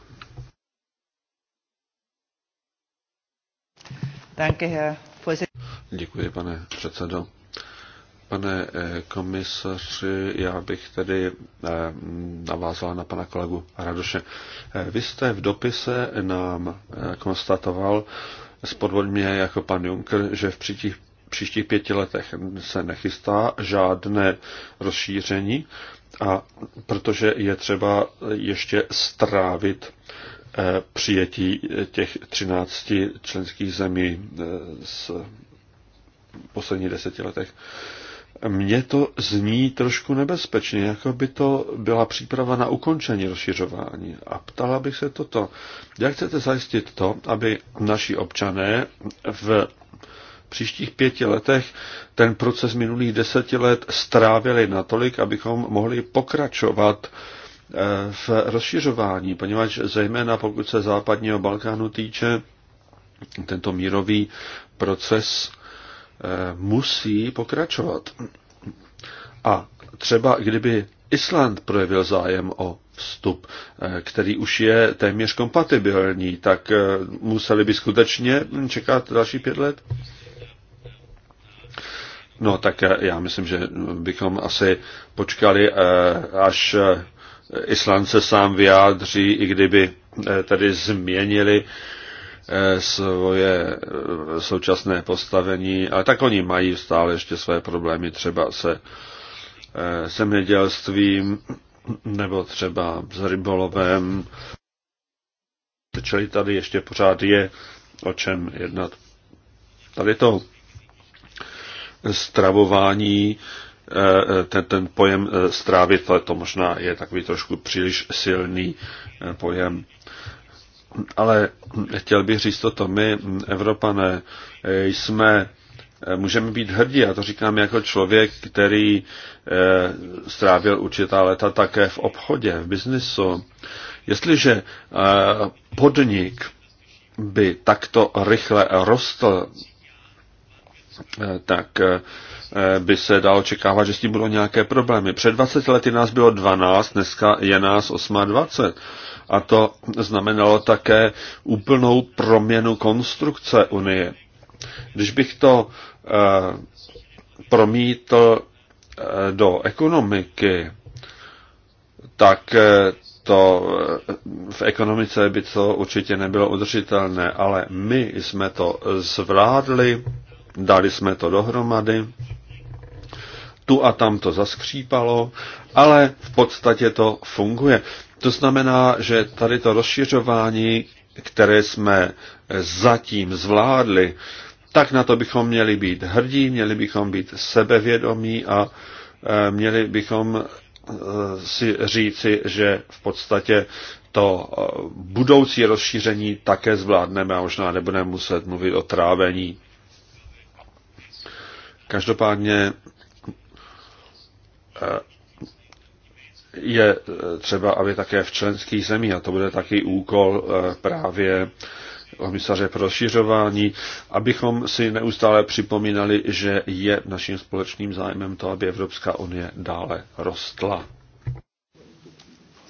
Děkuji, pane předsedo. Pane eh, komisaři, já bych tedy eh, navázal na pana kolegu Radoše. Eh, vy jste v dopise nám konstatoval, s jako pan Juncker, že v příštích příštích pěti letech se nechystá žádné rozšíření, a protože je třeba ještě strávit eh, přijetí těch 13 členských zemí eh, z posledních deseti letech. Mně to zní trošku nebezpečně, jako by to byla příprava na ukončení rozšiřování. A ptala bych se toto. Jak chcete zajistit to, aby naši občané v příštích pěti letech ten proces minulých deseti let strávili natolik, abychom mohli pokračovat eh, v rozšiřování, poněvadž zejména pokud se západního Balkánu týče, tento mírový proces eh, musí pokračovat. A třeba kdyby Island projevil zájem o vstup, eh, který už je téměř kompatibilní, tak museli by skutečně čekat další pět let? No tak eh, já myslím, že eh, bychom asi počkali, eh, až Island se sám vyjádří, i kdyby tady změnili svoje současné postavení, ale tak oni mají stále ještě své problémy třeba se zemědělstvím nebo třeba s rybolovem. Čili tady ještě pořád je o čem jednat. Tady to stravování, eh, eh, ten, ten pojem eh, strávit, ale to možná je takový trošku příliš silný pojem. Ale chtěl bych říct toto, my, mm, Evropané, jsme můžeme být hrdí. Já to říkám jako člověk, který strávil určitá léta také v obchodě, v biznisu. Jestliže podnik by takto rychle rostl Eh, tak eh, by se dalo očekávat, že s tím budou nějaké problémy. Před 20 lety nás bylo 12, dneska je nás 28. A to znamenalo také úplnou proměnu konstrukce Unie. Když bych to eh, promítl do ekonomiky, tak to v ekonomice by to určitě nebylo udržitelné, ale my jsme to zvládli dali jsme to dohromady, tu a tam to zaskřípalo, ale v podstatě to funguje. To znamená, že tady to rozšiřování, které jsme zatím zvládli, tak na to bychom měli být hrdí, měli bychom být sebevědomí a e, měli bychom e, si říci, že v podstatě to e, budoucí rozšíření také zvládneme a možná nebudeme muset mluvit o trávení Každopádně eh, je eh, třeba, aby také v členských zemích, a to bude taky úkol eh, právě komisaře pro rozšiřování, abychom si neustále připomínali, že je naším společným zájmem to, aby Evropská unie dále rostla.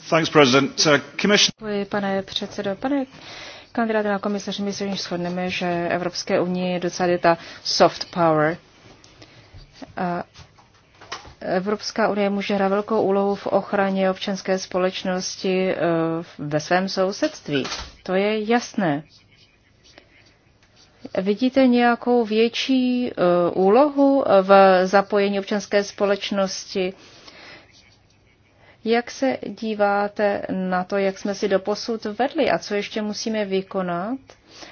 Thanks, President. Uh, Děkuji, pane předsedo. Pane kandidáte na komisař, my že shodneme, že Evropské unie je docela ta soft power, Evropská unie může hrát velkou úlohu v ochraně občanské společnosti e, ve svém sousedství. To je jasné. Vidíte nějakou větší e, úlohu v zapojení občanské společnosti? Jak se díváte na to, jak jsme si doposud vedli a co ještě musíme vykonat,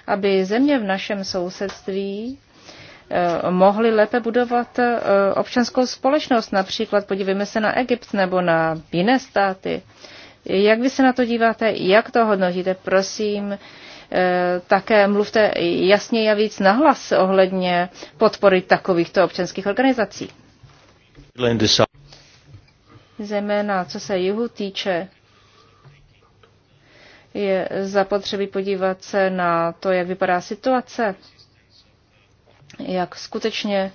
aby země v našem sousedství Eh, mohli lépe budovat eh, občanskou společnost. Například podívejme se na Egypt nebo na jiné státy. Jak vy se na to díváte? Jak to hodnotíte? Prosím, eh, také mluvte jasně a víc nahlas ohledně podpory takovýchto občanských organizací. Zejména co se jihu týče, je zapotřebí podívat se na to, jak vypadá situace jak skutečně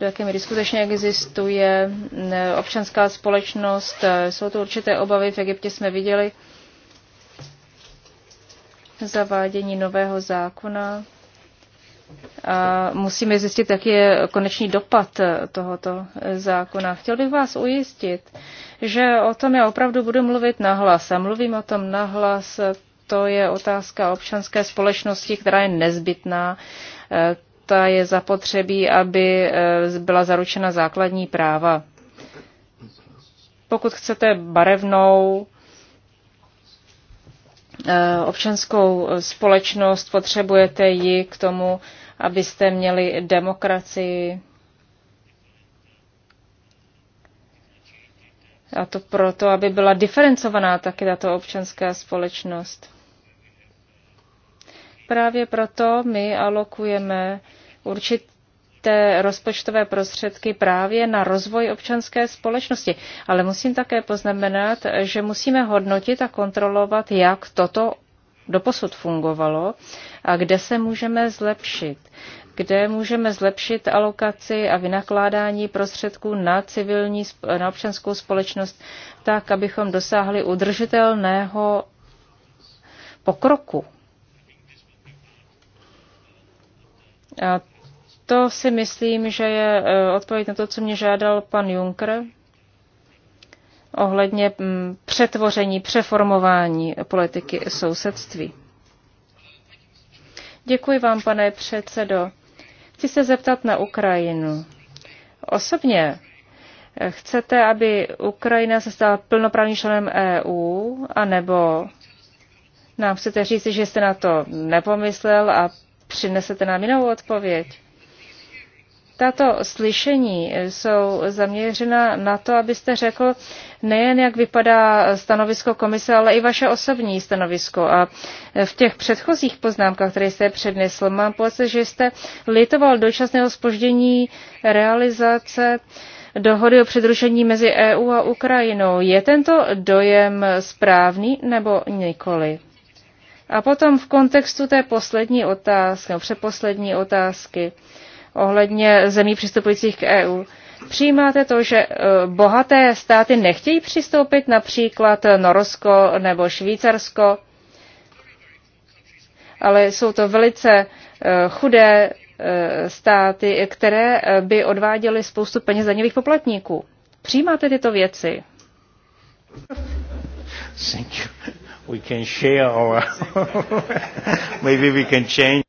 do jaké míry skutečně existuje eh, občanská společnost. Eh, jsou to určité obavy, v Egyptě jsme viděli zavádění nového zákona. A musíme zjistit, jaký je konečný dopad eh, tohoto zákona. Chtěl bych vás ujistit, že o tom já opravdu budu mluvit nahlas. A mluvím o tom nahlas, to je otázka občanské společnosti, která je nezbytná ta je zapotřebí, aby eh, byla zaručena základní práva. Pokud chcete barevnou eh, občanskou společnost, potřebujete ji k tomu, abyste měli demokracii. A to proto, aby byla diferencovaná taky tato občanská společnost. Právě proto my alokujeme určité rozpočtové prostředky právě na rozvoj občanské společnosti. Ale musím také poznamenat, že musíme hodnotit a kontrolovat, jak toto doposud fungovalo a kde se můžeme zlepšit kde můžeme zlepšit alokaci a vynakládání prostředků na civilní, na občanskou společnost, tak, abychom dosáhli udržitelného pokroku A to si myslím, že je e, odpověď na to, co mě žádal pan Juncker ohledně přetvoření, přeformování politiky sousedství. Děkuji vám, pane předsedo. Chci se zeptat na Ukrajinu. Osobně e, chcete, aby Ukrajina se stala plnoprávným členem EU, anebo nám chcete říct, že jste na to nepomyslel a přinesete nám jinou odpověď. Tato slyšení jsou zaměřena na to, abyste řekl nejen, jak vypadá stanovisko komise, ale i vaše osobní stanovisko. A v těch předchozích poznámkách, které jste přednesl, mám pocit, že jste litoval dočasného spoždění realizace dohody o předrušení mezi EU a Ukrajinou. Je tento dojem správný nebo nikoli? A potom v kontextu té poslední otázky, nebo přeposlední otázky ohledně zemí přistupujících k EU. Přijímáte to, že e, bohaté státy nechtějí přistoupit, například Norsko nebo Švýcarsko, ale jsou to velice e, chudé e, státy, které by odváděly spoustu peněz daňových poplatníků. Přijímáte tyto věci? Thank you we can share our maybe we can change.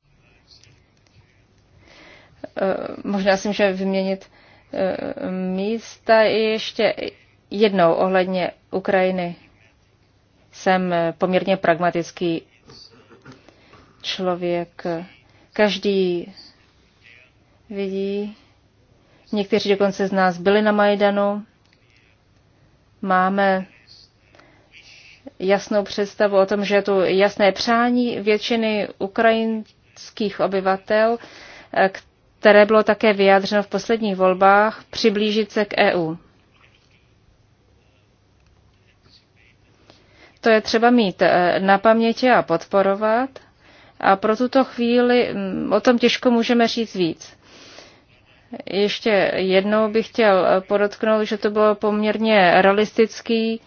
Eh, možná si můžeme vyměnit eh, místa ještě jednou ohledně Ukrajiny. Jsem eh, poměrně pragmatický člověk. Každý vidí, někteří dokonce z nás byli na Majdanu. Máme jasnou představu o tom, že je tu jasné přání většiny ukrajinských obyvatel, které bylo také vyjádřeno v posledních volbách, přiblížit se k EU. To je třeba mít eh, na paměti a podporovat. A pro tuto chvíli mm, o tom těžko můžeme říct víc. Ještě jednou bych chtěl eh, podotknout, že to bylo poměrně realistický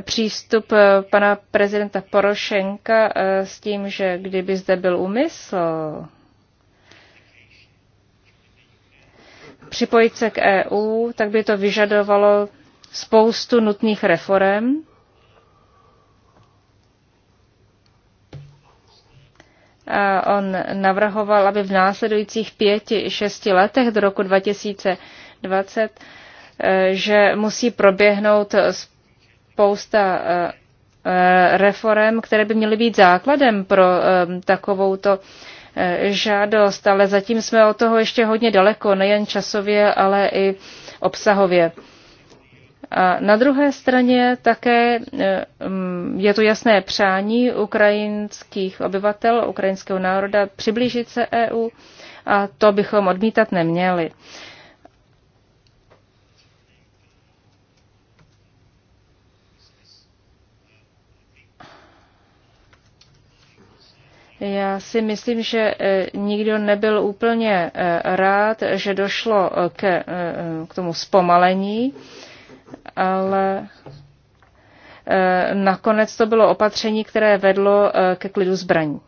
přístup eh, pana prezidenta Porošenka eh, s tím, že kdyby zde byl úmysl připojit se k EU, tak by to vyžadovalo spoustu nutných reform. A on navrhoval, aby v následujících pěti, šesti letech do roku 2020 eh, že musí proběhnout spousta eh, eh, reform, které by měly být základem pro eh, takovouto žádost, ale zatím jsme od toho ještě hodně daleko, nejen časově, ale i obsahově. A na druhé straně také mm, je to jasné přání ukrajinských obyvatel, ukrajinského národa přiblížit se EU a to bychom odmítat neměli. Já si myslím, že e, nikdo nebyl úplně e, rád, že došlo e, k, k tomu zpomalení, ale nakonec to bylo opatření, které vedlo ke klidu zbraní.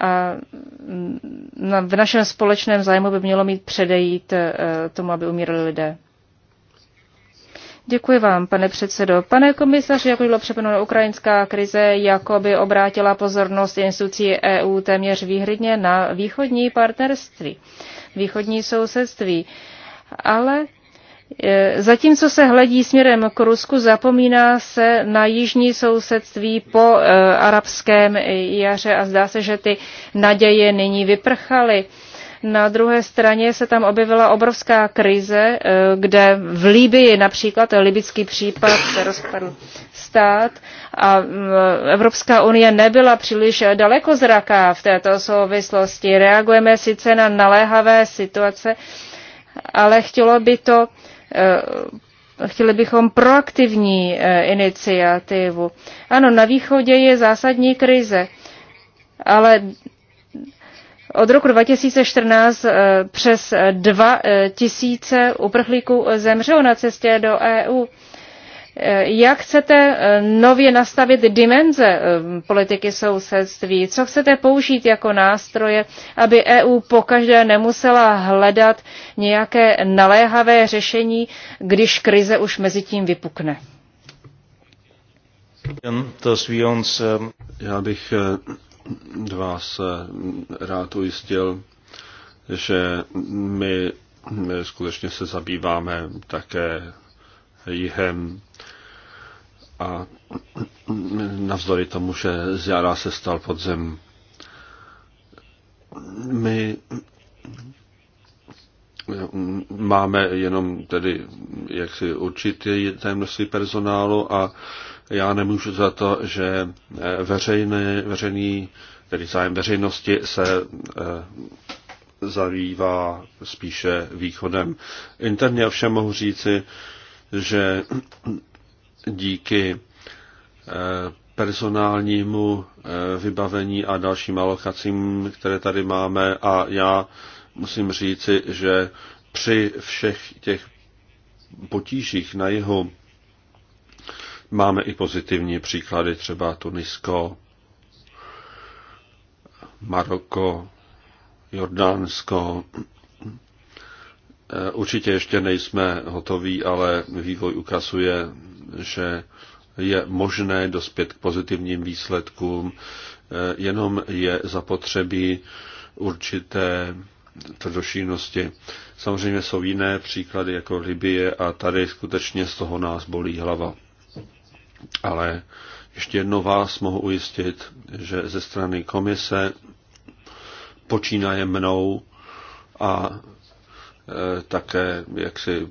A v našem společném zájmu by mělo mít předejít tomu, aby umírali lidé. Děkuji vám, pane předsedo. Pane komisaři, jak už bylo připomenuto, ukrajinská krize jako by obrátila pozornost institucí EU téměř výhradně na východní partnerství, východní sousedství. Ale e, Zatímco se hledí směrem k Rusku, zapomíná se na jižní sousedství po e, arabském jaře a zdá se, že ty naděje nyní vyprchaly. Na druhé straně se tam objevila obrovská krize, eh, kde v Líbii například, libický případ, se rozpadl stát a mm, Evropská unie nebyla příliš daleko zraká v této souvislosti. Reagujeme sice na naléhavé situace, ale chtělo by to, eh, chtěli bychom proaktivní eh, iniciativu. Ano, na východě je zásadní krize, ale od roku 2014 eh, přes 2 eh, eh, tisíce uprchlíků zemřelo na cestě do EU. Jak chcete nově nastavit dimenze politiky sousedství? Co chcete použít jako nástroje, aby EU pokaždé nemusela hledat nějaké naléhavé řešení, když krize už mezi tím vypukne? Já bych vás rád ujistil, že my, my skutečně se zabýváme také jihem a navzdory tomu, že z jara se stal podzem. My máme jenom tedy jaksi určitý tajemnosti personálu a já nemůžu za to, že eh, veřejný, veřejný tedy zájem veřejnosti se eh, zavývá spíše východem. Interně ovšem mohu říci, že díky eh, personálnímu vybavení a dalším alokacím, které tady máme a já musím říci, že při všech těch potížích na jihu Máme i pozitivní příklady, třeba Tunisko, Maroko, Jordánsko. Eh, určitě ještě nejsme hotoví, ale vývoj ukazuje, že je možné dospět k pozitivním výsledkům, eh, jenom je zapotřebí určité tvrdošínosti. Samozřejmě jsou jiné příklady jako Libie a tady skutečně z toho nás bolí hlava. Ale ještě jedno vás mohu ujistit, že ze strany komise počínaje mnou a e, také jaksi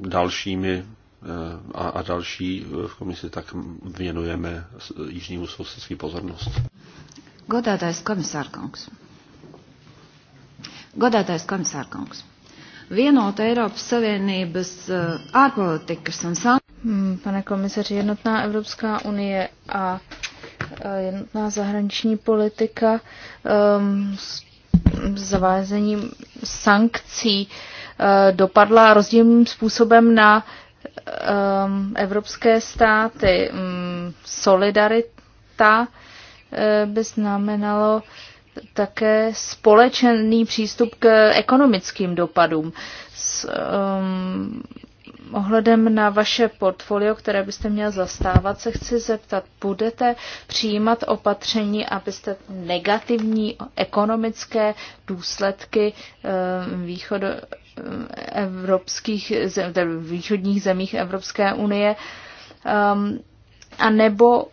dalšími e, a, a další v komisi tak věnujeme jižnímu sousedství pozornost. Godātais komisārkungs. Godātais komisārkungs. Vienota Eiropas Savienības e, ārpolitikas un sankcijas. Hmm, pane komisaři, jednotná Evropská unie a jednotná zahraniční politika um, s zavázením sankcí uh, dopadla rozdílným způsobem na um, evropské státy. Um, solidarita uh, by znamenalo také společný přístup k ekonomickým dopadům. S, um, ohledem na vaše portfolio, které byste měl zastávat, se chci zeptat, budete přijímat opatření, abyste negativní ekonomické důsledky eh, východu, eh, evropských, východních zemích Evropské unie, ehm, a nebo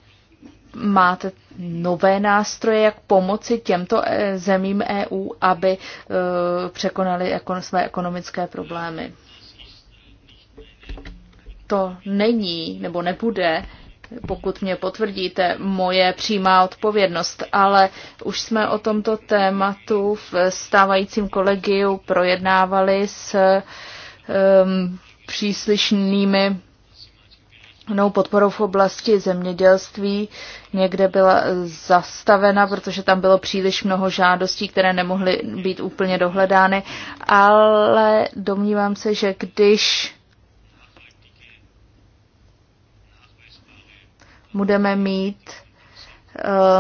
máte nové nástroje, jak pomoci těmto eh, zemím EU, aby překonali své ekonomické problémy to není nebo nebude, pokud mě potvrdíte, moje přímá odpovědnost, ale už jsme o tomto tématu v stávajícím kolegiu projednávali s um, příslišnými no, podporou v oblasti zemědělství někde byla zastavena, protože tam bylo příliš mnoho žádostí, které nemohly být úplně dohledány, ale domnívám se, že když budeme mít,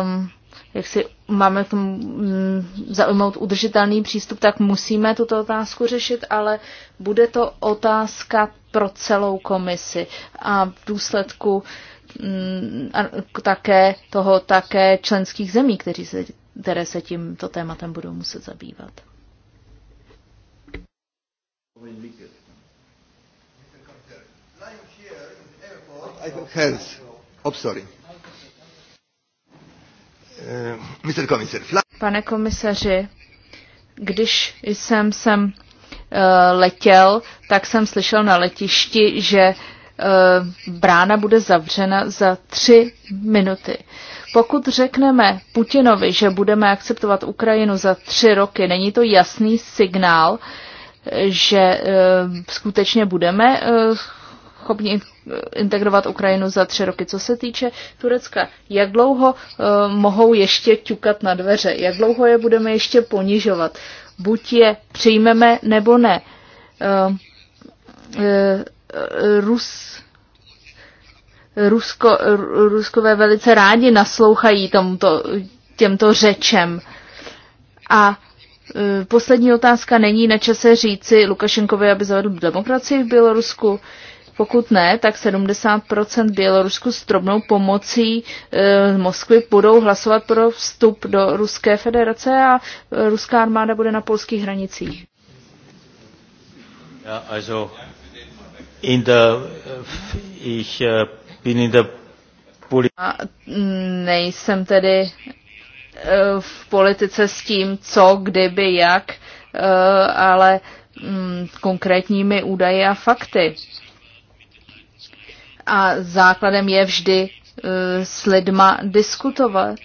um, jak si máme k tomu um, mm, zaujmout udržitelný přístup, tak musíme tuto otázku řešit, ale bude to otázka pro celou komisi a v důsledku um, a také toho také členských zemí, kteří se, které se tímto tématem budou muset zabývat. I have health. Oh, eh, Pane komisaři, když jsem sem eh, letěl, tak jsem slyšel na letišti, že eh, brána bude zavřena za tři minuty. Pokud řekneme Putinovi, že budeme akceptovat Ukrajinu za tři roky, není to jasný signál, že skutečně budeme schopni integrovat Ukrajinu za tři roky. Co se týče Turecka, jak dlouho e, mohou ještě ťukat na dveře? Jak dlouho je budeme ještě ponižovat? Buď je přijmeme nebo ne. E, Rus, Rusko, Ruskové velice rádi naslouchají tomuto, těmto řečem. A poslední otázka není na čase říci Lukašenkovi, aby zavedl demokracii v Bělorusku. Pokud ne, tak 70 Bělorusku s drobnou pomocí e, Moskvy budou hlasovat pro vstup do Ruské federace a eh, ruská armáda bude na polských hranicích. Ja, also in der, äh, ich äh, bin in der a mm, nejsem tedy eh, v politice s tím, co, kdyby, jak, ale mm, konkrétními údaji a fakty a základem je vždy e, s lidma diskutovat.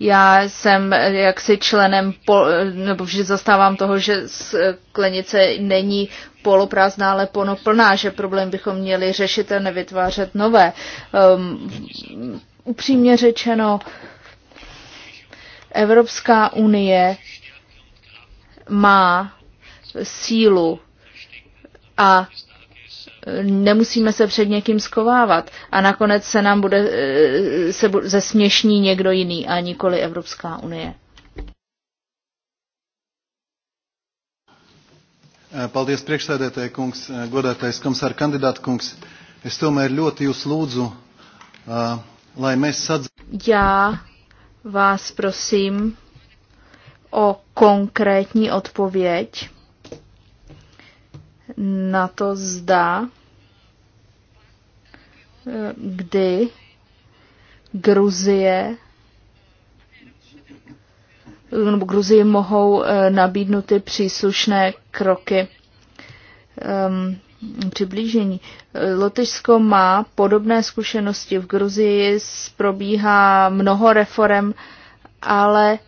Já jsem jaksi členem, po, e, nebo vždy zastávám toho, že sklenice e, není poloprázdná, ale plná, že problém bychom měli řešit a nevytvářet nové. Um, upřímně řečeno, Evropská unie má sílu a nemusíme se před někým skovávat a nakonec se nám bude, eh, se zesměšní někdo jiný a nikoli Evropská unie. Eh, paldies priekšsēdētāji kungs, eh, godātais komisār kandidāt kungs. Es tomēr ļoti jūs lūdzu, lai mēs sadz... Já vás prosím o konkrétní odpověď na to zda, eh, kdy Gruzie nebo Gruzii mohou eh, nabídnuty příslušné kroky um, přiblížení. Lotyšsko má podobné zkušenosti. V Gruzii probíhá mnoho reform, ale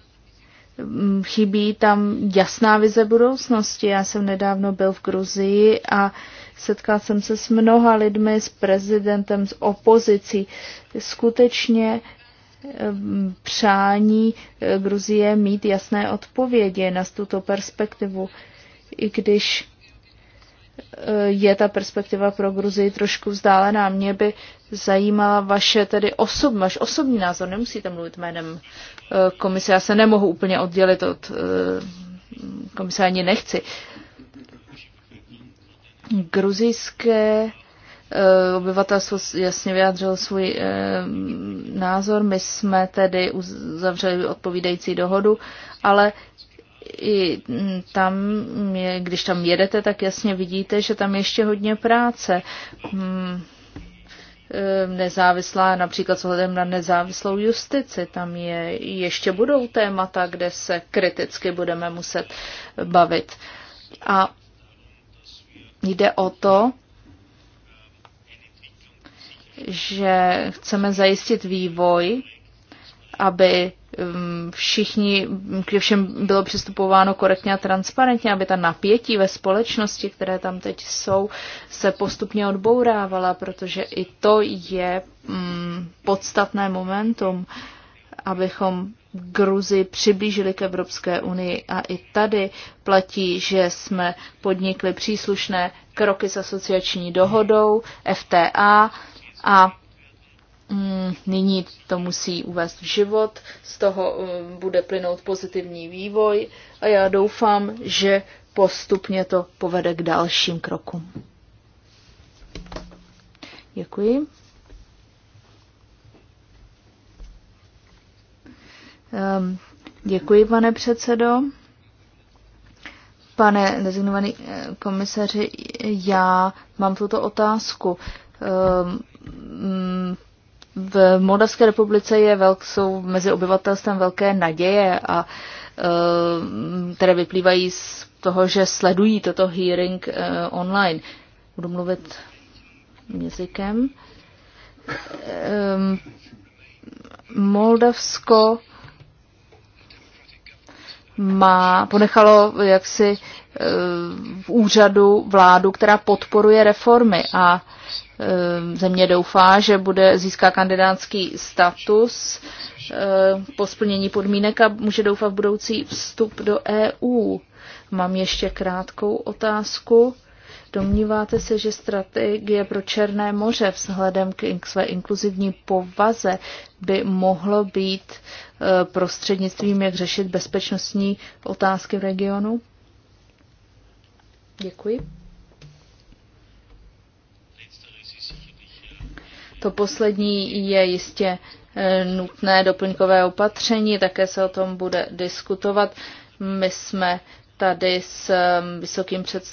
Mm, chybí tam jasná vize budoucnosti. Já jsem nedávno byl v Gruzii a setkal jsem se s mnoha lidmi, s prezidentem, s opozicí. Skutečně eh, přání eh, Gruzie mít jasné odpovědi na tuto perspektivu, i když Eh, je ta perspektiva pro Gruzii trošku vzdálená. Mě by zajímala vaše tedy osob, vaš osobní názor, nemusíte mluvit jménem eh, komise, já se nemohu úplně oddělit od eh, komise, ani nechci. Gruzijské obyvatelstvo jasně vyjádřilo svůj názor, my jsme tedy uzavřeli odpovídající dohodu, ale i tam, když tam jedete, tak jasně vidíte, že tam ještě hodně práce. Hmm. Ehm, nezávislá, například s ohledem na nezávislou justici, tam je, ještě budou témata, kde se kriticky budeme muset bavit. A jde o to, že chceme zajistit vývoj, aby Um, všichni, ke všem bylo přistupováno korektně a transparentně, aby ta napětí ve společnosti, které tam teď jsou, se postupně odbourávala, protože i to je mm, podstatné momentum, abychom Gruzi přiblížili k Evropské unii. A i tady platí, že jsme podnikli příslušné kroky s asociační dohodou FTA a Mm, nyní to musí uvést v život, z toho eh, bude plynout pozitivní vývoj a já doufám, že postupně to povede k dalším krokům. Děkuji. Ehm, děkuji, pane předsedo. Pane designovaný eh, komisaři, já mám tuto otázku ehm, mm, v Moldavské republice je velk, jsou mezi obyvatelstvem velké naděje, a, e, které vyplývají z toho, že sledují toto hearing e, online. Budu mluvit jazykem. Ehm, Moldavsko má, ponechalo jaksi e, v úřadu vládu, která podporuje reformy a Eh, země doufá, že bude získá kandidátský status eh, po splnění podmínek a může doufat v budoucí vstup do EU. Mám ještě krátkou otázku. Domníváte se, že strategie pro Černé moře vzhledem k své inkluzivní povaze by mohlo být eh, prostřednictvím, jak řešit bezpečnostní otázky v regionu? Děkuji. To poslední je jistě e, nutné doplňkové opatření, také se o tom bude diskutovat. My jsme tady s, e, vysokým před,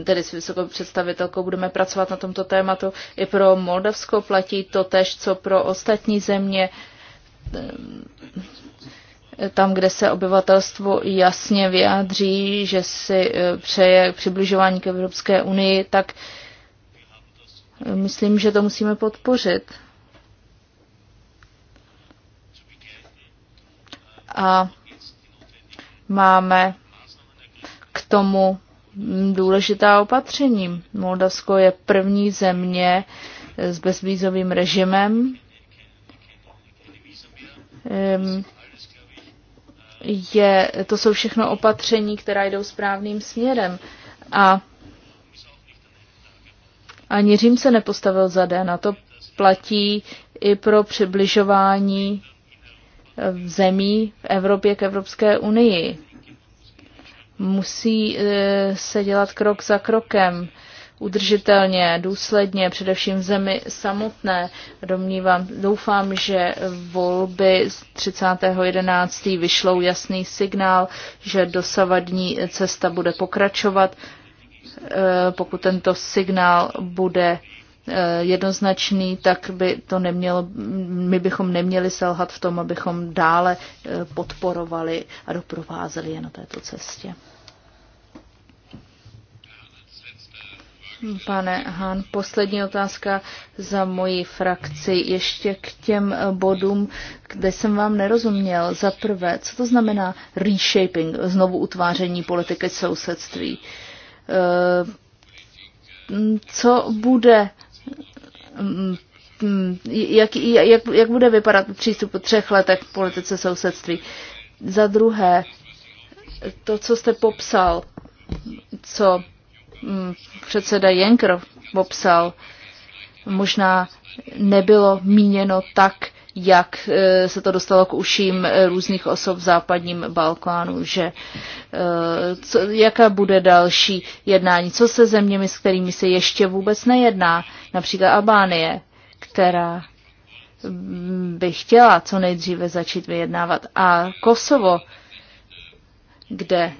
e, tedy s vysokou představitelkou budeme pracovat na tomto tématu. I pro Moldavsko platí to tež, co pro ostatní země tam, kde se obyvatelstvo jasně vyjádří, že si přeje přibližování k Evropské unii, tak Myslím, že to musíme podpořit. A máme k tomu důležitá opatření. Moldavsko je první země s bezvízovým režimem. Je, to jsou všechno opatření, která jdou správným směrem. A ani Řím se nepostavil za den a to platí i pro přibližování eh, zemí v Evropě k Evropské unii. Musí eh, se dělat krok za krokem, udržitelně, důsledně, především v zemi samotné. Domnívám, doufám, že volby z 30.11. vyšlou jasný signál, že dosavadní cesta bude pokračovat Eh, pokud tento signál bude eh, jednoznačný, tak by to nemělo, my bychom neměli selhat v tom, abychom dále eh, podporovali a doprovázeli je na této cestě. Pane Hán, poslední otázka za moji frakci. Ještě k těm bodům, kde jsem vám nerozuměl. Za prvé, co to znamená reshaping, znovu utváření politiky sousedství? Uh, Eh, co bude mm, mm, jak, jak, jak bude vypadat přístup po třech letech v politice sousedství. Za druhé, to, co jste popsal, co mm, předseda Jenker popsal, možná nebylo míněno tak, jak eh, se to dostalo k uším eh, různých osob v západním Balkánu, že eh, co, jaká bude další jednání, co se zeměmi, s kterými se ještě vůbec nejedná, například Albánie, která mm, by chtěla co nejdříve začít vyjednávat. A Kosovo, kde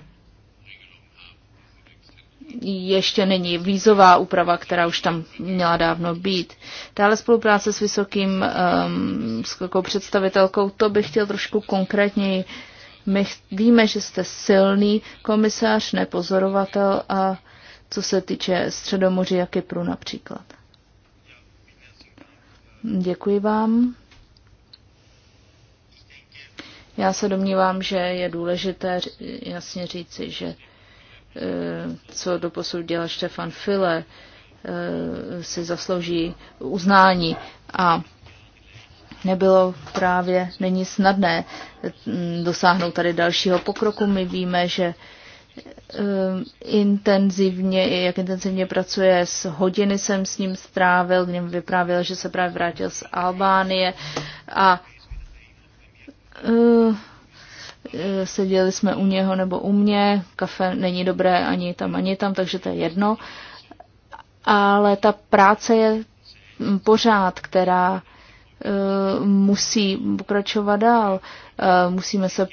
ještě není vízová úprava, která už tam měla dávno být. Dále spolupráce s vysokým um, s představitelkou, to bych chtěl trošku konkrétněji. My víme, že jste silný komisář, nepozorovatel a co se týče Středomoří a Kypru například. Děkuji vám. Já se domnívám, že je důležité jasně říci, že Eh, co doposud dělal Štefan File, eh, si zaslouží uznání a nebylo právě, není snadné mm, dosáhnout tady dalšího pokroku. My víme, že eh, intenzivně, jak intenzivně pracuje, s hodiny jsem s ním strávil, k mi vyprávěl, že se právě vrátil z Albánie a Eh, seděli jsme u něho nebo u mě, kafe není dobré ani tam, ani tam, takže to je jedno. Ale ta práce je mm, pořád, která eh, musí pokračovat dál. Eh, musíme se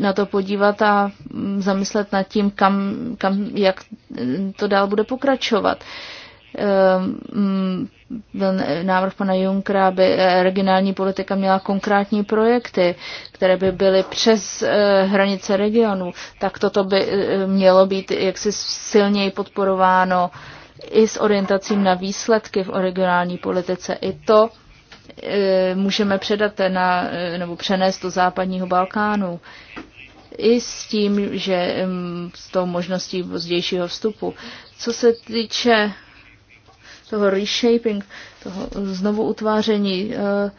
na to podívat a mm, zamyslet nad tím, kam, kam, jak mm, to dál bude pokračovat byl ehm, mm, návrh pana Junkra, aby eh, regionální politika měla konkrétní projekty, které by byly přes eh, hranice regionu. Tak toto by eh, mělo být jaksi silněji podporováno i s orientacím na výsledky v regionální politice. I to můžeme předat na, nebo přenést do západního Balkánu. I s tím, že mm, s tou možností pozdějšího vstupu. Co se týče toho reshaping, toho znovu utváření, eh,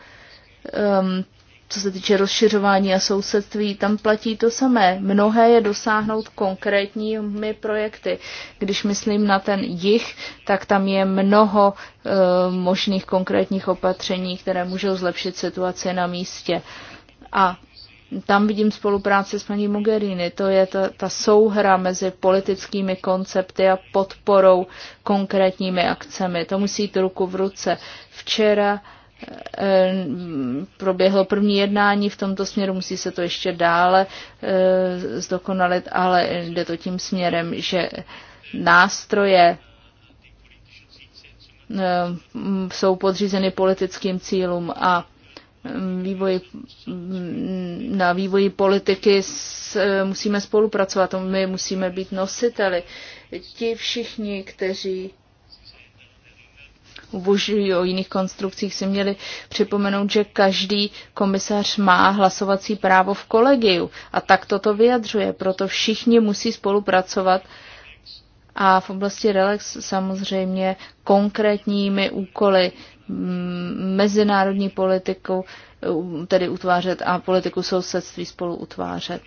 ehm, co se týče rozšiřování a sousedství, tam platí to samé. Mnohé je dosáhnout konkrétními projekty. Když myslím na ten jich, tak tam je mnoho eh, možných konkrétních opatření, které můžou zlepšit situaci na místě. A tam vidím spolupráci s paní Mogherini. To je ta, ta souhra mezi politickými koncepty a podporou konkrétními akcemi. To musí jít ruku v ruce. Včera eh, proběhlo první jednání v tomto směru, musí se to ještě dále eh, zdokonalit, ale jde to tím směrem, že nástroje eh, jsou podřízeny politickým cílům a vývoji, na vývoji politiky s, eh, musíme spolupracovat, my musíme být nositeli. Ti všichni, kteří uvožují o jiných konstrukcích, si měli připomenout, že každý komisař má hlasovací právo v kolegiu a tak toto vyjadřuje, proto všichni musí spolupracovat a v oblasti relax samozřejmě konkrétními úkoly mezinárodní politiku, tedy utvářet a politiku sousedství spolu utvářet.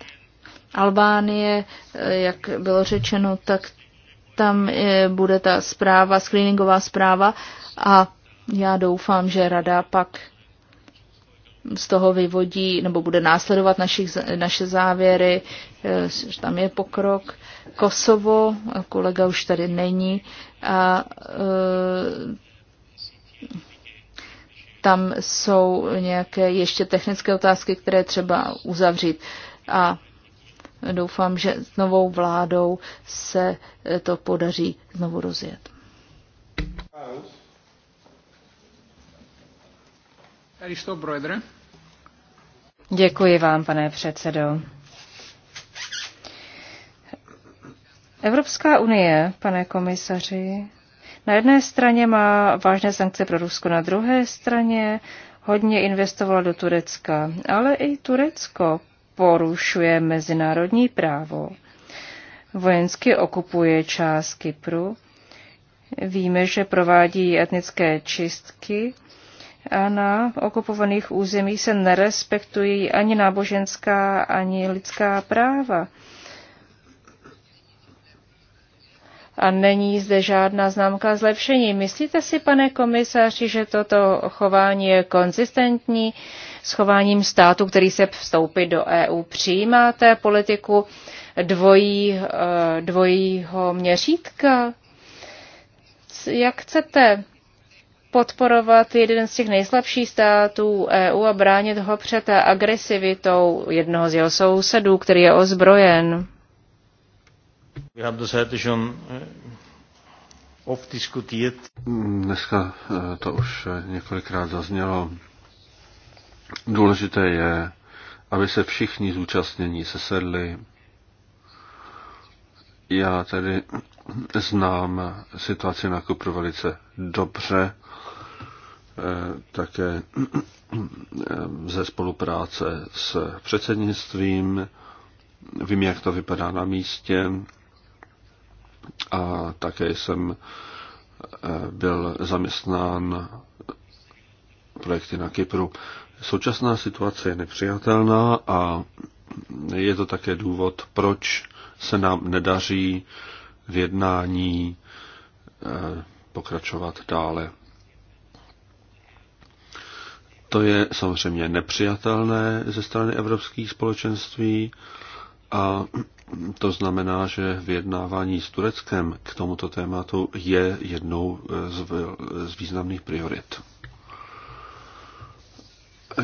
Albánie, eh, jak bylo řečeno, tak tam eh, bude ta zpráva, screeningová zpráva a já doufám, že rada pak z toho vyvodí nebo bude následovat našich, naše závěry, eh, že tam je pokrok. Kosovo, kolega už tady není, a, e, tam jsou nějaké ještě technické otázky, které třeba uzavřít. A doufám, že s novou vládou se to podaří znovu rozjet. Děkuji vám, pane předsedo. Evropská unie, pane komisaři, na jedné straně má vážné sankce pro Rusko, na druhé straně hodně investovala do Turecka, ale i Turecko porušuje mezinárodní právo. Vojensky okupuje část Kypru. Víme, že provádí etnické čistky a na okupovaných územích se nerespektují ani náboženská, ani lidská práva. a není zde žádná známka zlepšení. Myslíte si, pane komisaři, že toto chování je konzistentní s chováním státu, který se vstoupit do EU? Přijímáte politiku dvojí, eh, dvojího měřítka? Jak chcete podporovat jeden z těch nejslabších států EU a bránit ho před agresivitou jednoho z jeho sousedů, který je ozbrojen? Wir haben das heute schon äh, oft diskutiert. Dneska äh, to už äh, několikrát zaznělo. Důležité je, aby se všichni zúčastnění sesedli. Já tedy znám situaci na Kupru velice dobře, eh, také eh, ze spolupráce s předsednictvím. Vím, jak to vypadá na místě a také jsem eh, byl zaměstnán projekty na Kypru. Současná situace je nepřijatelná a je to také důvod, proč se nám nedaří v jednání eh, pokračovat dále. To je samozřejmě nepřijatelné ze strany evropských společenství a to znamená, že vyjednávání s Tureckem k tomuto tématu je jednou z významných priorit.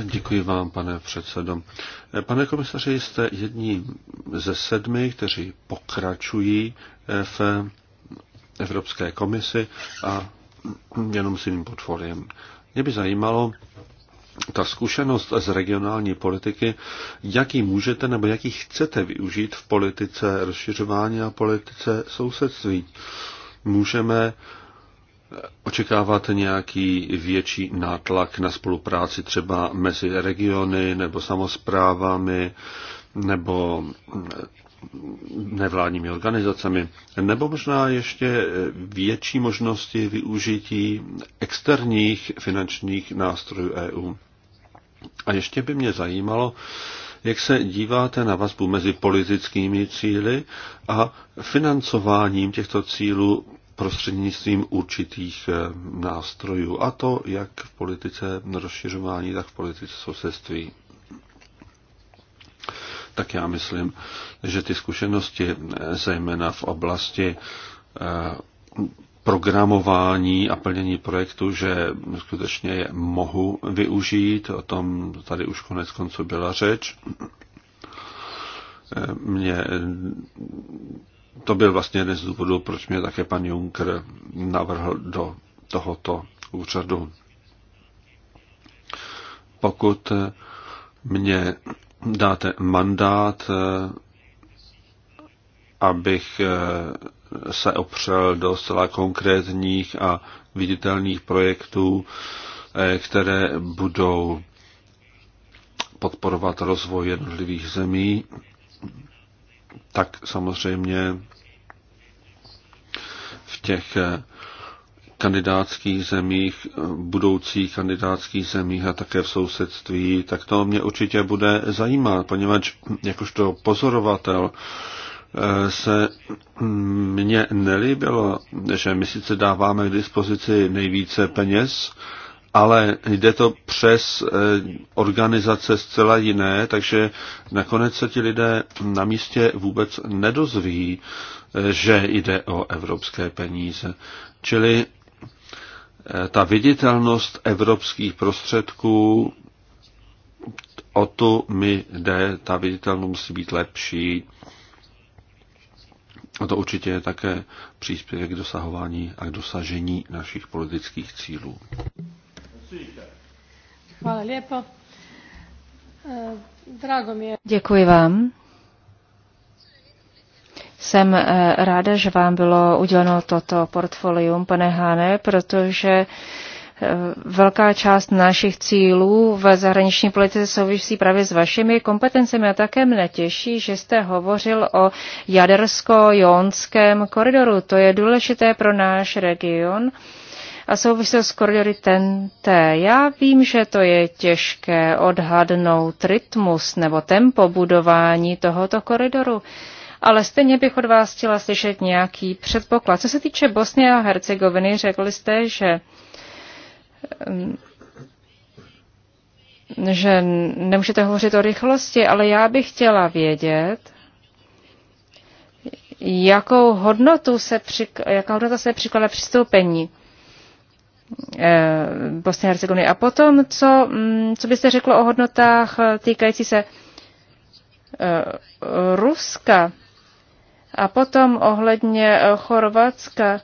Děkuji vám, pane předsedo. Pane komisaři, jste jedním ze sedmi, kteří pokračují v Evropské komisi a jenom s jiným portfoliem. Mě by zajímalo, ta zkušenost z regionální politiky, jaký můžete nebo jaký chcete využít v politice rozšiřování a politice sousedství. Můžeme očekávat nějaký větší nátlak na spolupráci třeba mezi regiony nebo samozprávami nebo nevládními organizacemi, nebo možná ještě větší možnosti využití externích finančních nástrojů EU. A ještě by mě zajímalo, jak se díváte na vazbu mezi politickými cíly a financováním těchto cílů prostřednictvím určitých eh, nástrojů, a to jak v politice rozšiřování, tak v politice sousedství. Tak já myslím, že ty zkušenosti, eh, zejména v oblasti eh, programování a plnění projektu, že skutečně je mohu využít. O tom tady už konec konců byla řeč. Mě, to byl vlastně jeden z důvodů, proč mě také pan Juncker navrhl do tohoto úřadu. Pokud mě dáte mandát abych eh, se opřel do zcela konkrétních a viditelných projektů, eh, které budou podporovat rozvoj jednotlivých zemí, tak samozřejmě v těch eh, kandidátských zemích, budoucích kandidátských zemích a také v sousedství, tak to mě určitě bude zajímat, poněvadž jakožto pozorovatel se mně nelíbilo, že my sice dáváme k dispozici nejvíce peněz, ale jde to přes eh, organizace zcela jiné, takže nakonec se ti lidé na místě vůbec nedozví, eh, že jde o evropské peníze. Čili eh, ta viditelnost evropských prostředků, o tu mi jde, ta viditelnost musí být lepší. A to určitě je také příspěvek k dosahování a k dosažení našich politických cílů. Hvala lijepo. E, drago mi je. Děkuji vám. Jsem e, ráda, že vám bylo uděleno toto portfolium, pane Hane, protože Eh, velká část našich cílů v zahraniční politice souvisí právě s vašimi kompetencemi a také mne těší, že jste hovořil o jadersko-jonském koridoru. To je důležité pro náš region a souvisel s koridory TNT. Já vím, že to je těžké odhadnout rytmus nebo tempo budování tohoto koridoru, ale stejně bych od vás chtěla slyšet nějaký předpoklad. Co se týče Bosny a Hercegoviny, řekli jste, že Ehm, že nemůžete hovořit o rychlosti, ale já bych chtěla vědět, jakou hodnotu se, přik- jaká hodnota se přikládá přistoupení ehm, Bosny a Hercegoviny. A potom, co, mm, co byste řeklo o hodnotách týkající se ehm, Ruska a potom ohledně eh, Chorvatska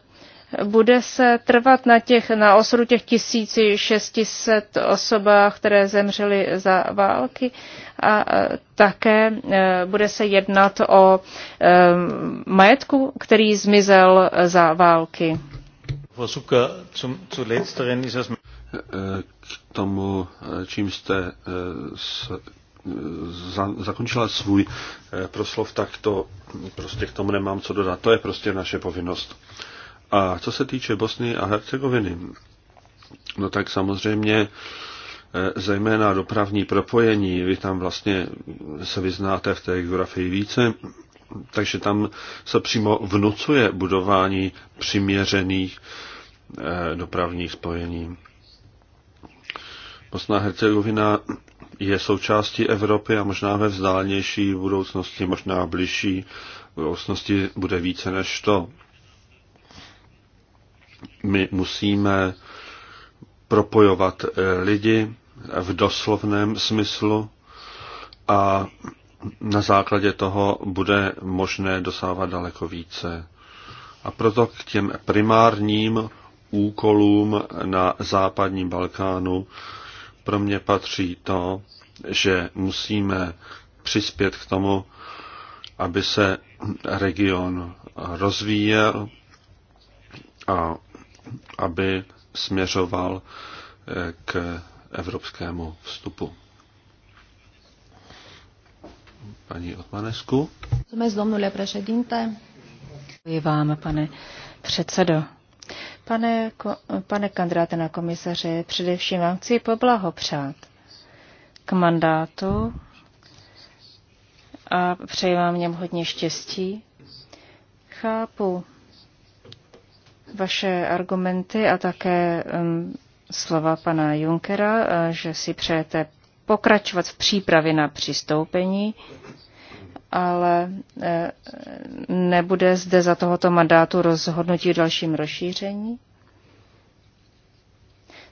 bude se trvat na, těch, na osudu těch 1600 osobách, které zemřely za války a e, také e, bude se jednat o e, majetku, který zmizel za války. K tomu, čím jste zakončila svůj proslov, tak to prostě k tomu nemám co dodat. To je prostě naše povinnost. A co se týče Bosny a Hercegoviny, no tak samozřejmě eh, zejména dopravní propojení, vy tam vlastně se vyznáte v té geografii více, takže tam se přímo vnucuje budování přiměřených eh, dopravních spojení. Bosna a Hercegovina je součástí Evropy a možná ve vzdálenější budoucnosti, možná bližší budoucnosti bude více než to. My musíme propojovat eh, lidi v doslovném smyslu a na základě toho bude možné dosávat daleko více. A proto k těm primárním úkolům na západním Balkánu pro mě patří to, že musíme přispět k tomu, aby se region rozvíjel a aby směřoval eh, k evropskému vstupu. Paní Otmanesku. Děkuji vám, pane předsedo. Pane, pane kandidáte na komisaři, především vám chci poblahopřát k mandátu a přeji vám něm hodně štěstí. Chápu, vaše argumenty a také um, slova pana Junkera, uh, že si přejete pokračovat v přípravě na přistoupení, ale uh, nebude zde za tohoto mandátu rozhodnutí o dalším rozšíření?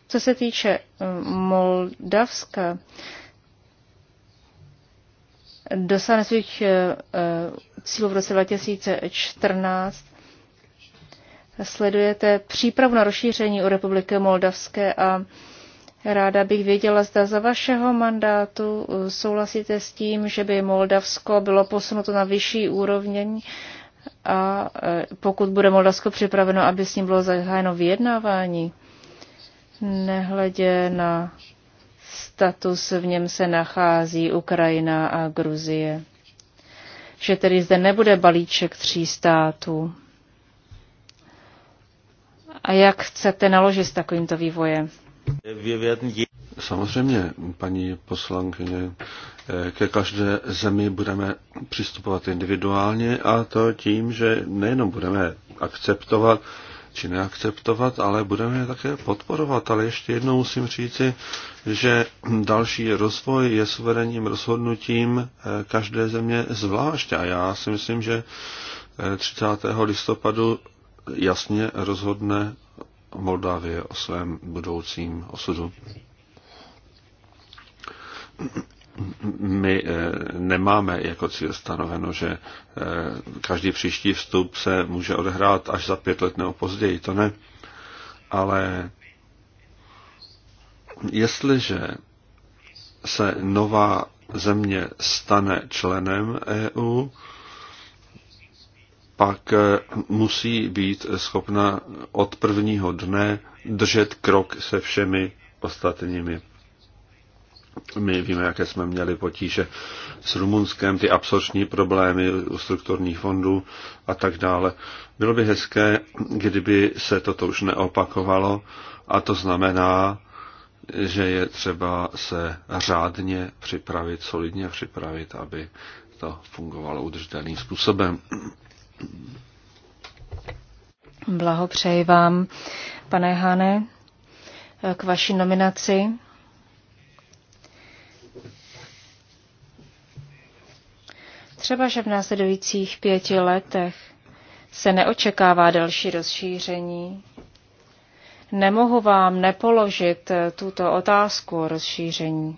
Co se týče um, Moldavska, dosáhne svých uh, cílů v roce 2014 sledujete přípravu na rozšíření o Republiky Moldavské a ráda bych věděla, zda za vašeho mandátu eh, souhlasíte s tím, že by Moldavsko bylo posunuto na vyšší úroveň a eh, pokud bude Moldavsko připraveno, aby s ním bylo zahájeno vyjednávání, nehledě na status v něm se nachází Ukrajina a Gruzie. Že tedy zde nebude balíček tří států a jak chcete naložit s takovýmto vývojem? Samozřejmě, paní poslankyně, ke každé zemi budeme přistupovat individuálně a to tím, že nejenom budeme akceptovat či neakceptovat, ale budeme je také podporovat. Ale ještě jednou musím říci, že další rozvoj je suverénním rozhodnutím eh, každé země zvlášť. A já si myslím, že 30. Eh, listopadu jasně rozhodne Moldávie o svém budoucím osudu. My eh, nemáme jako cíl stanoveno, že eh, každý příští vstup se může odehrát až za pět let nebo později, to ne. Ale jestliže se nová země stane členem EU, pak eh, musí být schopna od prvního dne držet krok se všemi ostatními. My víme, jaké jsme měli potíže s Rumunskem, ty absorční problémy u strukturních fondů a tak dále. Bylo by hezké, kdyby se toto už neopakovalo a to znamená, že je třeba se řádně připravit, solidně připravit, aby to fungovalo udržitelným způsobem. Blahopřeji vám, pane Hane, k vaší nominaci. Třeba, že v následujících pěti letech se neočekává další rozšíření. Nemohu vám nepoložit eh, tuto otázku o rozšíření.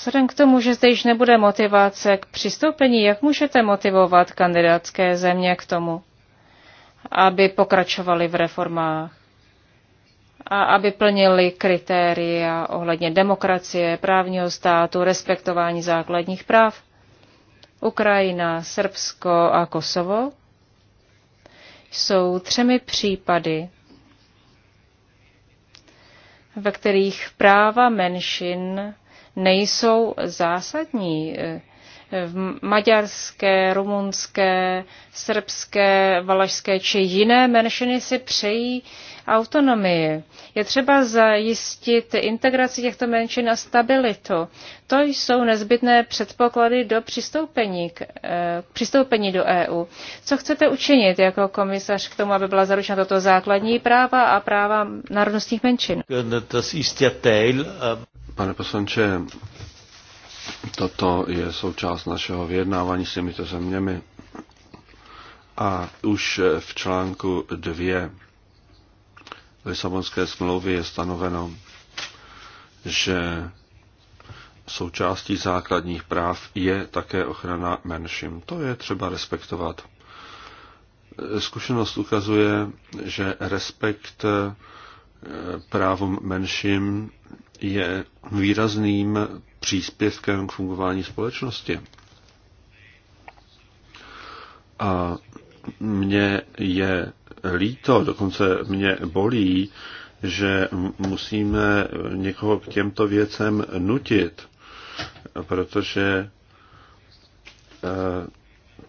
Vzhledem k tomu, že zde již nebude motivace k přistoupení, jak můžete motivovat kandidátské země k tomu, aby pokračovali v reformách a aby plnili kritéria ohledně demokracie, právního státu, respektování základních práv? Ukrajina, Srbsko a Kosovo jsou třemi případy, ve kterých práva menšin nejsou zásadní. V maďarské, rumunské, srbské, valašské či jiné menšiny si přejí autonomii. Je třeba zajistit integraci těchto menšin a stabilitu. To jsou nezbytné předpoklady do přistoupení, k, k eh, přistoupení do EU. Co chcete učinit jako komisař k tomu, aby byla zaručena toto základní práva a práva národnostních menšin? Pane poslanče, toto je součást našeho vyjednávání s těmito zeměmi. A už v článku 2 Lisabonské smlouvy je stanoveno, že součástí základních práv je také ochrana menším. To je třeba respektovat. Zkušenost ukazuje, že respekt eh, právům menším je výrazným příspěvkem k fungování společnosti. A mně je líto, dokonce mě bolí, že musíme někoho k těmto věcem nutit, protože eh,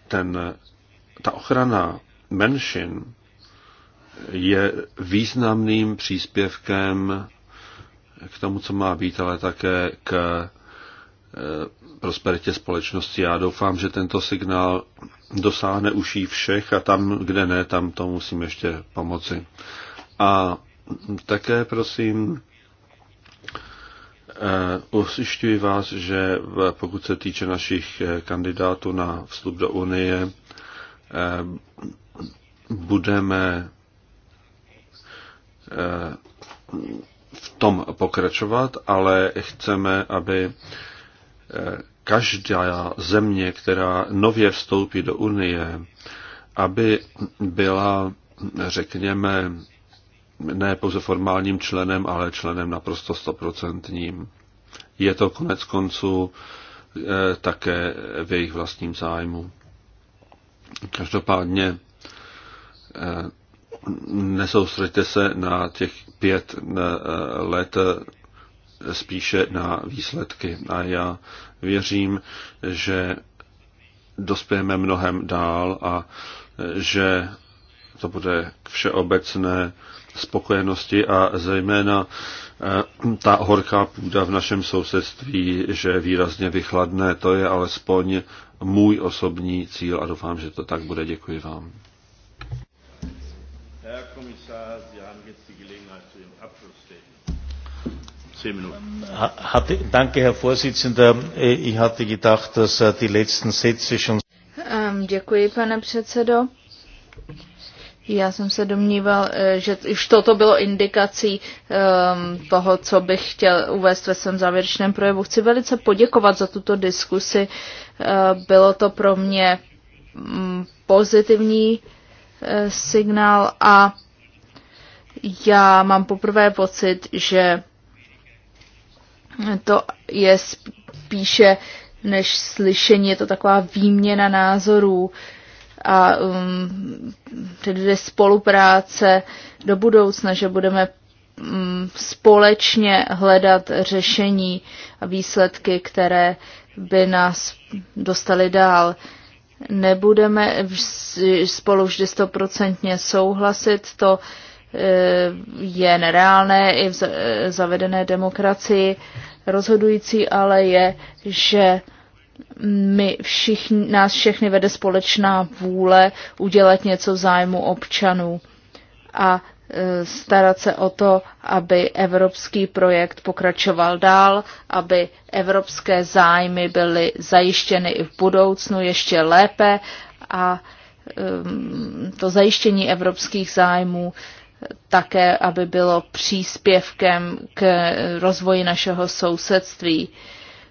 ten, ta ochrana menšin je významným příspěvkem k tomu, co má být, ale také k e, prosperitě společnosti. Já doufám, že tento signál dosáhne uší všech a tam, kde ne, tam to musím ještě pomoci. A také prosím, e, usišťuji vás, že pokud se týče našich e, kandidátů na vstup do Unie, budeme v tom pokračovat, ale chceme, aby eh, každá země, která nově vstoupí do Unie, aby byla, řekněme, ne pouze formálním členem, ale členem naprosto stoprocentním. Je to konec konců eh, také v jejich vlastním zájmu. Každopádně eh, nesoustředte se na těch pět eh, let eh, spíše na výsledky. A já věřím, že dospějeme mnohem dál a eh, že to bude k všeobecné spokojenosti a zejména ta horká půda v našem sousedství, že výrazně vychladne, to je alespoň můj osobní cíl a doufám, že to tak bude. Děkuji vám. Herr Kommissar, Sie haben jetzt die Gelegenheit zu Abschlussstatement. Ähm, danke, Herr Vorsitzender. Äh, ich hatte gedacht, dass äh, die letzten Sätze schon. Ähm, děkuji, pane předsedo. Já jsem se domníval, äh, že už toto bylo indikací um, toho, co bych chtěl uvést ve svém závěrečném projevu. Chci velice poděkovat za tuto diskusi. Uh, bylo to pro mě um, pozitivní. Eh, signál a já mám poprvé pocit, že to je spíše než slyšení, je to taková výměna názorů a um, spolupráce do budoucna, že budeme um, společně hledat řešení a výsledky, které by nás dostaly dál. Uh, nebudeme spolu vždy stoprocentně souhlasit, to e, je nereálné i v zavedené demokracii. Rozhodující ale je, že my všichni, nás všechny vede společná vůle udělat něco v zájmu občanů. A Eh, starat se o to, aby evropský projekt pokračoval dál, aby evropské zájmy byly zajištěny i v budoucnu ještě lépe a eh, to zajištění evropských zájmů také, aby bylo příspěvkem k rozvoji našeho sousedství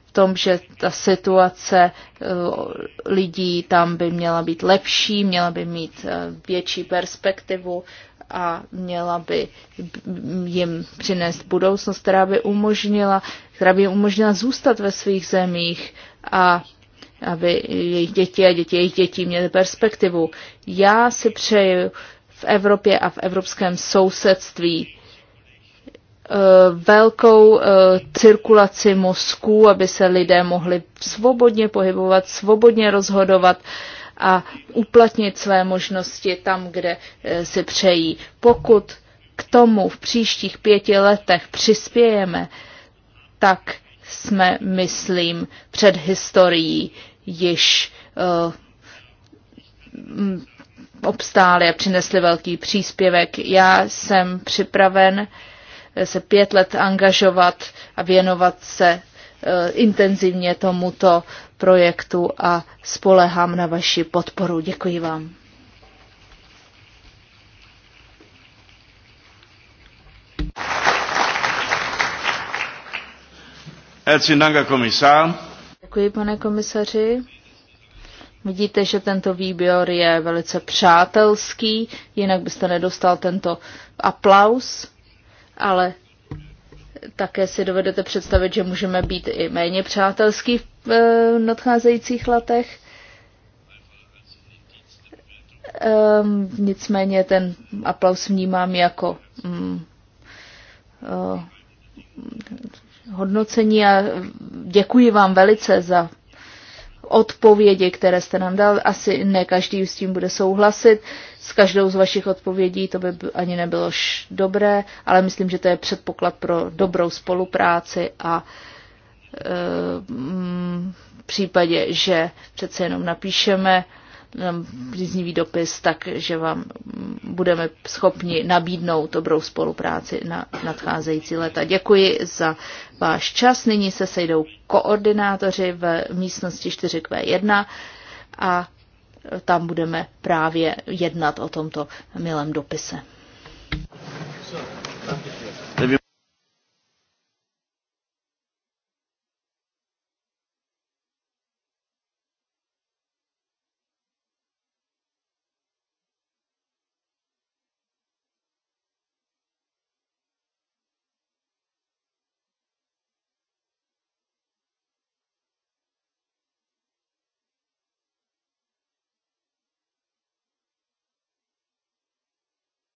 v tom, že ta situace eh, lidí tam by měla být lepší, měla by mít větší perspektivu a měla by jim přinést budoucnost, která by umožnila, která by umožnila zůstat ve svých zemích a aby jejich děti a děti jejich dětí měly perspektivu. Já si přeju v Evropě a v evropském sousedství eh, velkou eh, cirkulaci mozků, aby se lidé mohli svobodně pohybovat, svobodně rozhodovat, a uplatnit své možnosti tam, kde eh, si přejí. Pokud k tomu v příštích pěti letech přispějeme, tak jsme, myslím, před historií již uh, obstáli a přinesli velký příspěvek. Já jsem připraven eh, se pět let angažovat a věnovat se Eh, intenzivně tomuto projektu a spolehám na vaši podporu. Děkuji vám. Děkuji, pane komisaři. Vidíte, že tento výběr je velice přátelský, jinak byste nedostal tento aplaus, ale také si dovedete představit, že můžeme být i méně přátelský v e, nadcházejících letech. Um, nicméně ten aplaus vnímám jako um, uh, hodnocení a děkuji vám velice za odpovědi, které jste nám dal. Asi ne každý s tím bude souhlasit. S každou z vašich odpovědí to by ani nebylo dobré, ale myslím, že to je předpoklad pro dobrou spolupráci a v e, případě, že přece jenom napíšeme příznivý dopis, takže vám budeme schopni nabídnout dobrou spolupráci na nadcházející leta. Děkuji za váš čas. Nyní se sejdou koordinátoři v místnosti 4Q1 a tam budeme právě jednat o tomto milém dopise. Thank you.